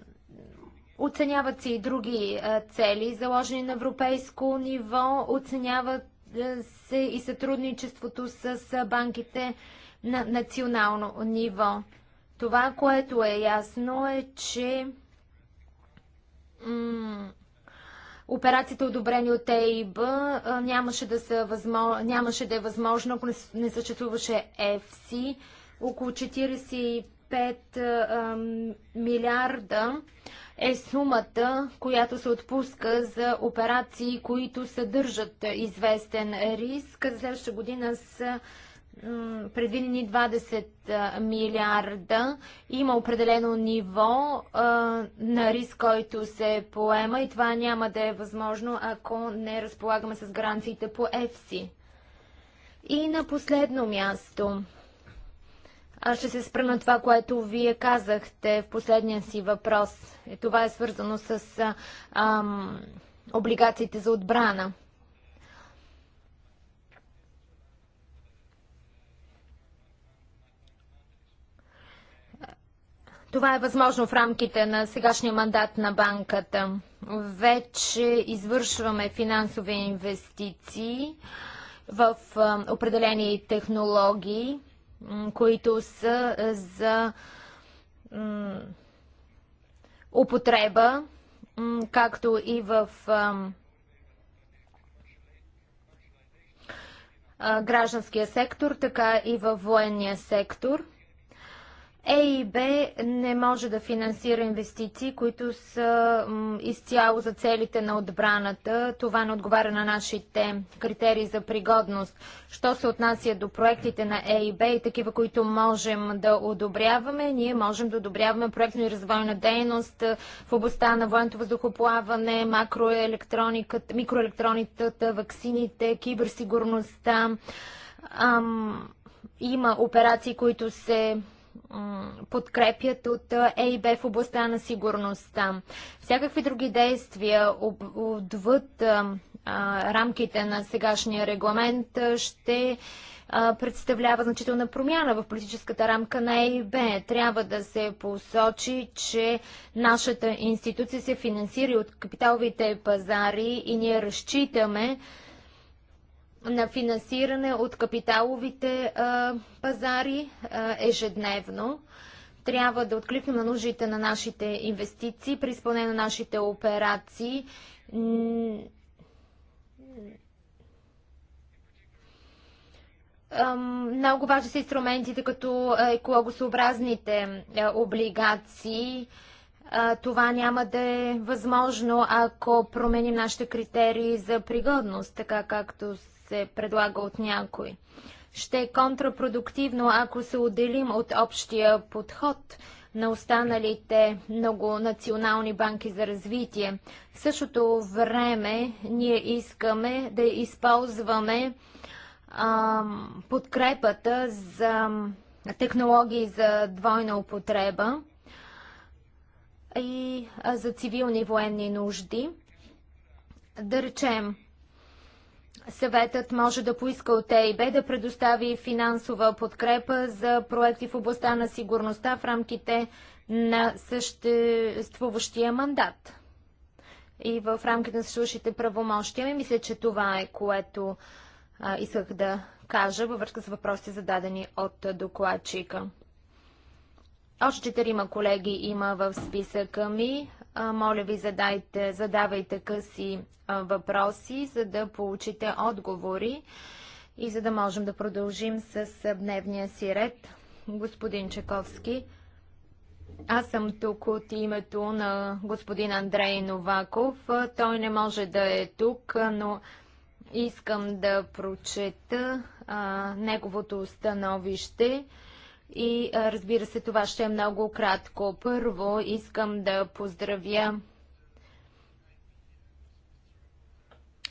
Оценяват се и други е, цели, заложени на европейско ниво. Оценяват е, се и сътрудничеството с банките на национално ниво. Това, което е ясно е, че операциите, одобрени от ЕИБ, нямаше да, са възможно, нямаше да е възможно, ако не, не съществуваше ЕФСИ. Около 45 милиарда е сумата, която се отпуска за операции, които съдържат известен риск. За следващата година са предвидени 20 милиарда. Има определено ниво на риск, който се поема и това няма да е възможно, ако не разполагаме с гаранциите по ЕФСИ. И на последно място. Аз ще се спра на това, което вие казахте в последния си въпрос. Е, това е свързано с ам, облигациите за отбрана. Това е възможно в рамките на сегашния мандат на банката. Вече извършваме финансови инвестиции в определени технологии, които са за употреба, както и в гражданския сектор, така и в военния сектор – ЕИБ не може да финансира инвестиции, които са изцяло за целите на отбраната. Това не отговаря на нашите критерии за пригодност. Що се отнася до проектите на ЕИБ и такива, които можем да одобряваме, ние можем да одобряваме проектно и развойна дейност е, в областта на военното въздухоплаване, макроелектрониката, микроелектрониката, ваксините, киберсигурността. Ам, има операции, които се подкрепят от ЕИБ в областта на сигурността. Всякакви други действия отвъд рамките на сегашния регламент ще представлява значителна промяна в политическата рамка на ЕИБ. Трябва да се посочи, че нашата институция се финансира от капиталовите пазари и ние разчитаме на финансиране от капиталовите а, пазари а, ежедневно. Трябва да откликнем на нуждите на нашите инвестиции при изпълнение на нашите операции. Много важни са инструментите като екологосообразните е, облигации. Това няма да е възможно, ако променим нашите критерии за пригодност, така както се предлага от някой. Ще е контрапродуктивно, ако се отделим от общия подход на останалите многонационални банки за развитие. В същото време ние искаме да използваме а, подкрепата за технологии за двойна употреба и за цивилни военни нужди. Да речем, Съветът може да поиска от ЕИБ да предостави финансова подкрепа за проекти в областта на сигурността в рамките на съществуващия мандат и в рамките на съществуващите правомощия. Ми мисля, че това е, което а, исках да кажа във връзка с въпросите зададени от докладчика. Още четирима колеги има в списъка ми. Моля ви, задайте, задавайте къси въпроси, за да получите отговори и за да можем да продължим с дневния си ред. Господин Чаковски, аз съм тук от името на господин Андрей Новаков. Той не може да е тук, но искам да прочета а, неговото становище. И разбира се, това ще е много кратко. Първо искам да поздравя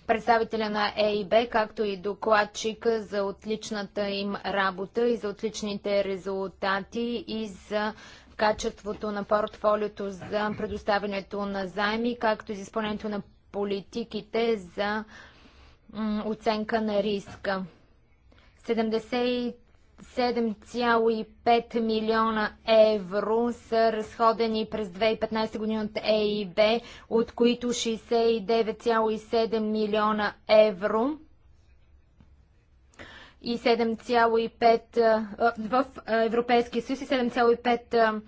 представителя на ЕИБ, както и докладчика за отличната им работа и за отличните резултати и за качеството на портфолиото за предоставянето на заеми, както и за изпълнението на политиките за оценка на риска. 73 7,5 милиона евро са разходени през 2015 година от ЕИБ, от които 69,7 милиона евро и 7,5 в Европейския съюз и 7,5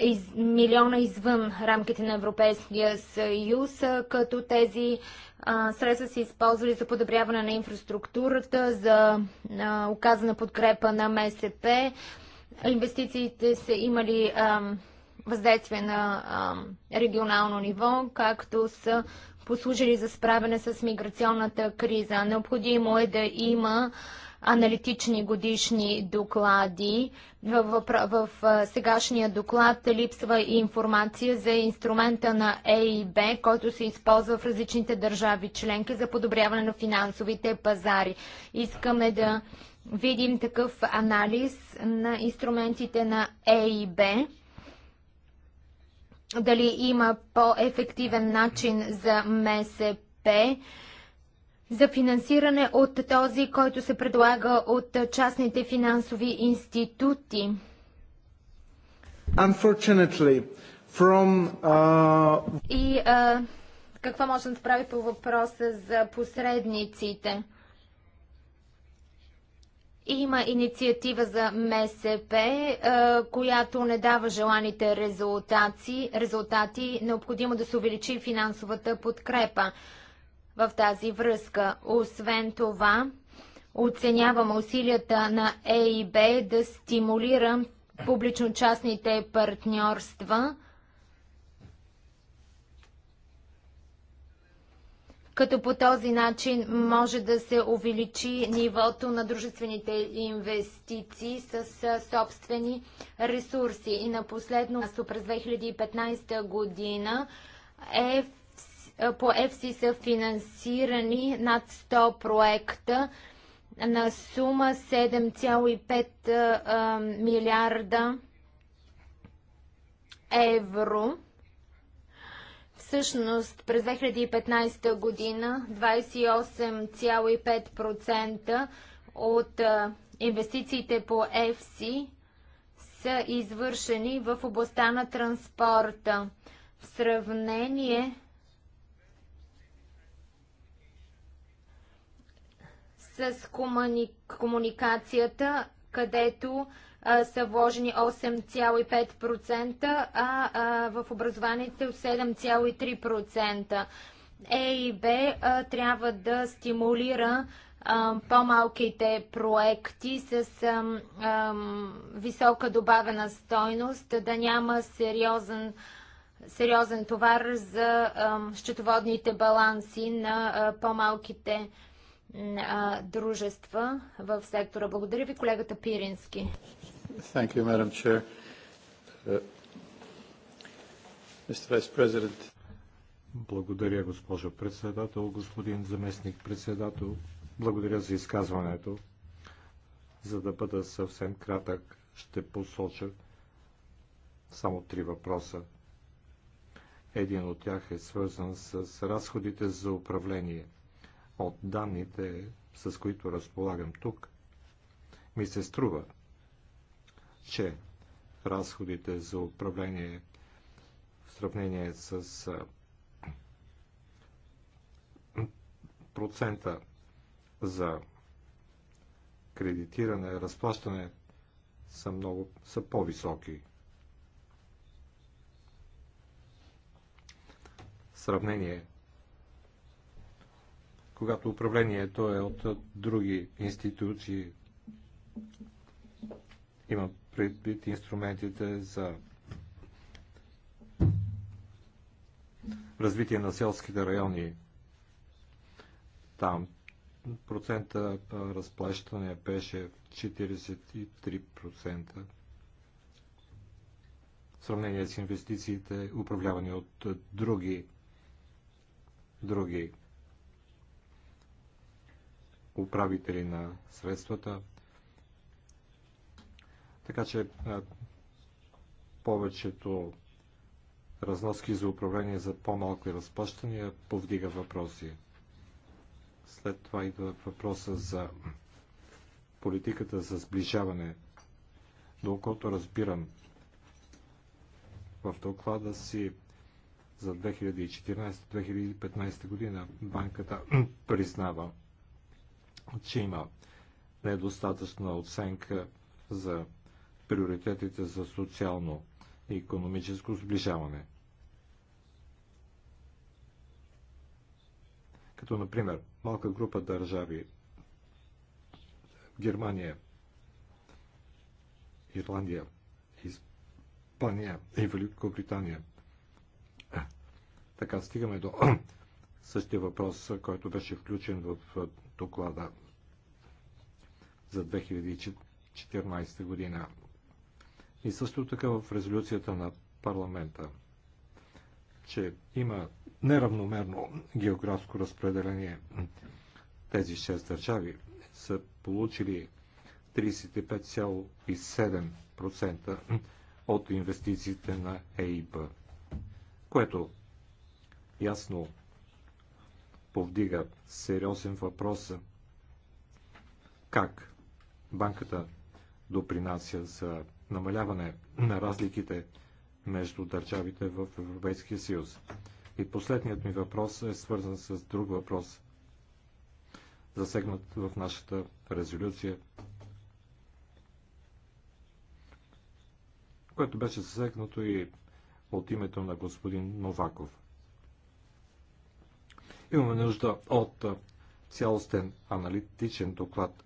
из, милиона извън рамките на Европейския съюз, като тези а, средства се използвали за подобряване на инфраструктурата, за а, оказана подкрепа на МСП. Инвестициите са имали а, въздействие на а, регионално ниво, както са послужили за справяне с миграционната криза. Необходимо е да има а, аналитични годишни доклади. В, в, в сегашния доклад липсва и информация за инструмента на ЕИБ, който се използва в различните държави членки за подобряване на финансовите пазари. Искаме да видим такъв анализ на инструментите на ЕИБ дали има по-ефективен начин за МСП, за финансиране от този, който се предлага от частните финансови институти. Unfortunately, from, uh... И uh, какво може да направи по въпроса за посредниците? Има инициатива за МСП, която не дава желаните резултати, резултати необходимо да се увеличи финансовата подкрепа в тази връзка. Освен това, оценявам усилията на ЕИБ да стимулира публично-частните партньорства, като по този начин може да се увеличи нивото на дружествените инвестиции с собствени ресурси. И на последно, през 2015 година е е, по ЕФСИ са финансирани над 100 проекта на сума 7,5 е, е, милиарда евро. Всъщност през 2015 година 28,5% от инвестициите по ЕФСИ са извършени в областта на транспорта. В сравнение с комуни... комуникацията, където а, са вложени 8,5%, а, а в образованите 7,3%. Е и Б а, трябва да стимулира по-малките проекти с ам, ам, висока добавена стойност, да няма сериозен, сериозен товар за ам, счетоводните баланси на а, по-малките проекти дружества в сектора. Благодаря ви, колегата Пирински. Thank you, Madam Chair. Uh, Mr. Vice President. Благодаря, госпожо председател, господин заместник председател. Благодаря за изказването. За да бъда съвсем кратък, ще посоча само три въпроса. Един от тях е свързан с разходите за управление – от данните, с които разполагам тук, ми се струва, че разходите за управление в сравнение с процента за кредитиране, разплащане са много, са по-високи. Сравнение когато управлението е от други институции. Има предвид инструментите за развитие на селските райони. Там процента разплащане беше 43%. В сравнение с инвестициите, управлявани от други, други управители на средствата. Така че повечето разноски за управление за по-малки разплащания повдига въпроси. След това идва въпроса за политиката за сближаване. Доколкото разбирам, в доклада си за 2014-2015 година банката признава че има недостатъчна оценка за приоритетите за социално и економическо сближаване. Като, например, малка група държави Германия, Ирландия, Испания и Великобритания. Е, така стигаме до същия въпрос, който беше включен в доклада за 2014 година. И също така в резолюцията на парламента, че има неравномерно географско разпределение. Тези 6 държави са получили 35,7% от инвестициите на ЕИБ, което ясно повдига сериозен въпрос как банката допринася за намаляване на разликите между държавите в Европейския съюз. И последният ми въпрос е свързан с друг въпрос, засегнат в нашата резолюция, което беше засегнато и от името на господин Новаков. Имаме нужда от цялостен аналитичен доклад,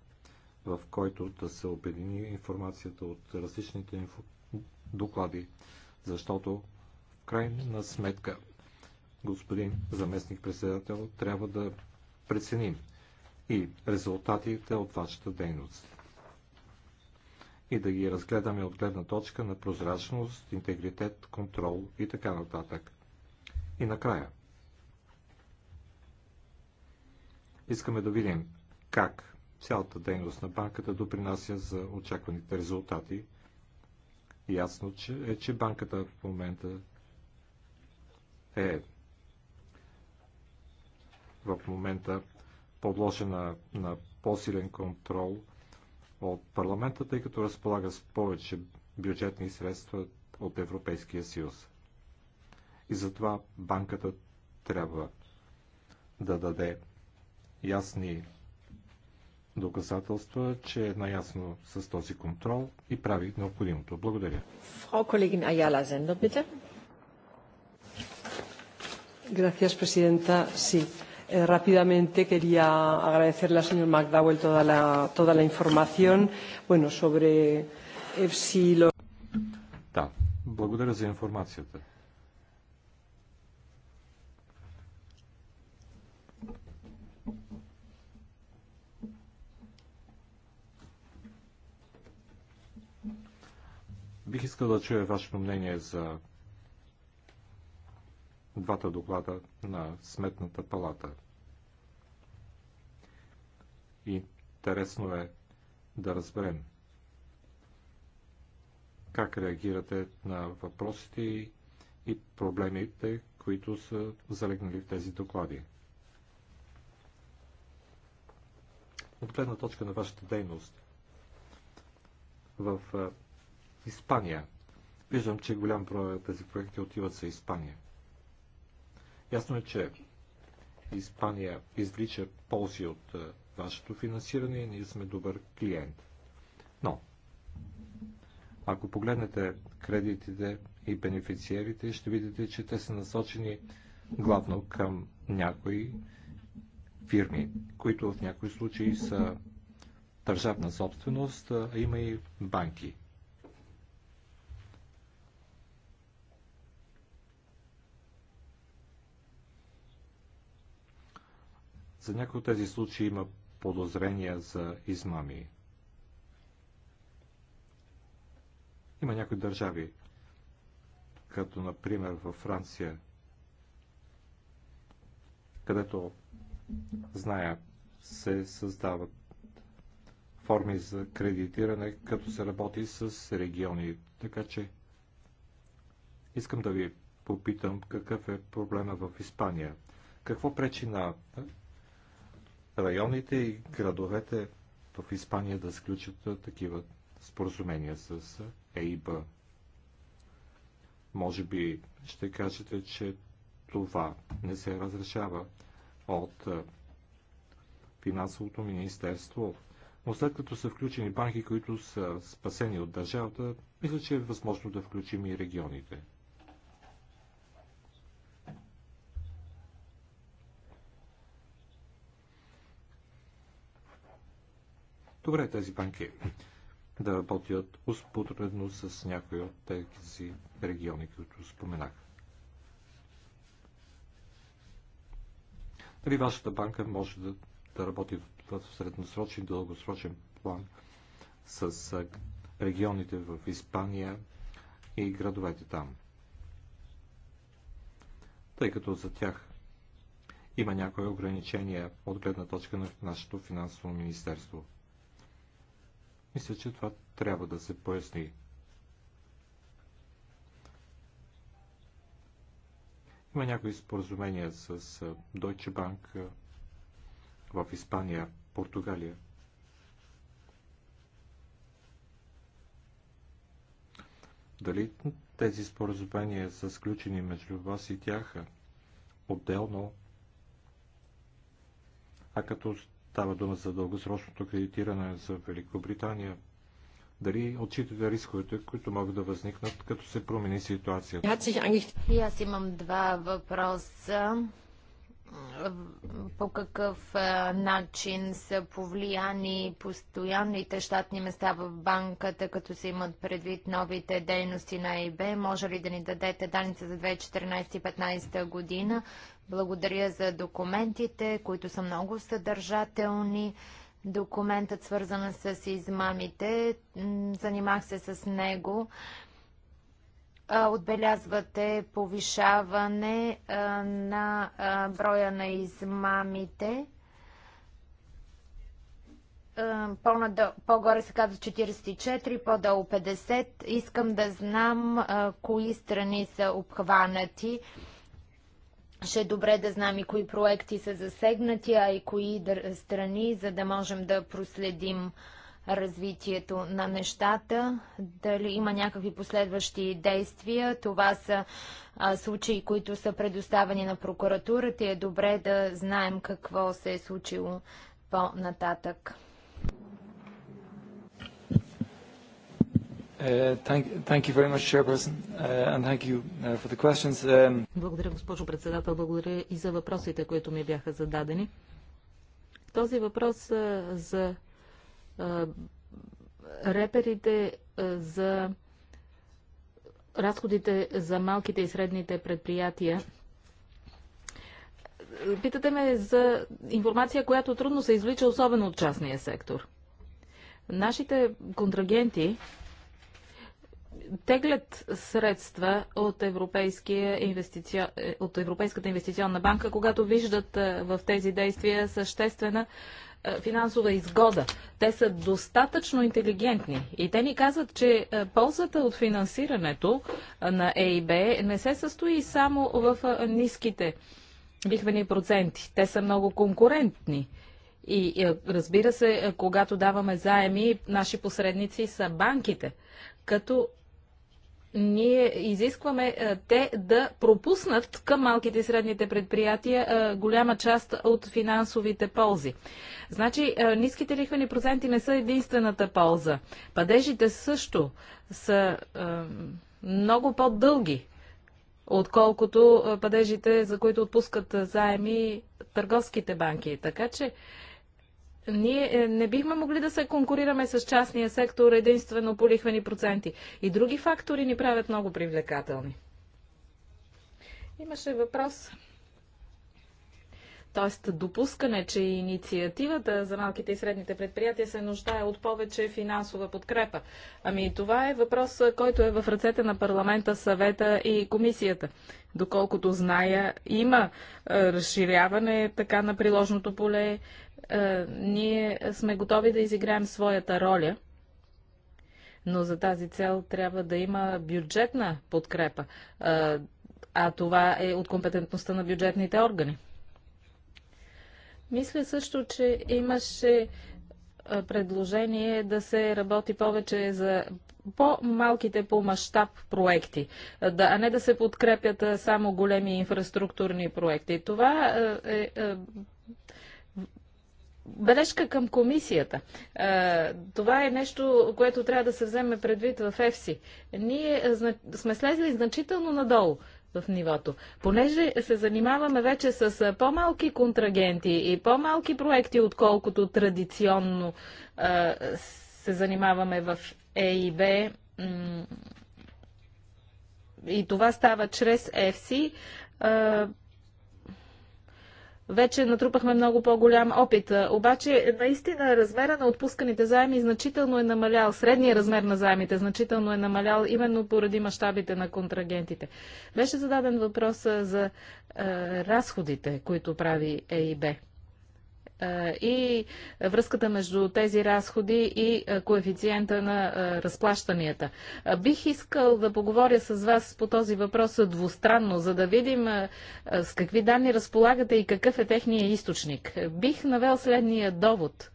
в който да се обедини информацията от различните инфо... доклади, защото в крайна сметка, господин заместник-председател, трябва да преценим и резултатите от вашата дейност и да ги разгледаме от гледна точка на прозрачност, интегритет, контрол и така нататък. И накрая – Искаме да видим как цялата дейност на банката допринася за очакваните резултати. Ясно че, е, че банката в момента е в момента подложена на по-силен контрол от парламента, тъй като разполага с повече бюджетни средства от Европейския съюз. И затова банката трябва да даде ясни доказателства, че е наясно с този контрол и прави необходимото. Благодаря. Фрау колегин Аяла Зендо, бите. Gracias, Presidenta. Sí, eh, rápidamente quería agradecerle al señor McDowell toda la, toda la información bueno, sobre EFSI. Eh, lo... Да, благодаря за информацията. Бих искал да чуя вашето мнение за двата доклада на Сметната палата. Интересно е да разберем как реагирате на въпросите и проблемите, които са залегнали в тези доклади. От гледна точка на вашата дейност в Испания. Виждам, че голям брой тези проекти отиват за Испания. Ясно е, че Испания извлича ползи от е, вашето финансиране и ние сме добър клиент. Но, ако погледнете кредитите и бенефициерите, ще видите, че те са насочени главно към някои фирми, които в някои случаи са държавна собственост, е, а има и банки. За някои от тези случаи има подозрения за измами. Има някои държави, като например във Франция, където, зная, се създават форми за кредитиране, като се работи с региони. Така че искам да ви попитам какъв е проблема в Испания. Какво пречи на районите и градовете в Испания да сключат такива споразумения с ЕИБ. Може би ще кажете, че това не се разрешава от финансовото министерство. Но след като са включени банки, които са спасени от държавата, мисля, че е възможно да включим и регионите. Добре е тези банки да работят успоредно с някои от тези региони, които споменах. Дали вашата банка може да, да работи в средносрочен и дългосрочен план с регионите в Испания и градовете там? Тъй като за тях има някои ограничения от гледна точка на нашето финансово министерство. Мисля, че това трябва да се поясни. Има някои споразумения с Deutsche Bank в Испания, Португалия. Дали тези споразумения са сключени между вас и тях отделно? А като Става дума за дългосрочното кредитиране за Великобритания. Дали отчитате рисковете, които могат да възникнат, като се промени ситуацията? И аз имам два въпроса. По какъв начин са повлияни постоянните щатни места в банката, като се имат предвид новите дейности на ЕБ? Може ли да ни дадете данница за 2014-2015 година? Благодаря за документите, които са много съдържателни. Документът, свързан с измамите, занимах се с него. Отбелязвате повишаване на броя на измамите. По-горе се казва 44, по-долу 50. Искам да знам кои страни са обхванати. Ще е добре да знам и кои проекти са засегнати, а и кои страни, за да можем да проследим развитието на нещата, дали има някакви последващи действия. Това са а, случаи, които са предоставени на прокуратурата и е добре да знаем какво се е случило по-нататък. Uh, thank you very much, Chairperson, uh, and thank you uh, for the questions. Um, Благодаря, госпожо председател. Благодаря и за въпросите, които ми бяха зададени. Този въпрос за реперите за разходите за малките и средните предприятия. Питате ме за информация, която трудно се извлича, особено от частния сектор. Нашите контрагенти теглят средства от, инвестицион... Е, от Европейската инвестиционна банка, когато виждат е, в тези действия съществена е, финансова изгода. Те са достатъчно интелигентни и те ни казват, че ползата от финансирането на ЕИБ не се състои само в ниските лихвени проценти. Те са много конкурентни. И разбира се, когато даваме заеми, наши посредници са банките. Като ние изискваме е, те да пропуснат към малките и средните предприятия е, голяма част от финансовите ползи. Значи, е, ниските лихвени проценти не са единствената полза. Падежите също са много по-дълги, отколкото падежите, за които отпускат заеми търговските банки. Така че ние е, не бихме могли да се конкурираме с частния сектор единствено по лихвени проценти. И други фактори ни правят много привлекателни. Имаше въпрос. Тоест, допускане, че инициативата за малките и средните предприятия се нуждае от повече финансова подкрепа. Ами това е въпрос, който е в ръцете на парламента, съвета и комисията. Доколкото зная, има е, разширяване така на приложното поле е, ние сме готови да изиграем своята роля, но за тази цел трябва да има бюджетна подкрепа, е, а това е от компетентността на бюджетните органи. Мисля също, че имаше е, предложение да се работи повече за по-малките по мащаб проекти, да, а не да се подкрепят само големи инфраструктурни проекти. Това е, е Бележка към комисията. Това е нещо, което трябва да се вземе предвид в ЕФСИ. Ние е, сме слезли значително надолу в нивото. Понеже се занимаваме вече с по-малки контрагенти и по-малки проекти, отколкото традиционно се занимаваме в ЕИБ, и това става чрез ЕФСИ, вече натрупахме много по-голям опит. Обаче, наистина, размера на отпусканите заеми значително е намалял. Средният размер на заемите значително е намалял, именно поради мащабите на контрагентите. Беше зададен въпрос за е, разходите, които прави ЕИБ и връзката между тези разходи и коефициента на разплащанията. Бих искал да поговоря с вас по този въпрос двустранно, за да видим с какви данни разполагате и какъв е техния източник. Бих навел следния довод –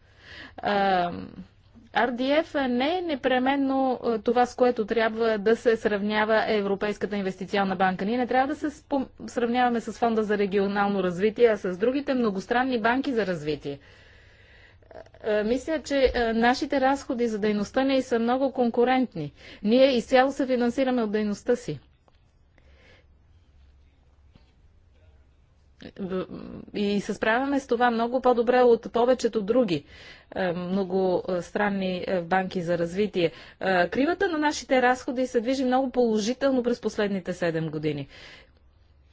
RDF не е непременно е, това, с което трябва да се сравнява Европейската инвестиционна банка. Ние не трябва да се спом... сравняваме с Фонда за регионално развитие, а с другите многостранни банки за развитие. Е, е, мисля, че нашите разходи за дейността ни са много конкурентни. Ние изцяло се финансираме от дейността си. и се справяме с това много по-добре от повечето други е, многостранни е, е, банки за развитие. Кривата на нашите разходи се движи много положително през последните 7 години.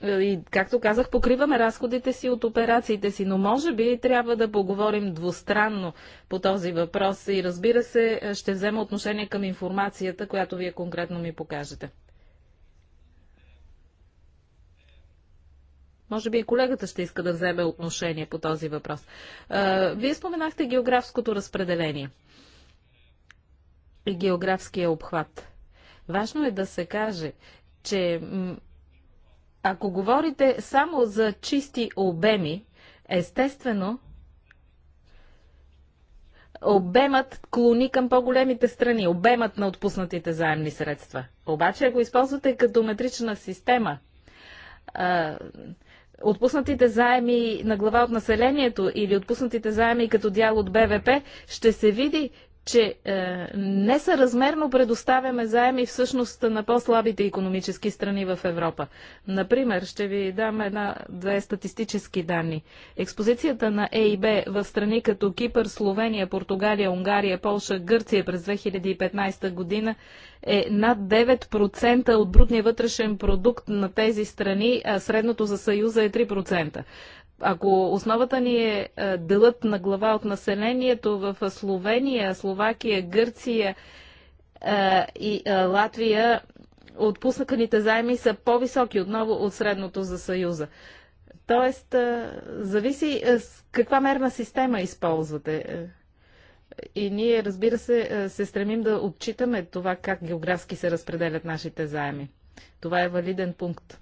И, както казах, покриваме разходите си от операциите си, но може би трябва да поговорим двустранно по този въпрос и разбира се, ще взема отношение към информацията, която вие конкретно ми покажете. Може би и колегата ще иска да вземе отношение по този въпрос. Вие споменахте географското разпределение и географския обхват. Важно е да се каже, че ако говорите само за чисти обеми, естествено, обемът клони към по-големите страни, обемът на отпуснатите заемни средства. Обаче, ако използвате като метрична система, а, отпуснатите заеми на глава от населението или отпуснатите заеми като дял от БВП, ще се види, че е, несъразмерно предоставяме заеми всъщност на по-слабите економически страни в Европа. Например, ще ви дам една-две статистически данни. Експозицията на ЕИБ в страни като Кипър, Словения, Португалия, Унгария, Полша, Гърция през 2015 година е над 9% от брутния вътрешен продукт на тези страни, а средното за Съюза е 3%. Ако основата ни е, е делът на глава от населението в Словения, Словакия, Гърция е, и е, Латвия, отпуснаканите заеми са по-високи отново от средното за Съюза. Тоест, зависи с каква мерна система използвате. И ние, разбира се, се стремим да отчитаме това как географски се разпределят нашите заеми. Това е валиден пункт.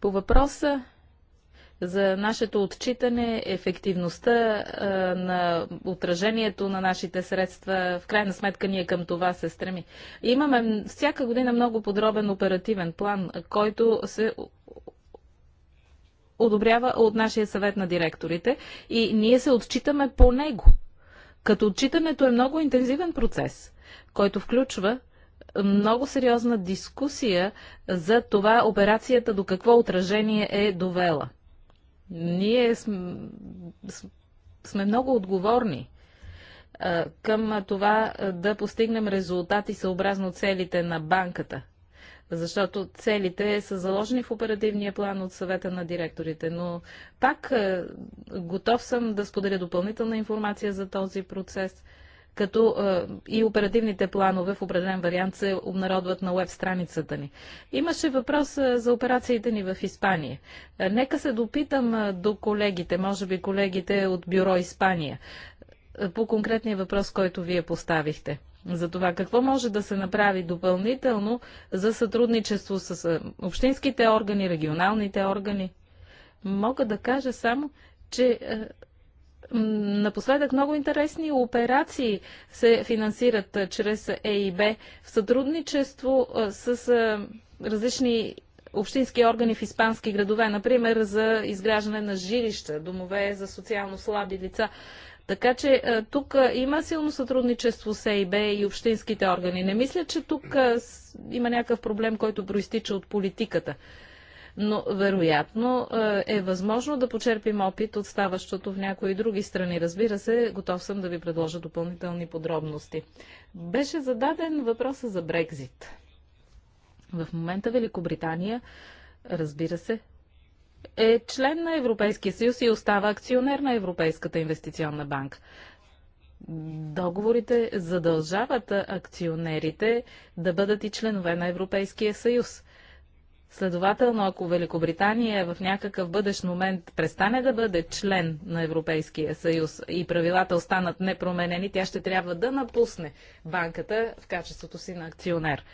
По въпроса за нашето отчитане, ефективността а, на отражението на нашите средства. В крайна сметка ние към това се стреми. Имаме всяка година много подробен оперативен план, който се одобрява от нашия съвет на директорите и ние се отчитаме по него. Като отчитането е много интензивен процес, който включва много сериозна дискусия за това операцията до какво отражение е довела. Ние сме, сме много отговорни към това да постигнем резултати съобразно целите на банката. Защото целите са заложени в оперативния план от съвета на директорите. Но пак готов съм да споделя допълнителна информация за този процес – като и оперативните планове в определен вариант се обнародват на веб страницата ни. Имаше въпрос за операциите ни в Испания. Нека се допитам до колегите, може би колегите от Бюро Испания, по конкретния въпрос, който вие поставихте за това какво може да се направи допълнително за сътрудничество с общинските органи, регионалните органи. Мога да кажа само, че Напоследък много интересни операции се финансират чрез ЕИБ в сътрудничество с различни общински органи в испански градове, например за изграждане на жилища, домове за социално слаби лица. Така че тук има силно сътрудничество с ЕИБ и общинските органи. Не мисля, че тук има някакъв проблем, който проистича от политиката но вероятно е, е възможно да почерпим опит от ставащото в някои други страни. Разбира се, готов съм да ви предложа допълнителни подробности. Беше зададен въпроса за Брекзит. В момента Великобритания, разбира се, е член на Европейския съюз и остава акционер на Европейската инвестиционна банка. Договорите задължават акционерите да бъдат и членове на Европейския съюз. Следователно, ако Великобритания в някакъв бъдещ момент престане да бъде член на Европейския съюз и правилата останат непроменени, тя ще трябва да напусне банката в качеството си на акционер.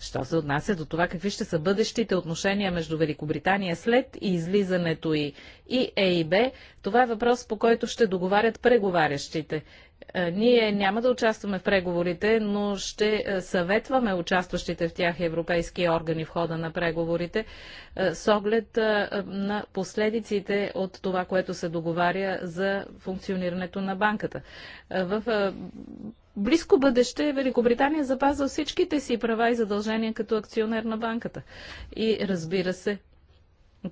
Що се отнася до това, какви ще са бъдещите отношения между Великобритания след и излизането и, и ЕИБ, това е въпрос, по който ще договарят преговарящите. Е, ние няма да участваме в преговорите, но ще е, съветваме участващите в тях европейски органи в хода на преговорите е, с оглед на последиците от това, което се договаря за функционирането на банката. В близко бъдеще Великобритания запазва всичките си права и задължения като акционер на банката. И разбира се,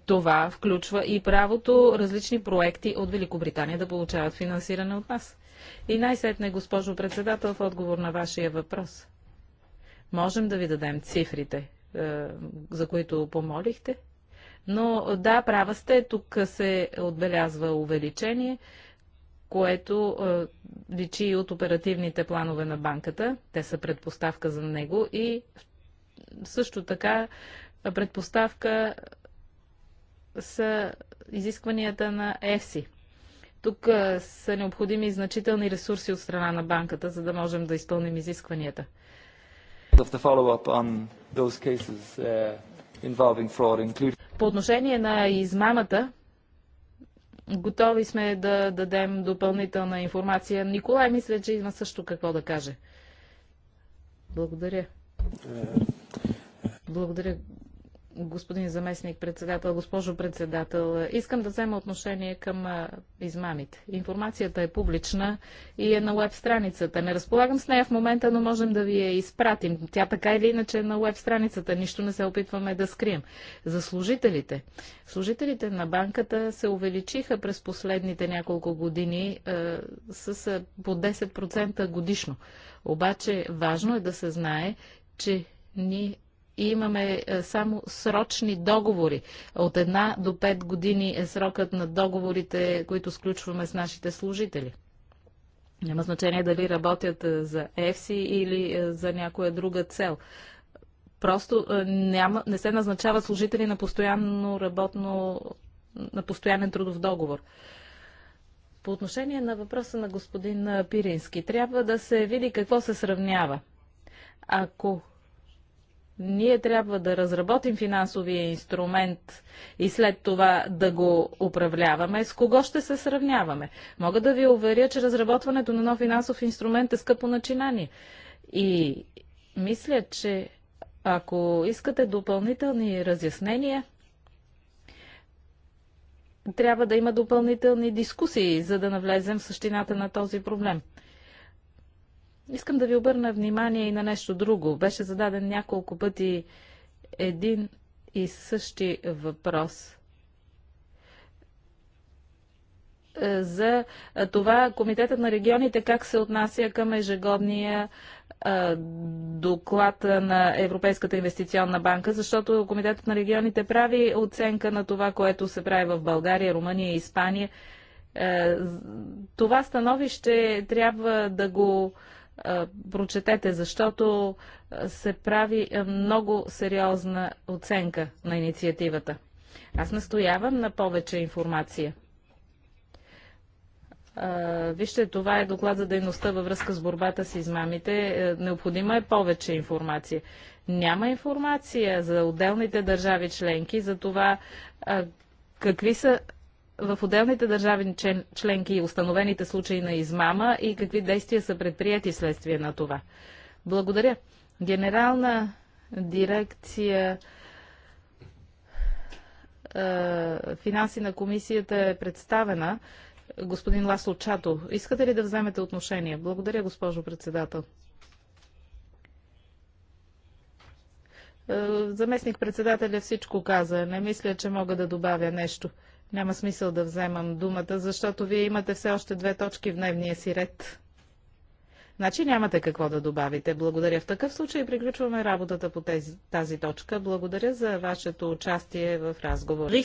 това включва и правото различни проекти от Великобритания да получават финансиране от нас. И най-сетне, госпожо председател, в отговор на вашия въпрос. Можем да ви дадем цифрите, е, за които помолихте. Но да, права сте, тук се отбелязва увеличение, което е, личи и от оперативните планове на банката. Те са предпоставка за него и също така предпоставка са изискванията на ЕСИ. Тук са необходими значителни ресурси от страна на банката, за да можем да изпълним изискванията. Uh, По отношение на измамата, готови сме да дадем допълнителна информация. Николай мисля, че има също какво да каже. Благодаря. Е, Благодаря, господин заместник председател, госпожо председател. Искам да взема отношение към измамите. Информацията е публична и е на веб страницата. Не разполагам с нея в момента, но можем да ви я изпратим. Тя така или иначе е на веб страницата. Нищо не се опитваме да скрием. За служителите. Служителите на банката се увеличиха през последните няколко години е, с по 10% годишно. Обаче важно е да се знае, че ние и имаме е, само срочни договори. От една до пет години е срокът на договорите, които сключваме с нашите служители. Няма значение дали работят е, за ЕФСИ или е, за някоя друга цел. Просто няма, не се назначават служители на постоянно работно, на постоянен трудов договор. По отношение на въпроса на господин Пирински, трябва да се види какво се сравнява. Ако ние трябва да разработим финансовия инструмент и след това да го управляваме. С кого ще се сравняваме? Мога да ви уверя, че разработването на нов финансов инструмент е скъпо начинание. И мисля, че ако искате допълнителни разяснения, трябва да има допълнителни дискусии, за да навлезем в същината на този проблем. Искам да ви обърна внимание и на нещо друго. Беше зададен няколко пъти един и същи въпрос е, за е, това Комитетът на регионите как се отнася към ежегодния е, доклад на Европейската инвестиционна банка, защото Комитетът на регионите прави оценка на това, което се прави в България, Румъния и Испания. Това становище трябва да го прочетете, защото се прави много сериозна оценка на инициативата. Аз настоявам на повече информация. Вижте, това е доклад за дейността във връзка с борбата с измамите. Е, необходима е повече информация. Няма информация за отделните държави членки, за това какви са в отделните държави членки и установените случаи на измама и какви действия са предприяти следствие на това. Благодаря. Генерална дирекция е, финанси на комисията е представена. Господин Ласло Чато, искате ли да вземете отношение? Благодаря, госпожо председател. Заместник председателя всичко каза. Не мисля, че мога да добавя нещо. Няма смисъл да вземам думата, защото вие имате все още две точки в дневния си ред. Значи нямате какво да добавите. Благодаря. В такъв случай приключваме работата по тези, тази точка. Благодаря за вашето участие в разговора.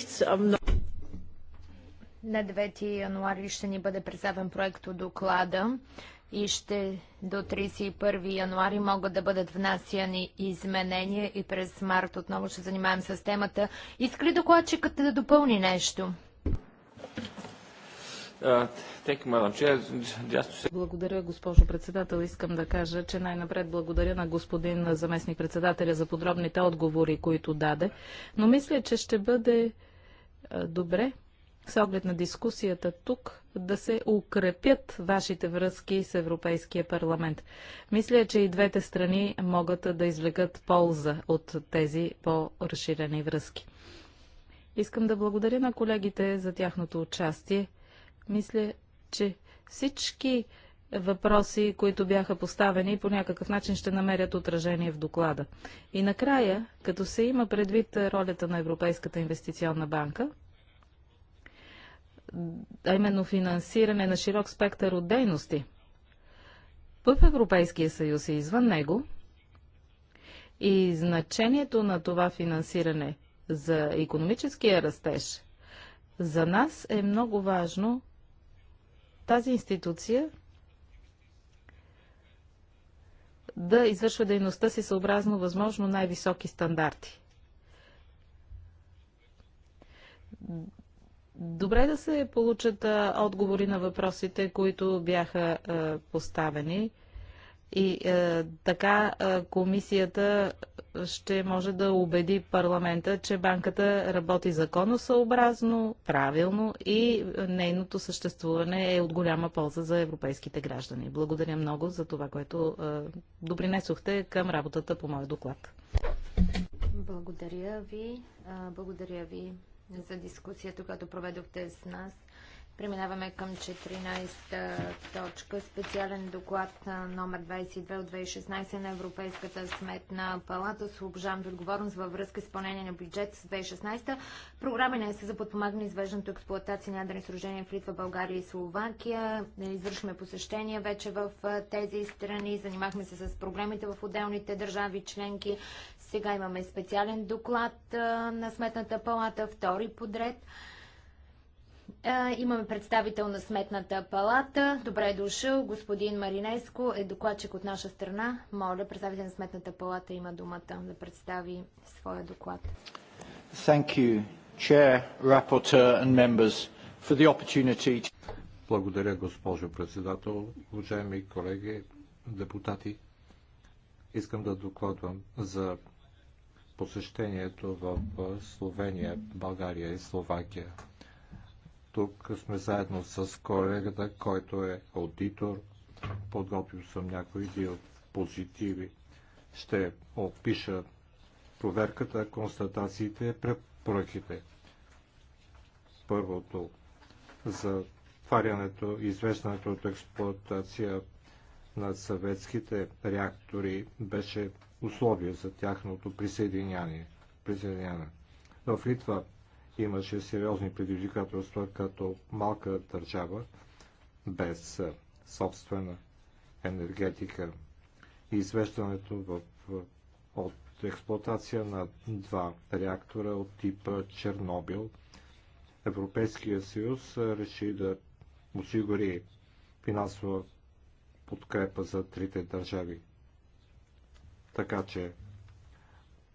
На 9 януари ще ни бъде представен проект от доклада и ще до 31 януари могат да бъдат внасяни изменения и през март отново ще занимаем с темата. Иска ли докладчикът да допълни нещо? Uh, благодаря, госпожо председател. Искам да кажа, че най-напред благодаря на господин заместник председателя за подробните отговори, които даде. Но мисля, че ще бъде добре с оглед на дискусията тук, да се укрепят вашите връзки с Европейския парламент. Мисля, че и двете страни могат да извлекат полза от тези по-разширени връзки. Искам да благодаря на колегите за тяхното участие. Мисля, че всички въпроси, които бяха поставени, по някакъв начин ще намерят отражение в доклада. И накрая, като се има предвид ролята на Европейската инвестиционна банка, а именно финансиране на широк спектър от дейности в Европейския съюз и извън него. И значението на това финансиране за економическия растеж за нас е много важно тази институция да извършва дейността си съобразно възможно най-високи стандарти Добре да се получат а, отговори на въпросите, които бяха а, поставени. И а, така комисията ще може да убеди парламента, че банката работи законосъобразно, правилно и нейното съществуване е от голяма полза за европейските граждани. Благодаря много за това, което допринесохте към работата по моя доклад. Благодаря ви. Благодаря ви за дискусията, която проведохте с нас. Преминаваме към 14 точка. Специален доклад номер 22 от 2016 на Европейската сметна палата. Слобожавам отговорност във връзка с изпълнение на бюджет с 2016. Програми не ЕС за подпомагане извеждането експлуатация на ядрени сражения в Литва, България и Словакия. Извършваме посещения вече в тези страни. Занимахме се с проблемите в отделните държави членки. Сега имаме специален доклад на Сметната палата, втори подред. имаме представител на Сметната палата. Добре е дошъл. Господин Маринеско е докладчик от наша страна. Моля, представител на Сметната палата има думата да представи своя доклад. Thank you, Chair, Rapporteur and members for the opportunity Благодаря, госпожо председател, уважаеми колеги, депутати. Искам да докладвам за посещението в Словения, България и Словакия. Тук сме заедно с колегата, който е аудитор. Подготвил съм някои позитиви, Ще опиша проверката, констатациите, препоръките. Първото за отварянето и извеждането от експлоатация на съветските реактори беше условия за тяхното присъединяване. В Литва имаше сериозни предизвикателства като малка държава без собствена енергетика и извеждането в, от експлуатация на два реактора от типа Чернобил. Европейския съюз реши да осигури финансова подкрепа за трите държави така че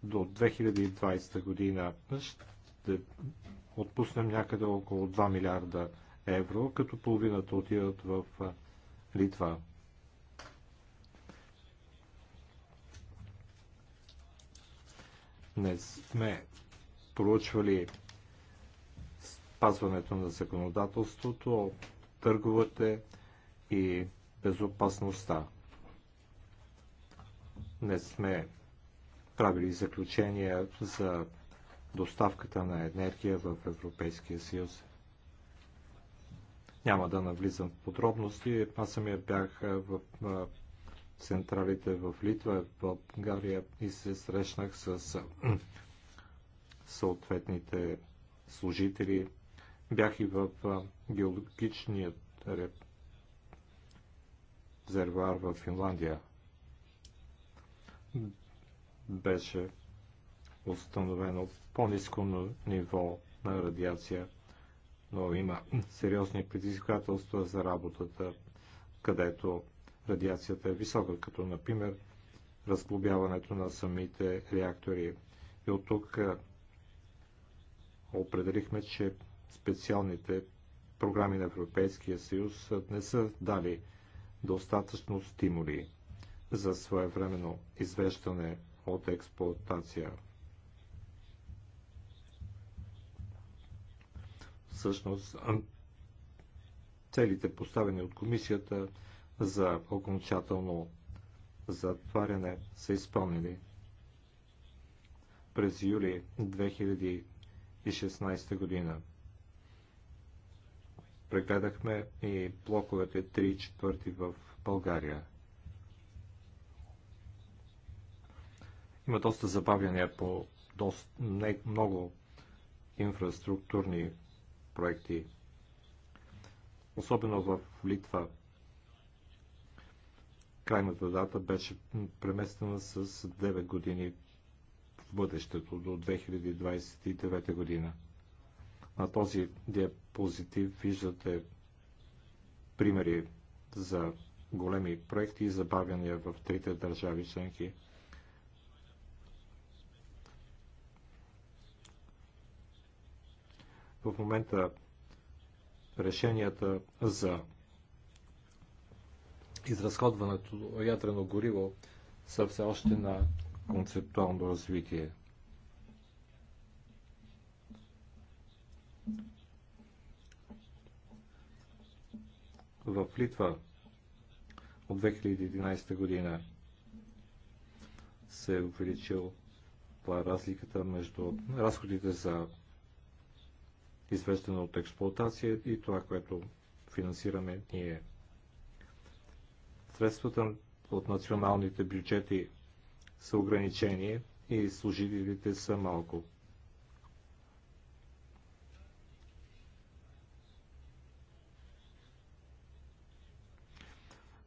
до 2020 година ще отпуснем някъде около 2 милиарда евро, като половината отиват в Литва. Не сме проучвали спазването на законодателството, търговете и безопасността не сме правили заключения за доставката на енергия в Европейския съюз. Няма да навлизам в подробности. Аз самия бях в централите в Литва, в България и се срещнах с съответните служители. Бях и в геологичният резервуар в Финландия беше установено по-низко ниво на радиация, но има сериозни предизвикателства за работата, където радиацията е висока, като например разглобяването на самите реактори. И от тук определихме, че специалните програми на Европейския съюз не са дали достатъчно стимули за своевременно извеждане от експлоатация. Всъщност, целите поставени от комисията за окончателно затваряне са изпълнени. През юли 2016 година прегледахме и блоковете 3 четвърти в България – Има доста забавяния по доста, не, много инфраструктурни проекти, особено в Литва. Крайната дата беше преместена с 9 години в бъдещето до 2029 година. На този диапозитив виждате примери за големи проекти и забавяния в трите държави членки – в момента решенията за изразходването на ядрено гориво са все още на концептуално развитие. В Литва от 2011 година се е увеличил разликата между разходите за известен от експлоатация и това, което финансираме ние. Средствата от националните бюджети са ограничени и служителите са малко.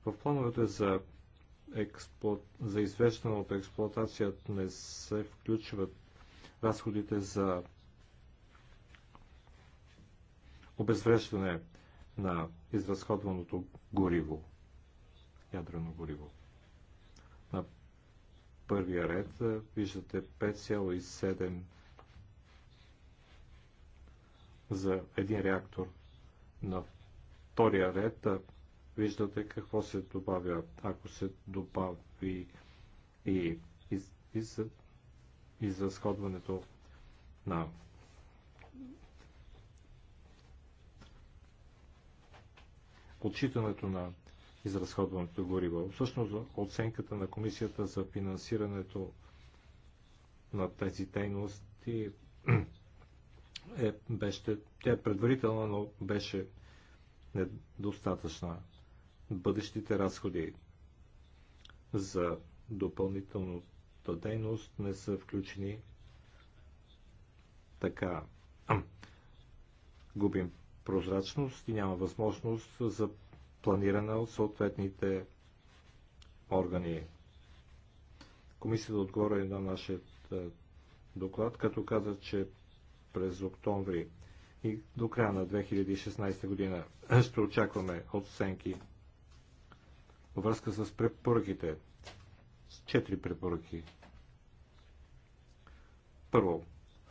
В плановете за, експло... за извещане от експлуатацията не се включват разходите за обезвреждане на изразходваното гориво, ядрено гориво. На първия ред виждате 5,7 за един реактор. На втория ред виждате какво се добавя, ако се добави и изразходването на отчитането на изразходването гориво. Всъщност оценката на комисията за финансирането на тези дейности е, беше, тя е предварителна, но беше недостатъчна. Бъдещите разходи за допълнителната дейност не са включени така. Губим прозрачност и няма възможност за планиране от съответните органи. Комисията отгоре на нашия е, доклад, като каза, че през октомври и до края на 2016 година ще очакваме оценки във връзка с препоръките. С четири препоръки. Първо,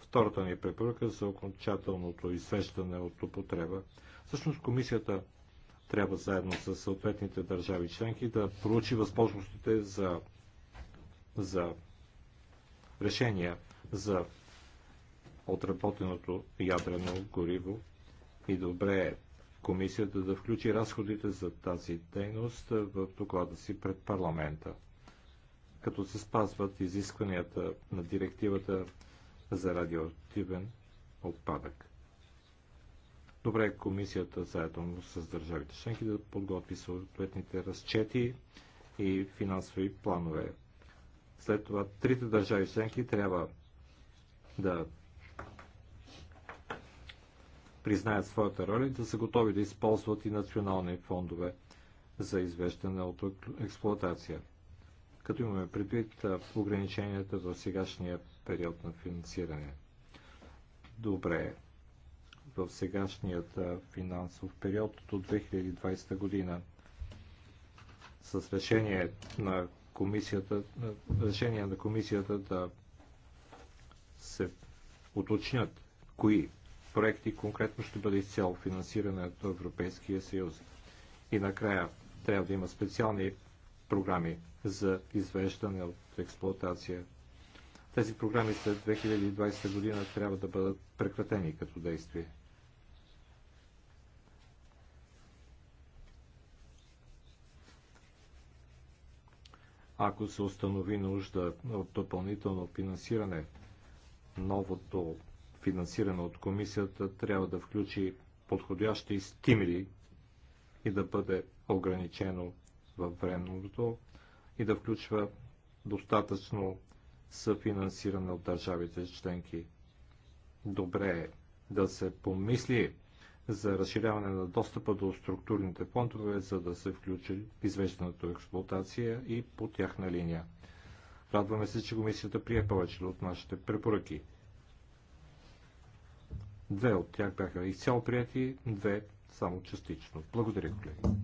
втората ни препоръка е за окончателното изсещане от употреба. Всъщност комисията трябва заедно с съответните държави членки да проучи възможностите за, за решения за отработеното ядрено гориво и добре е комисията да включи разходите за тази дейност в доклада си пред парламента, като се спазват изискванията на директивата за радиоактивен отпадък. Добре е комисията заедно с държавите членки да подготви съответните разчети и финансови планове. След това трите държави членки трябва да признаят своята роля и да са готови да използват и национални фондове за извеждане от експлоатация като имаме предвид ограниченията в сегашния период на финансиране. Добре, в сегашният финансов период до 2020 година с решение на комисията, решение на комисията да се уточнят кои проекти конкретно ще бъде изцяло финансиране от Европейския съюз. И накрая трябва да има специални програми за извеждане от експлоатация. Тези програми след 2020 година трябва да бъдат прекратени като действие. Ако се установи нужда от допълнително финансиране, новото финансиране от комисията трябва да включи подходящи стимули и да бъде ограничено във времето и да включва достатъчно съфинансиране от държавите членки. Добре е да се помисли за разширяване на достъпа до структурните фондове, за да се включи извеждането експлуатация и по тяхна линия. Радваме се, че комисията прие повече от нашите препоръки. Две от тях бяха изцяло прияти, две само частично. Благодаря, колеги.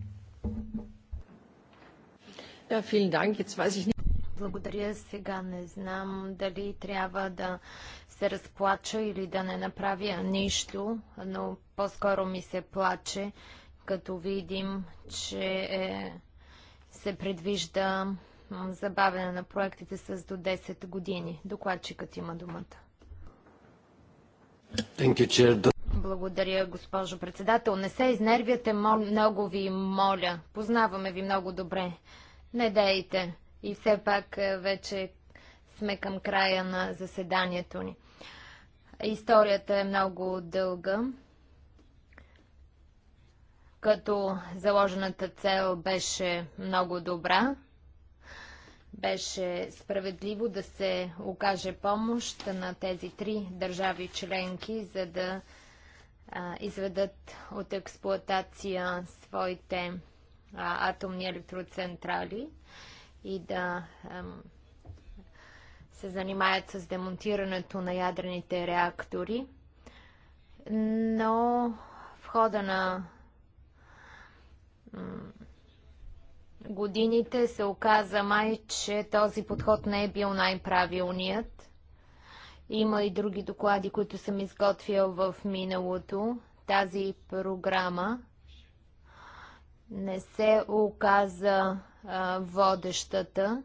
Благодаря. Сега не знам дали трябва да се разплача или да не направя нищо, но по-скоро ми се плаче, като видим, че е, се предвижда забавяне на проектите с до 10 години. Докладчикът има думата. Благодаря, госпожо председател. Не се изнервяте, много ви моля. Познаваме ви много добре. Не дейте. И все пак е, вече сме към края на заседанието ни. Историята е много дълга. Като заложената цел беше много добра, беше справедливо да се окаже помощ на тези три държави членки, за да а, изведат от експлоатация своите а, атомни електроцентрали и да ем, се занимаят с демонтирането на ядрените реактори. Но в хода на годините се оказа май, че този подход не е бил най-правилният. Има и други доклади, които съм изготвил в миналото. Тази програма не се оказа а, водещата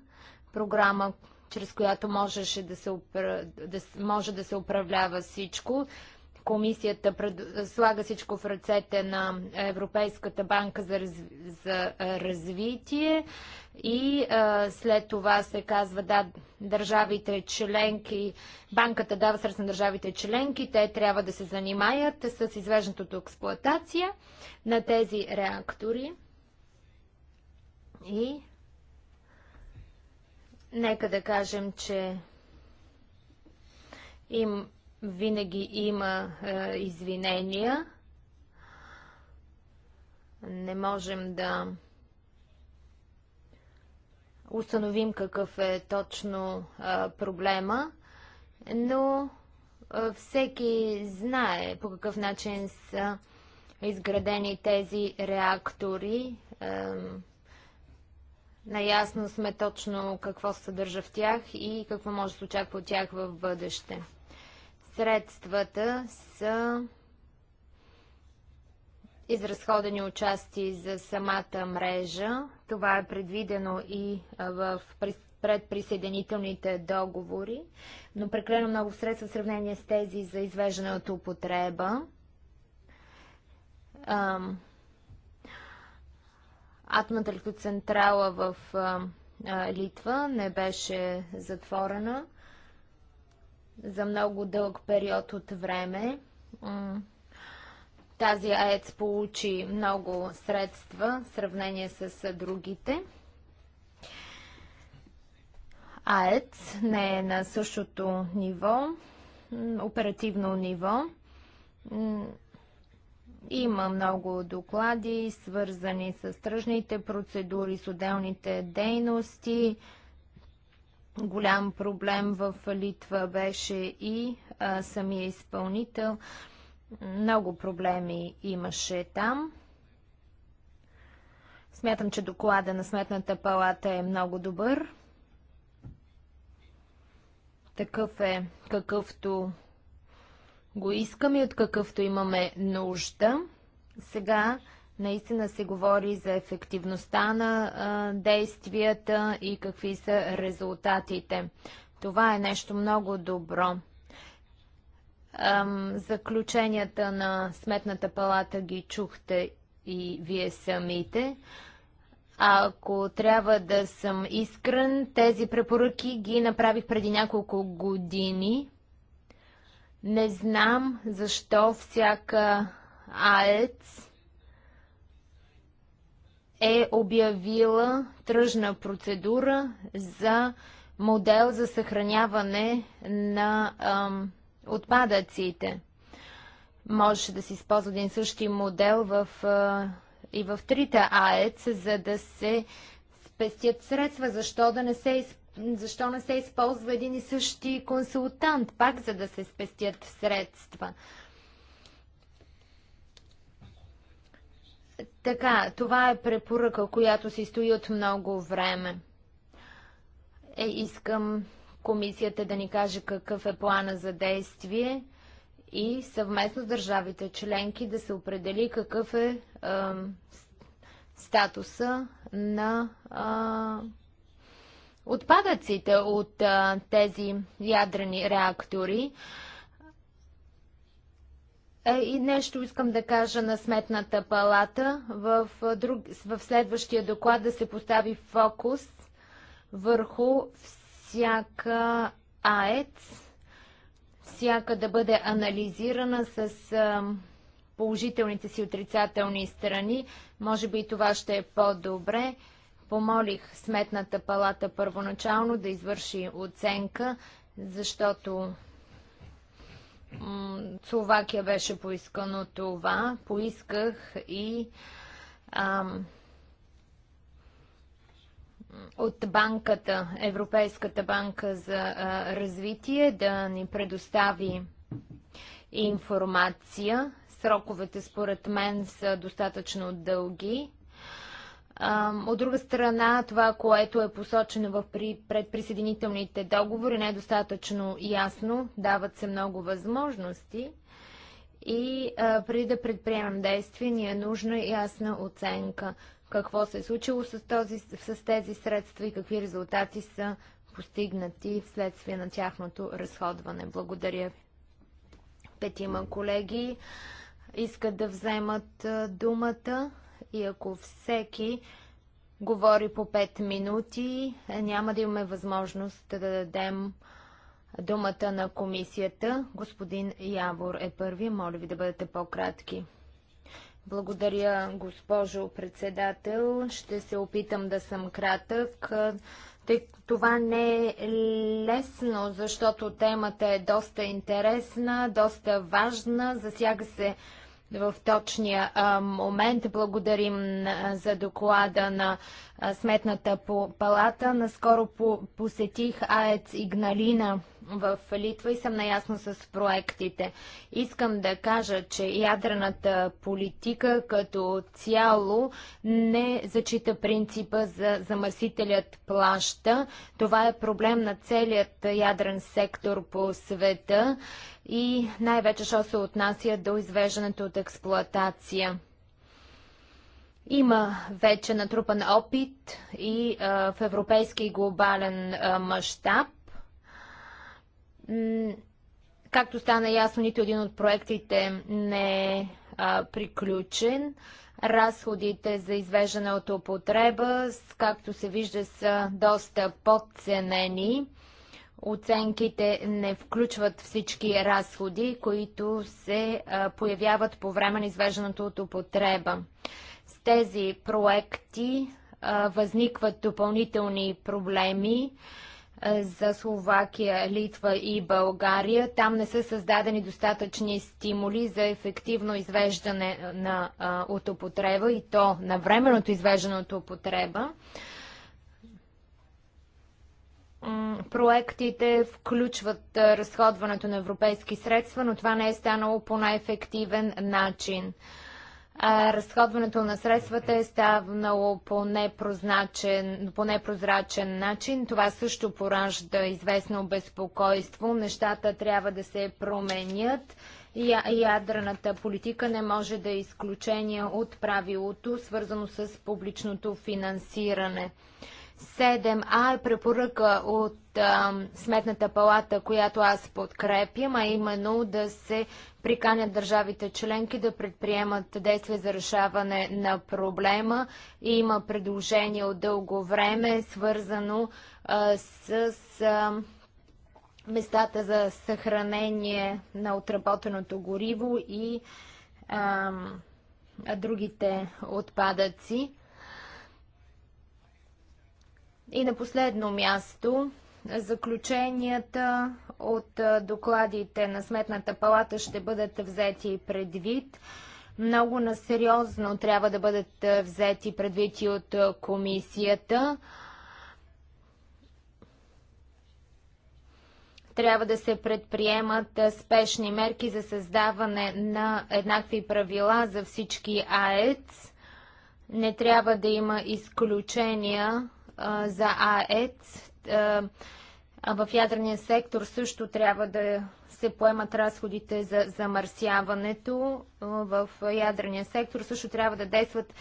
програма, чрез която можеше да се, да, може да се управлява всичко. Комисията слага всичко в ръцете на Европейската банка за, раз... за развитие и а, след това се казва да, държавите членки, банката дава средства на държавите членки, те трябва да се занимаят с извеждането експлоатация на тези реактори. И нека да кажем, че им винаги има е, извинения. Не можем да установим какъв е точно е, проблема, но е, всеки знае по какъв начин са изградени тези реактори. Е, наясно сме точно какво се съдържа в тях и какво може да се очаква от тях в бъдеще. Средствата са изразходени участи за самата мрежа. Това е предвидено и в предприсъединителните договори, но прекалено много средства в сравнение с тези за извеждане от употреба. Атомната електроцентрала в Литва не беше затворена за много дълъг период от време. Тази АЕЦ получи много средства в сравнение с другите. АЕЦ не е на същото ниво, оперативно ниво. Има много доклади, свързани с тръжните процедури, с отделните дейности, Голям проблем в Литва беше и а, самия изпълнител. Много проблеми имаше там. Смятам, че доклада на Сметната палата е много добър. Такъв е какъвто го искаме и от какъвто имаме нужда. Сега Наистина се говори за ефективността на действията и какви са резултатите. Това е нещо много добро. заключенията на Сметната палата ги чухте и вие самите. ако трябва да съм искрен, тези препоръки ги направих преди няколко години. Не знам защо всяка АЕЦ е обявила тръжна процедура за модел за съхраняване на ам, отпадъците. Може да се използва един същи модел в, а, и в трите АЕЦ, за да се спестят средства. Защо, да не се, защо не се използва един и същи консултант, пак за да се спестят средства? Така, това е препоръка, която си стои от много време. Е, искам комисията да ни каже какъв е плана за действие и съвместно с държавите членки да се определи какъв е, е статуса на е, отпадъците от е, тези ядрени реактори. Е, е, и нещо искам да кажа на Сметната палата. В, друг, в следващия доклад да се постави фокус върху всяка АЕЦ, всяка да бъде анализирана с положителните си отрицателни страни. Може би това ще е по-добре. Помолих Сметната палата първоначално да извърши оценка, защото Словакия беше поискано това. Поисках и ам, от банката, Европейската банка за а, развитие, да ни предостави информация. Сроковете според мен са достатъчно дълги. От друга страна, това, което е посочено в предприсъединителните договори, не е достатъчно ясно. Дават се много възможности. И а, преди да предприемем действия, ни е нужна ясна оценка какво се е случило с, този, с тези средства и какви резултати са постигнати вследствие на тяхното разходване. Благодаря ви. Петима колеги искат да вземат думата и ако всеки говори по 5 минути, няма да имаме възможност да дадем думата на комисията. Господин Явор е първи. Моля ви да бъдете по-кратки. Благодаря, госпожо председател. Ще се опитам да съм кратък. Тъй, това не е лесно, защото темата е доста интересна, доста важна. Засяга се в точния момент. Благодарим за доклада на Сметната палата. Наскоро посетих АЕЦ Игналина в Литва и съм наясно с проектите. Искам да кажа, че ядрената политика като цяло не зачита принципа за замърсителят плаща. Това е проблем на целият ядрен сектор по света и най-вече, що се отнася до извеждането от експлоатация. Има вече натрупан опит и а, в европейски и глобален мащаб Както стана ясно, нито един от проектите не е приключен. Разходите за извеждане от употреба, както се вижда, са доста подценени. Оценките не включват всички разходи, които се появяват по време на извеждането от употреба. С тези проекти възникват допълнителни проблеми за Словакия, Литва и България. Там не са създадени достатъчни стимули за ефективно извеждане на, а, от употреба и то на временното извеждане от употреба. Проектите включват разходването на европейски средства, но това не е станало по най-ефективен начин а, разходването на средствата е ставало по непрозначен, по непрозрачен начин. Това също поражда известно безпокойство. Нещата трябва да се променят. ядрената политика не може да е изключение от правилото, свързано с публичното финансиране. 7А е препоръка от а, Сметната палата, която аз подкрепям, а именно да се приканят държавите членки да предприемат действия за решаване на проблема. И има предложение от дълго време, свързано а, с. А, местата за съхранение на отработеното гориво и а, другите отпадъци. И на последно място Заключенията от докладите на Сметната палата ще бъдат взети предвид. Много насериозно трябва да бъдат взети предвид и от комисията. трябва да се предприемат спешни мерки за създаване на еднакви правила за всички АЕЦ. Не трябва да има изключения за АЕЦ в ядрения сектор също трябва да се поемат разходите за замърсяването. В ядрения сектор също трябва да действат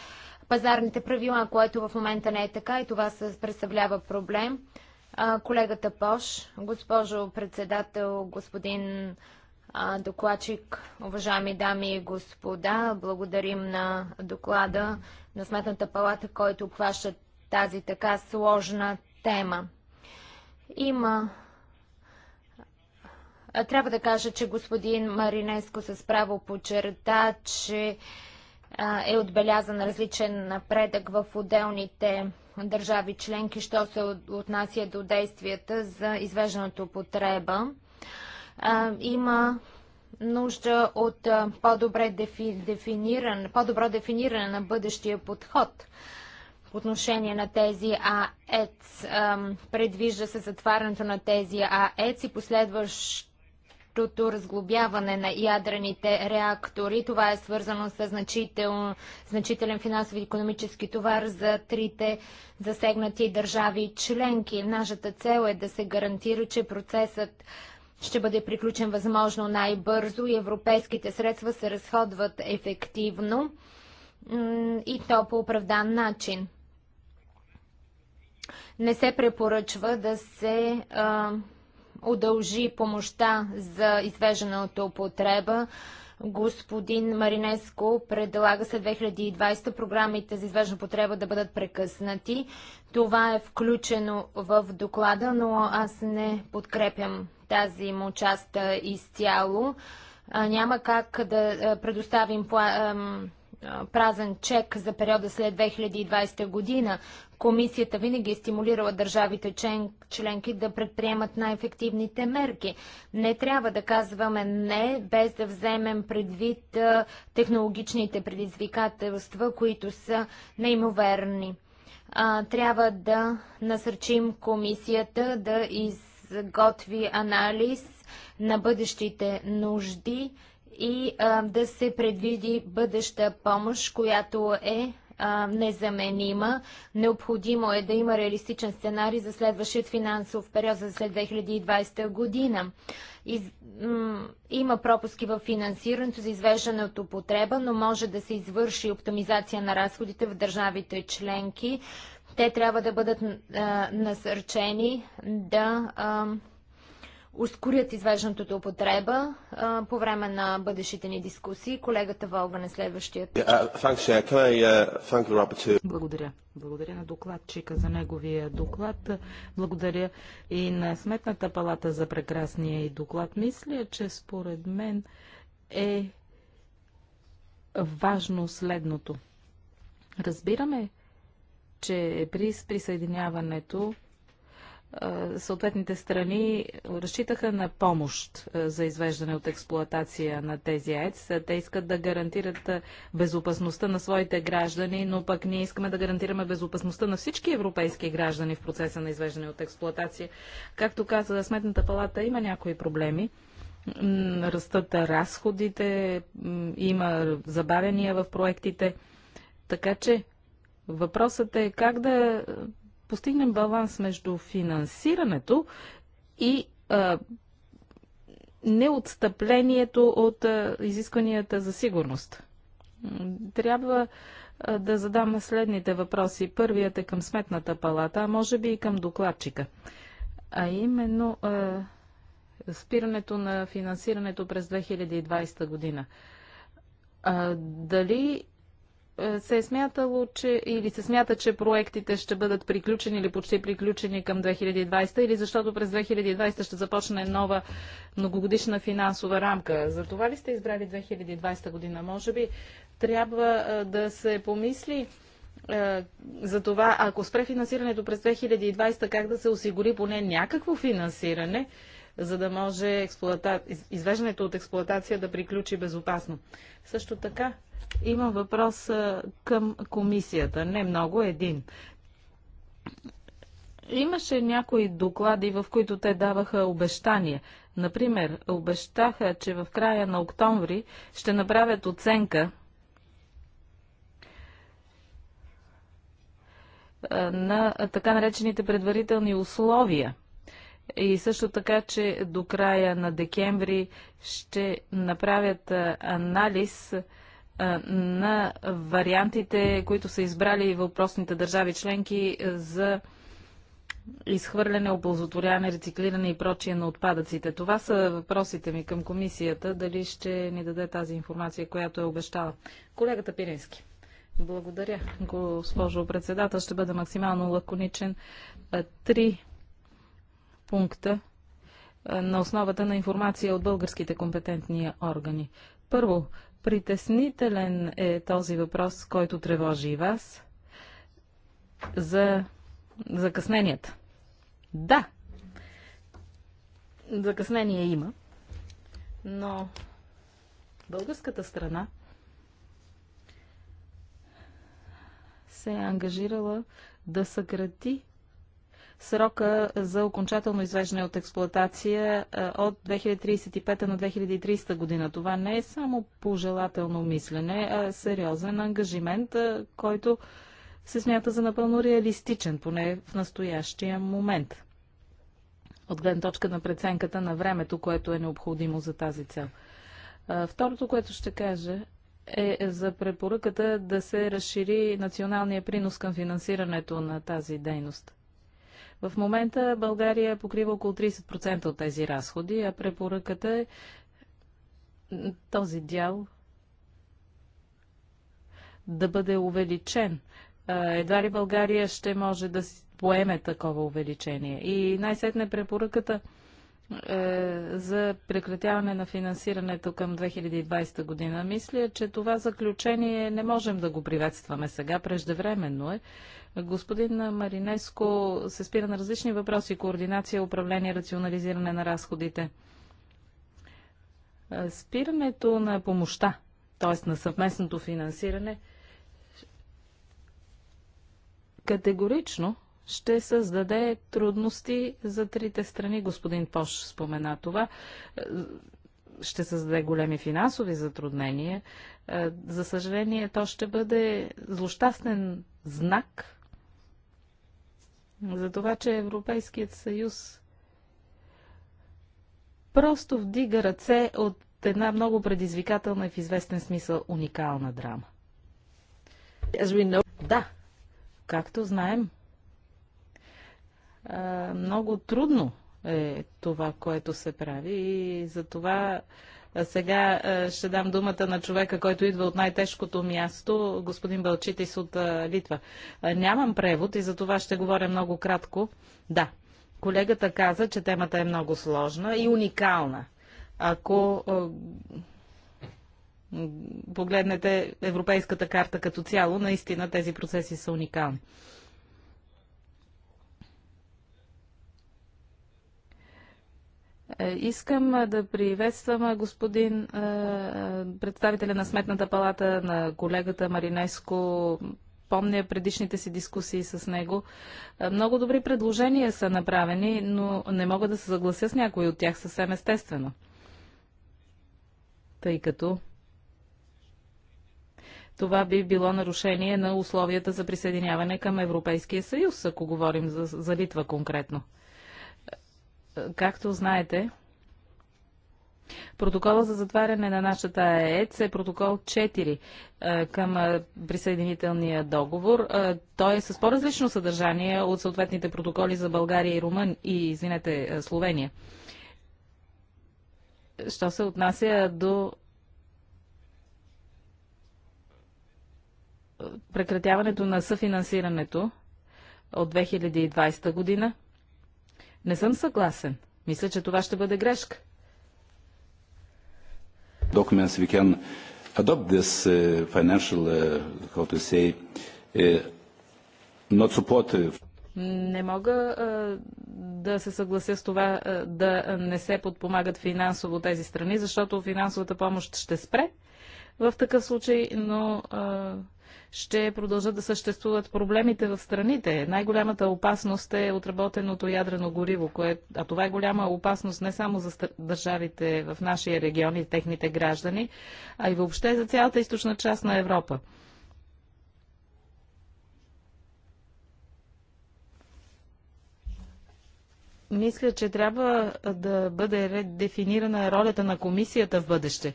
пазарните правила, което в момента не е така и това се представлява проблем. Колегата Пош, госпожо председател, господин докладчик, уважаеми дами и господа, благодарим на доклада на Сметната палата, който обхваща тази така сложна тема. Има трябва да кажа, че господин Маринеско с право подчерта, че е отбелязан различен напредък в отделните държави членки, що се отнася до действията за извеждането потреба. Има нужда от по-добре дефиниран, по-добро дефиниране на бъдещия подход – отношение на тези АЕЦ. Предвижда се затварянето на тези АЕЦ и последващото разглобяване на ядрените реактори. Това е свързано с значител, значителен финансов и економически товар за трите засегнати държави членки. Нашата цел е да се гарантира, че процесът ще бъде приключен възможно най-бързо и европейските средства се разходват ефективно и то по оправдан начин не се препоръчва да се а, удължи помощта за извеждане от употреба. Господин Маринеско предлага след 2020 програмите за извеждане потреба да бъдат прекъснати. Това е включено в доклада, но аз не подкрепям тази му част изцяло. А, няма как да предоставим празен чек за периода след 2020 година. Комисията винаги е стимулирала държавите член, членки да предприемат най-ефективните мерки. Не трябва да казваме не, без да вземем предвид технологичните предизвикателства, които са неимоверни. трябва да насърчим комисията да изготви анализ на бъдещите нужди и а, да се предвиди бъдеща помощ, която е незаменима. Необходимо е да има реалистичен сценарий за следващия финансов период за след 2020 година. Из, има пропуски в финансирането за извеждане от употреба, но може да се извърши оптимизация на разходите в държавите членки. Те трябва да бъдат а, насърчени да. А, ускорят извеждането употреба по време на бъдещите ни дискусии. Колегата Волга на е следващият. Uh, uh, Благодаря. Благодаря на докладчика за неговия доклад. Благодаря и на Сметната палата за прекрасния и доклад. Мисля, че според мен е важно следното. Разбираме, че при присъединяването съответните страни разчитаха на помощ за извеждане от експлоатация на тези АЕЦ. Те искат да гарантират безопасността на своите граждани, но пък ние искаме да гарантираме безопасността на всички европейски граждани в процеса на извеждане от експлоатация. Както каза Сметната палата, има някои проблеми. Растат разходите, има забавения в проектите. Така че Въпросът е как да постигнем баланс между финансирането и а, неотстъплението от а, изискванията за сигурност. Трябва а, да задам следните въпроси. Първият е към Сметната палата, а може би и към докладчика. А именно а, спирането на финансирането през 2020 година. А, дали се е смятало, че или се смята, че проектите ще бъдат приключени или почти приключени към 2020, или защото през 2020 ще започне нова многогодишна финансова рамка. За това ли сте избрали 2020 година? Може би трябва да се помисли за това, ако спре финансирането през 2020, как да се осигури поне някакво финансиране, за да може експлуата... извеждането от експлуатация да приключи безопасно. Също така има въпрос към комисията. Не много, един. Имаше някои доклади, в които те даваха обещания. Например, обещаха, че в края на октомври ще направят оценка на така наречените предварителни условия – и също така, че до края на декември ще направят анализ на вариантите, които са избрали въпросните държави членки за изхвърляне, оползотворяване, рециклиране и прочие на отпадъците. Това са въпросите ми към комисията. Дали ще ни даде тази информация, която е обещала. Колегата Пирински. Благодаря, госпожо председател. Ще бъда максимално лаконичен. Три пункта на основата на информация от българските компетентни органи. Първо, притеснителен е този въпрос, който тревожи и вас за закъсненията. Да, закъснение има, но българската страна се е ангажирала да съкрати срока за окончателно извеждане от експлоатация е, от 2035 на 2030 година. Това не е само пожелателно мислене, а е сериозен ангажимент, е, който се смята за напълно реалистичен, поне в настоящия момент. От гледна точка на преценката на времето, което е необходимо за тази цел. Второто, което ще кажа, е за препоръката да се разшири националния принос към финансирането на тази дейност. В момента България покрива около 30% от тези разходи, а препоръката е този дял да бъде увеличен. Едва ли България ще може да поеме такова увеличение. И най-сетне препоръката е, за прекратяване на финансирането към 2020 година. Мисля, че това заключение не можем да го приветстваме сега, преждевременно е. Господин Маринеско се спира на различни въпроси – координация, управление, рационализиране на разходите. Спирането на помощта, т.е. на съвместното финансиране, категорично ще създаде трудности за трите страни. Господин Пош спомена това. Ще създаде големи финансови затруднения. За съжаление, то ще бъде злощастен знак за това, че Европейският съюз просто вдига ръце от една много предизвикателна и в известен смисъл уникална драма. Да, както знаем, много трудно е това, което се прави и за това сега ще дам думата на човека, който идва от най-тежкото място, господин Балчитис от Литва. Нямам превод и за това ще говоря много кратко. Да, колегата каза, че темата е много сложна и уникална. Ако погледнете Европейската карта като цяло, наистина тези процеси са уникални. Е, искам да приветствам господин представителя на Сметната палата, на колегата Маринеско. Помня предишните си дискусии с него. Е, много добри предложения са направени, но не мога да се съглася с някои от тях съвсем естествено. Тъй като това би било нарушение на условията за присъединяване към Европейския съюз, ако говорим за, за Литва конкретно. Както знаете, Протокола за затваряне на нашата ЕЕЦ е протокол 4 към присъединителния договор. той е с по-различно съдържание от съответните протоколи за България и Румън и, извинете, Словения. Що се отнася до прекратяването на съфинансирането от 2020 година, не съм съгласен. Мисля, че това ще бъде грешка. Documents we can adopt this uh, financial, uh, how to say, uh, not supportive. Не мога да се съглася с това да не се подпомагат финансово тези страни, защото финансовата помощ ще спре в такъв случай, но ще продължат да съществуват проблемите в страните. Най-голямата опасност е отработеното ядрено гориво, кое... а това е голяма опасност не само за държавите в нашия регион и техните граждани, а и въобще за цялата източна част на Европа. мисля, че трябва да бъде редефинирана ролята на комисията в бъдеще.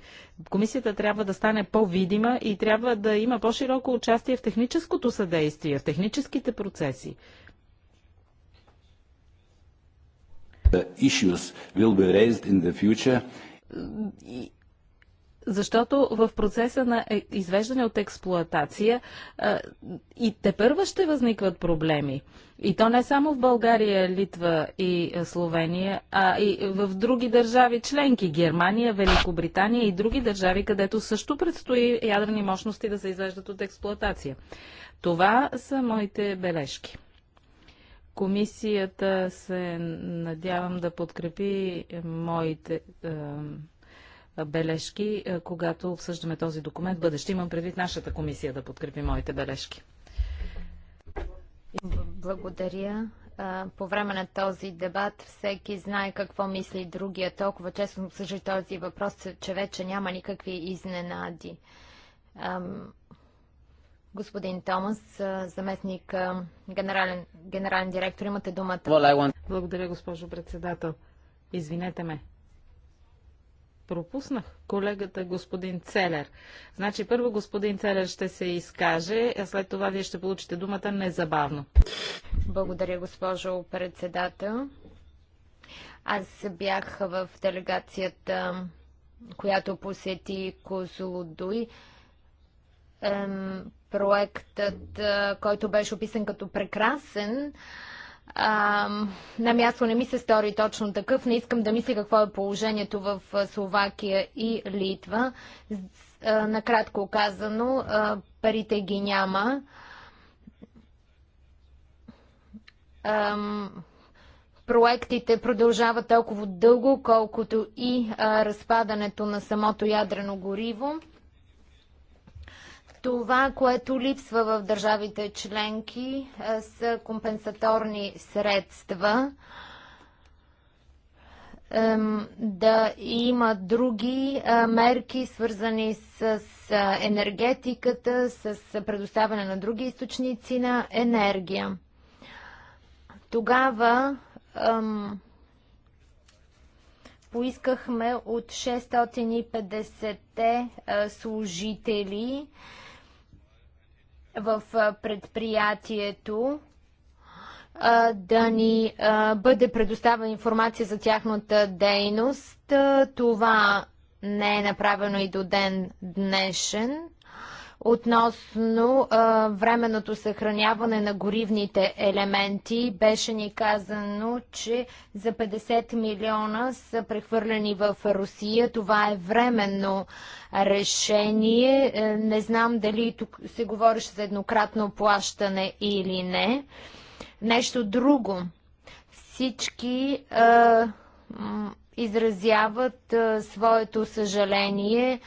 Комисията трябва да стане по-видима и трябва да има по-широко участие в техническото съдействие, в техническите процеси. The issues will be raised in the future защото в процеса на е, извеждане от експлоатация и те първа ще възникват проблеми. И то не само в България, Литва и е, Словения, а и в други държави членки, Германия, Великобритания и други държави, където също предстои ядрени мощности да се извеждат от експлоатация. Това са моите бележки. Комисията се надявам да подкрепи моите бележки, е, когато обсъждаме този документ. Бъдеще имам предвид нашата комисия да подкрепи моите бележки. Благодаря. По време на този дебат всеки знае какво мисли другия. Толкова често обсъжда този въпрос, че вече няма никакви изненади. Господин Томас, заместник генерален, генерален директор, имате думата. Благодаря, госпожо председател. Извинете ме. Пропуснах колегата господин Целер. Значи първо господин Целер ще се изкаже, а след това вие ще получите думата незабавно. Благодаря, госпожо председател. Аз бях в делегацията, която посети Козлодуй. Проектът, е, който беше описан като прекрасен, а, на място не ми се стори точно такъв. Не искам да мисля какво е положението в Словакия и Литва. накратко казано, парите ги няма. Ам, проектите продължават толкова дълго, колкото и а, разпадането на самото ядрено гориво. Това, което липсва в държавите членки, е, са компенсаторни средства да има други е, мерки, свързани с е, енергетиката, с предоставяне на други източници на енергия. Тогава поискахме от 650 служители, в предприятието да ни бъде предоставена информация за тяхната дейност. Това не е направено и до ден днешен. Относно а, временното съхраняване на горивните елементи, беше ни казано, че за 50 милиона са прехвърлени в Русия. Това е временно решение. Е, не знам дали тук се говориш за еднократно плащане или не. Нещо друго. Всички а, изразяват а, своето съжаление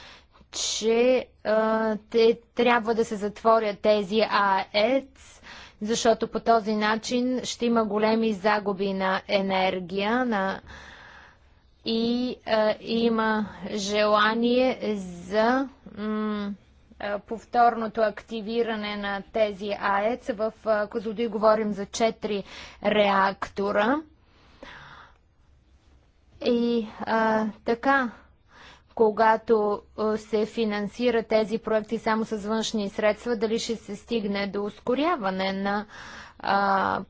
че а, те трябва да се затворят тези АЕЦ, защото по този начин ще има големи загуби на енергия на... и а, има желание за повторното активиране на тези АЕЦ. В Козлодуй говорим за 4 реактора. И а, така, когато се финансират тези проекти само с външни средства, дали ще се стигне до ускоряване на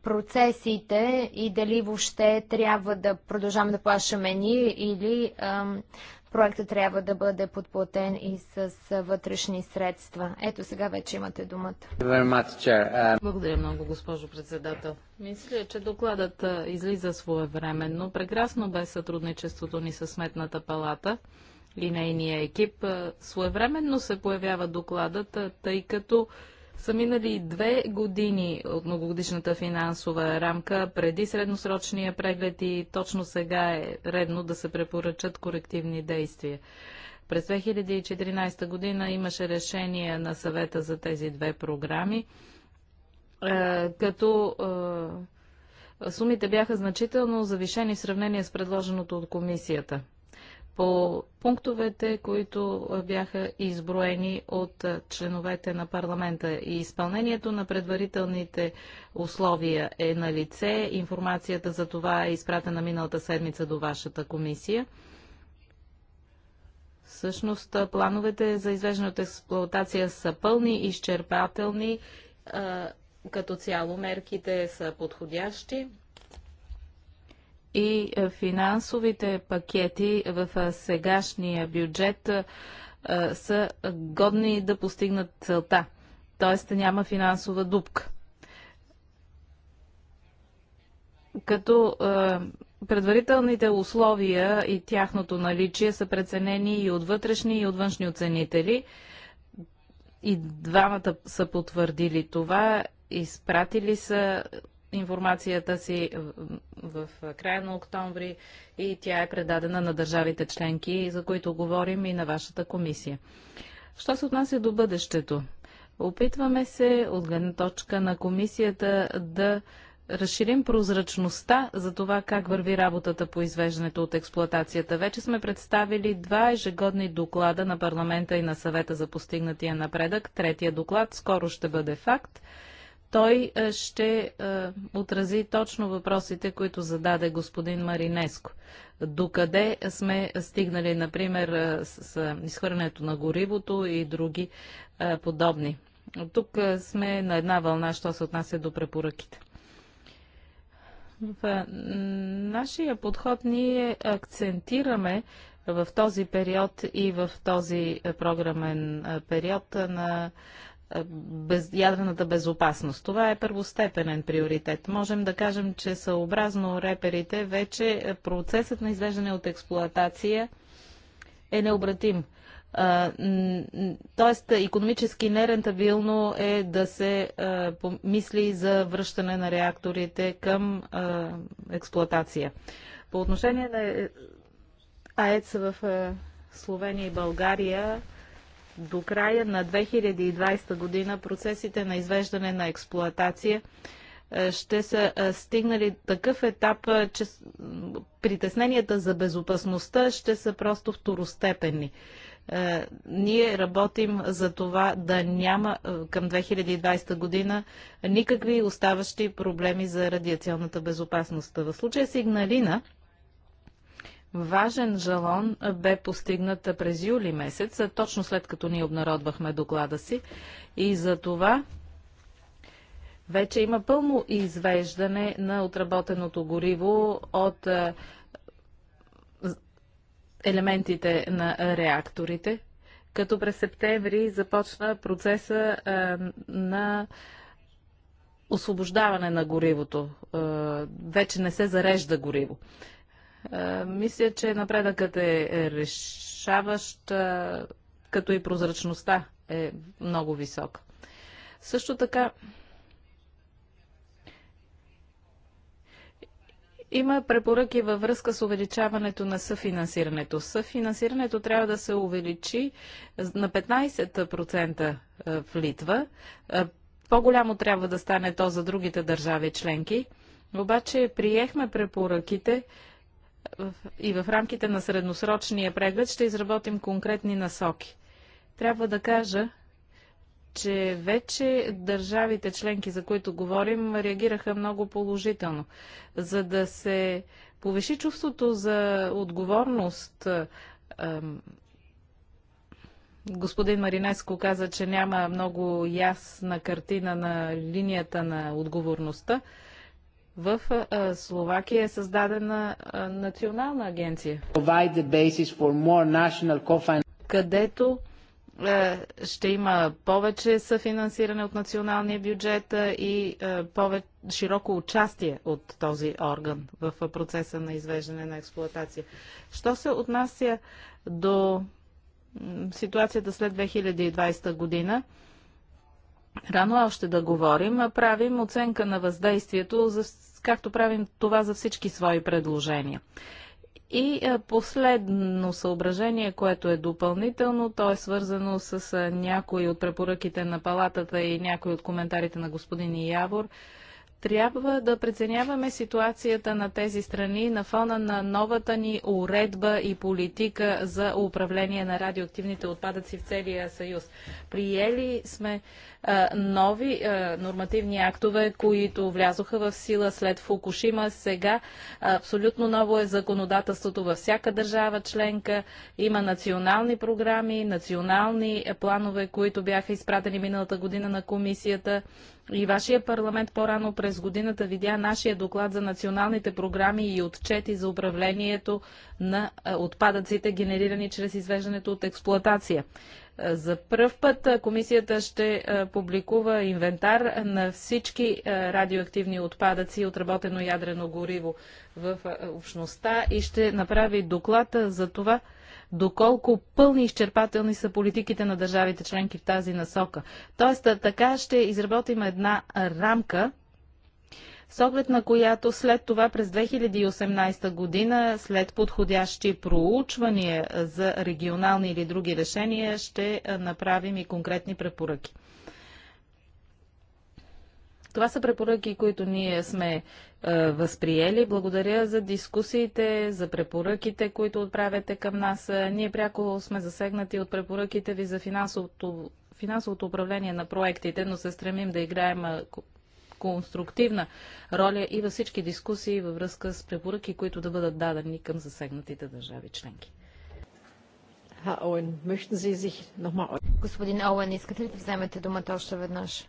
процесите и дали въобще трябва да продължаваме да плащаме ние или проекта трябва да бъде подплатен и с вътрешни средства. Ето сега вече имате думата. Uh, Благодаря много, госпожо председател. Мисля, че докладът излиза своевременно. Прекрасно бе сътрудничеството ни с Сметната палата и нейния екип. Своевременно се появява докладът, тъй като са минали две години от многогодишната финансова рамка преди средносрочния преглед и точно сега е редно да се препоръчат корективни действия. През 2014 година имаше решение на съвета за тези две програми, като сумите бяха значително завишени в сравнение с предложеното от комисията – по пунктовете, които бяха изброени от членовете на парламента. И изпълнението на предварителните условия е на лице. Информацията за това е изпратена миналата седмица до вашата комисия. Всъщност, плановете за извеждане от експлуатация са пълни, изчерпателни. Като цяло мерките са подходящи и е, финансовите пакети в е, сегашния бюджет е, са годни да постигнат целта. Тоест няма финансова дупка. Като Предварителните условия и тяхното наличие са преценени и от вътрешни и от външни оценители. И двамата са потвърдили това. Изпратили са информацията си в края на октомври и тя е предадена на държавите членки, за които говорим и на вашата комисия. Що се отнася до бъдещето? Опитваме се от гледна точка на комисията да разширим прозрачността за това как върви работата по извеждането от експлоатацията. Вече сме представили два ежегодни доклада на парламента и на съвета за постигнатия напредък. Третия доклад скоро ще бъде факт. Той е, ще е, отрази точно въпросите, които зададе господин Маринеско. Докъде сме стигнали, например, е, с изхвърлянето на горивото и други подобни. Тук сме на една вълна, що се отнася до препоръките. В нашия подход ние акцентираме в този период и в този програмен период на без, ядрената безопасност. Това е първостепенен приоритет. Можем да кажем, че съобразно реперите вече процесът на извеждане от експлоатация е необратим. Тоест, економически нерентабилно е да се помисли за връщане на реакторите към експлоатация. По отношение на е, АЕЦ в Словения и България, до края на 2020 година процесите на извеждане на експлоатация е, ще са е, стигнали такъв етап, е, че притесненията за безопасността ще са просто второстепенни. Ние работим за това да няма към 2020 година никакви оставащи проблеми за радиационната безопасност. В случая сигналина. Важен жалон бе постигнат през юли месец, точно след като ние обнародвахме доклада си. И за това вече има пълно извеждане на отработеното гориво от е, елементите на реакторите, като през септември започна процеса е, на освобождаване на горивото. Е, вече не се зарежда гориво. Е, мисля, че напредъкът е решаващ, е, като и прозрачността е много висока. Също така, Има препоръки във връзка с увеличаването на съфинансирането. Съфинансирането трябва да се увеличи на 15% е, в Литва. По-голямо трябва да стане то за другите държави членки. Обаче приехме препоръките и в рамките на средносрочния преглед ще изработим конкретни насоки. Трябва да кажа, че вече държавите членки, за които говорим, реагираха много положително. За да се повиши чувството за отговорност, господин Маринеско каза, че няма много ясна картина на линията на отговорността. В Словакия е създадена национална агенция, където ще има повече съфинансиране от националния бюджет и широко участие от този орган в процеса на извеждане на експлуатация. Що се отнася до ситуацията след 2020 година, рано още да говорим, правим оценка на въздействието за както правим това за всички свои предложения. И е, последно съображение, което е допълнително, то е свързано с е, някои от препоръките на палатата и някои от коментарите на господин Явор. Трябва да преценяваме ситуацията на тези страни на фона на новата ни уредба и политика за управление на радиоактивните отпадъци в целия съюз. Приели сме нови нормативни актове, които влязоха в сила след Фукушима. Сега абсолютно ново е законодателството във всяка държава членка. Има национални програми, национални планове, които бяха изпратени миналата година на комисията. И вашия парламент по-рано през годината видя нашия доклад за националните програми и отчети за управлението на отпадъците, генерирани чрез извеждането от експлоатация. Е, за първ път е, комисията ще е, публикува инвентар на всички радиоактивни отпадъци от работено ядрено гориво в общността и ще направи доклад за това, доколко пълни и изчерпателни са политиките на държавите членки в тази насока. Тоест, така ще изработим една рамка, с оглед на която след това през 2018 година, след подходящи проучвания за регионални или други решения, ще направим и конкретни препоръки. Това са препоръки, които ние сме е, възприели. Благодаря за дискусиите, за препоръките, които отправяте към нас. Ние пряко сме засегнати от препоръките ви за финансовото, финансовото управление на проектите, но се стремим да играем конструктивна роля и във всички дискусии във връзка с препоръки, които да бъдат дадени към засегнатите държави членки. Господин Оуен, искате ли да вземете думата още веднъж?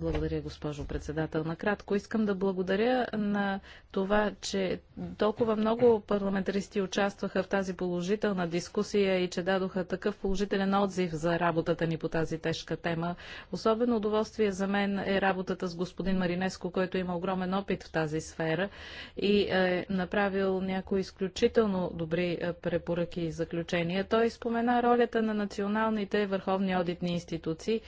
Благодаря, госпожо председател. Накратко искам да благодаря на това, че толкова много парламентаристи участваха в тази положителна дискусия и че дадоха такъв положителен отзив за работата ни по тази тежка тема. Особено удоволствие за мен е работата с господин Маринеско, който има огромен опит в тази сфера и е направил някои изключително добри е, препоръки и заключения. Той спомена ролята на националните върховни одитни институции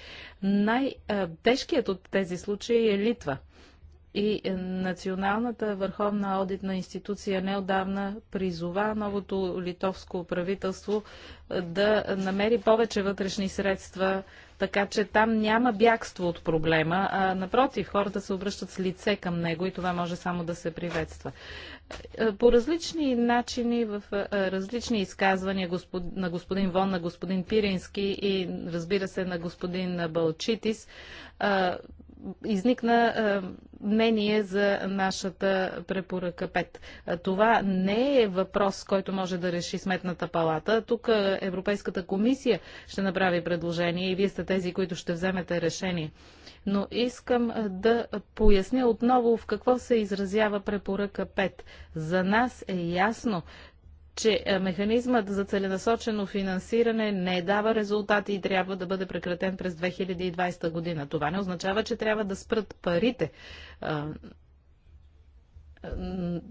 най-тежкият от тези случаи е Литва – и Националната върховна аудитна институция неодавна призова новото литовско правителство да намери повече вътрешни средства, така че там няма бягство от проблема, а напротив, хората се обръщат с лице към него и това може само да се приветства. По различни начини, в различни изказвания на господин Вон, на господин Пирински и разбира се на господин Балчитис, изникна е, мнение за нашата препоръка 5. Е, това не е въпрос, който може да реши Сметната палата. Тук е, Европейската комисия ще направи предложение и вие сте тези, които ще вземете решение. Но искам да поясня отново в какво се изразява препоръка 5. За нас е ясно, че е, механизмът за целенасочено финансиране не дава резултати и трябва да бъде прекратен през 2020 година. Това не означава, че трябва да спрат парите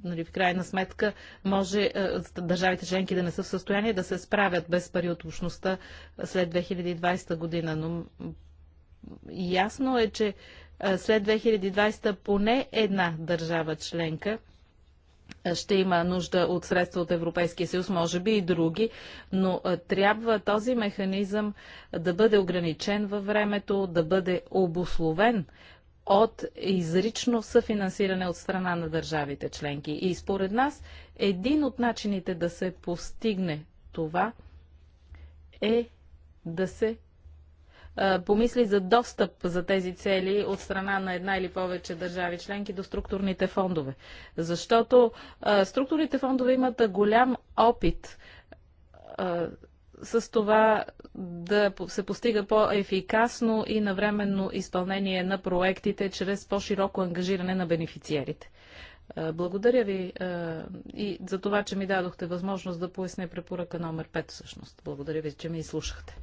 нали, в крайна сметка може е, държавите членки да не са в състояние да се справят без пари от общността след 2020 година. Но ясно е, че е, след 2020 поне една държава членка ще има нужда от средства от Европейския съюз, може би и други, но трябва този механизъм да бъде ограничен във времето, да бъде обословен от изрично съфинансиране от страна на държавите членки. И според нас един от начините да се постигне това е да се помисли за достъп за тези цели от страна на една или повече държави членки до структурните фондове. Защото структурните фондове имат голям опит с това да се постига по-ефикасно и навременно изпълнение на проектите чрез по-широко ангажиране на бенефициерите. Благодаря ви и за това, че ми дадохте възможност да поясня препоръка номер 5 всъщност. Благодаря ви, че ми изслушахте.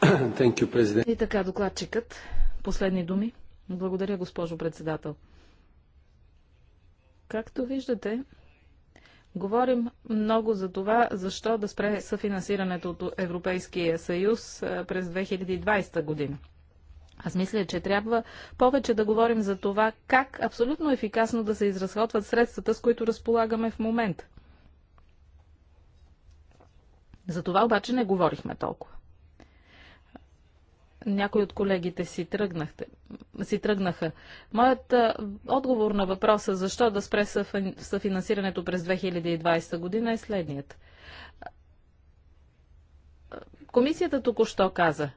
Thank you, President. И така, докладчикът. Последни думи. Благодаря, госпожо председател. Както виждате, Говорим много за това, защо да спре съфинансирането от Европейския съюз през 2020 година. Аз мисля, че трябва повече да говорим за това, как абсолютно ефикасно да се изразходват средствата, с които разполагаме в момента. За това обаче не говорихме толкова някои от колегите си, тръгнахте, си тръгнаха. Моят отговор на въпроса защо да спре съфинансирането през 2020 година е следният. Комисията току-що каза,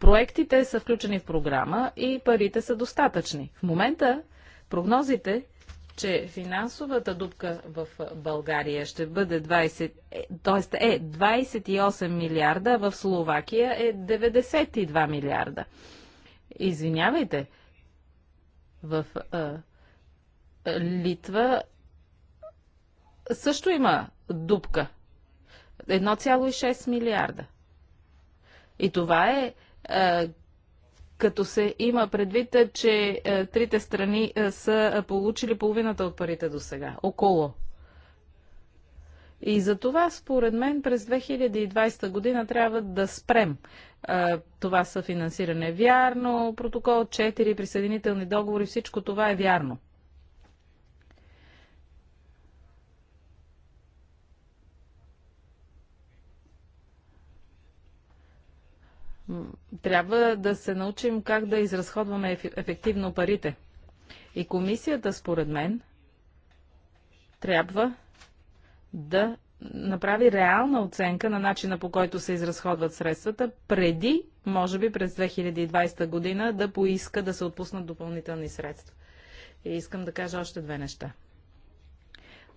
проектите са включени в програма и парите са достатъчни. В момента прогнозите че финансовата дупка в България ще бъде 20, т.е. е 28 е милиарда, в Словакия е 92 милиарда. Извинявайте, в а, Литва също има дупка. 1,6 милиарда. И това е като се има предвид, е, че е, трите страни е, са получили половината от парите до сега. Около. И за това, според мен, през 2020 година трябва да спрем това съфинансиране. Вярно, протокол 4, присъединителни договори, всичко това е вярно. Трябва да се научим как да изразходваме ефективно парите. И комисията, според мен, трябва да направи реална оценка на начина по който се изразходват средствата, преди, може би през 2020 година, да поиска да се отпуснат допълнителни средства. И искам да кажа още две неща.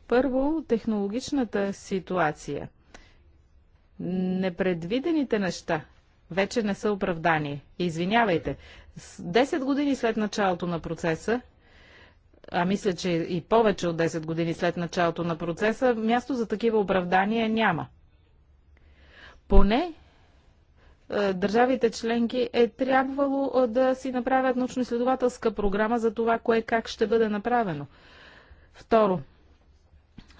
Първо, технологичната ситуация. Непредвидените неща, вече не са оправдани. Извинявайте, 10 години след началото на процеса, а мисля, че и повече от 10 години след началото на процеса, място за такива оправдания няма. Поне е, държавите членки е трябвало е, да си направят научно-изследователска програма за това, кое как ще бъде направено. Второ,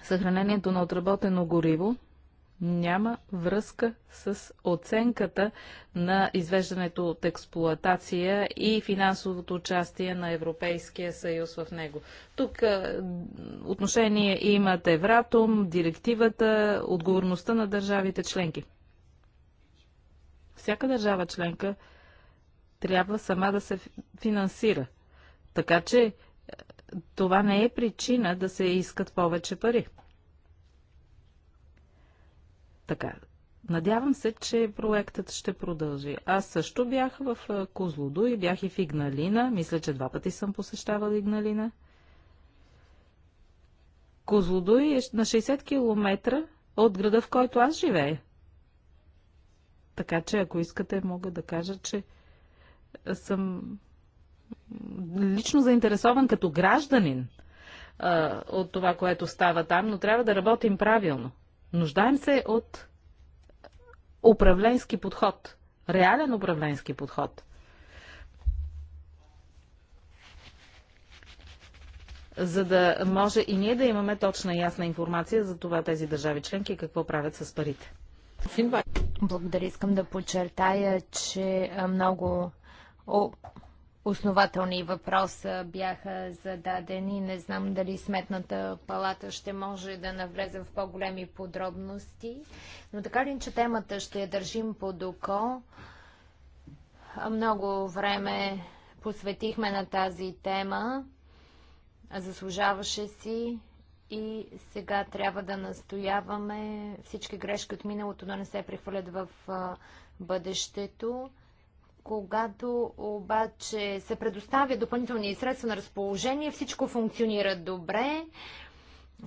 съхранението на отработено гориво няма връзка с оценката на извеждането от експлоатация и финансовото участие на Европейския съюз в него. Тук отношение имат Евратум, директивата, отговорността на държавите членки. Всяка държава членка трябва сама да се финансира. Така че това не е причина да се искат повече пари. Така, надявам се, че проектът ще продължи. Аз също бях в Козлодо и бях и в Игналина. Мисля, че два пъти съм посещавала Игналина. Козлодуй е на 60 км от града, в който аз живея. Така че, ако искате, мога да кажа, че съм лично заинтересован като гражданин а, от това, което става там, но трябва да работим правилно. Нуждаем се от управленски подход, реален управленски подход. За да може и ние да имаме точна и ясна информация за това тези държави членки и какво правят с парите. Благодаря. Искам да подчертая, че много основателни въпроса бяха зададени. Не знам дали сметната палата ще може да навлезе в по-големи подробности, но така ли, че темата ще я държим под око. Много време посветихме на тази тема, заслужаваше си и сега трябва да настояваме всички грешки от миналото да не се прехвърлят в бъдещето. Когато обаче се предоставя допълнителни средства на разположение, всичко функционира добре,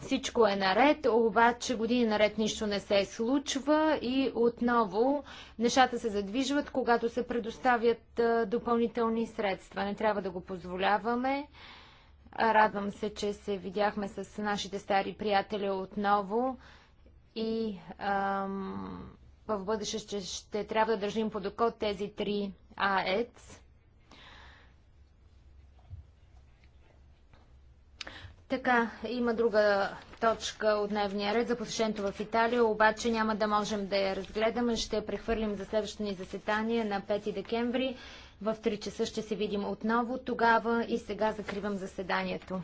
всичко е наред, обаче години наред нищо не се случва и отново нещата се задвижват, когато се предоставят допълнителни средства. Не трябва да го позволяваме. Радвам се, че се видяхме с нашите стари приятели отново и ам, в бъдеще ще, ще трябва да държим под око тези три АЕЦ. Така, има друга точка от дневния ред за посещението в Италия, обаче няма да можем да я разгледаме. Ще прехвърлим за следващото ни заседание на 5 декември. В 3 часа ще се видим отново тогава и сега закривам заседанието.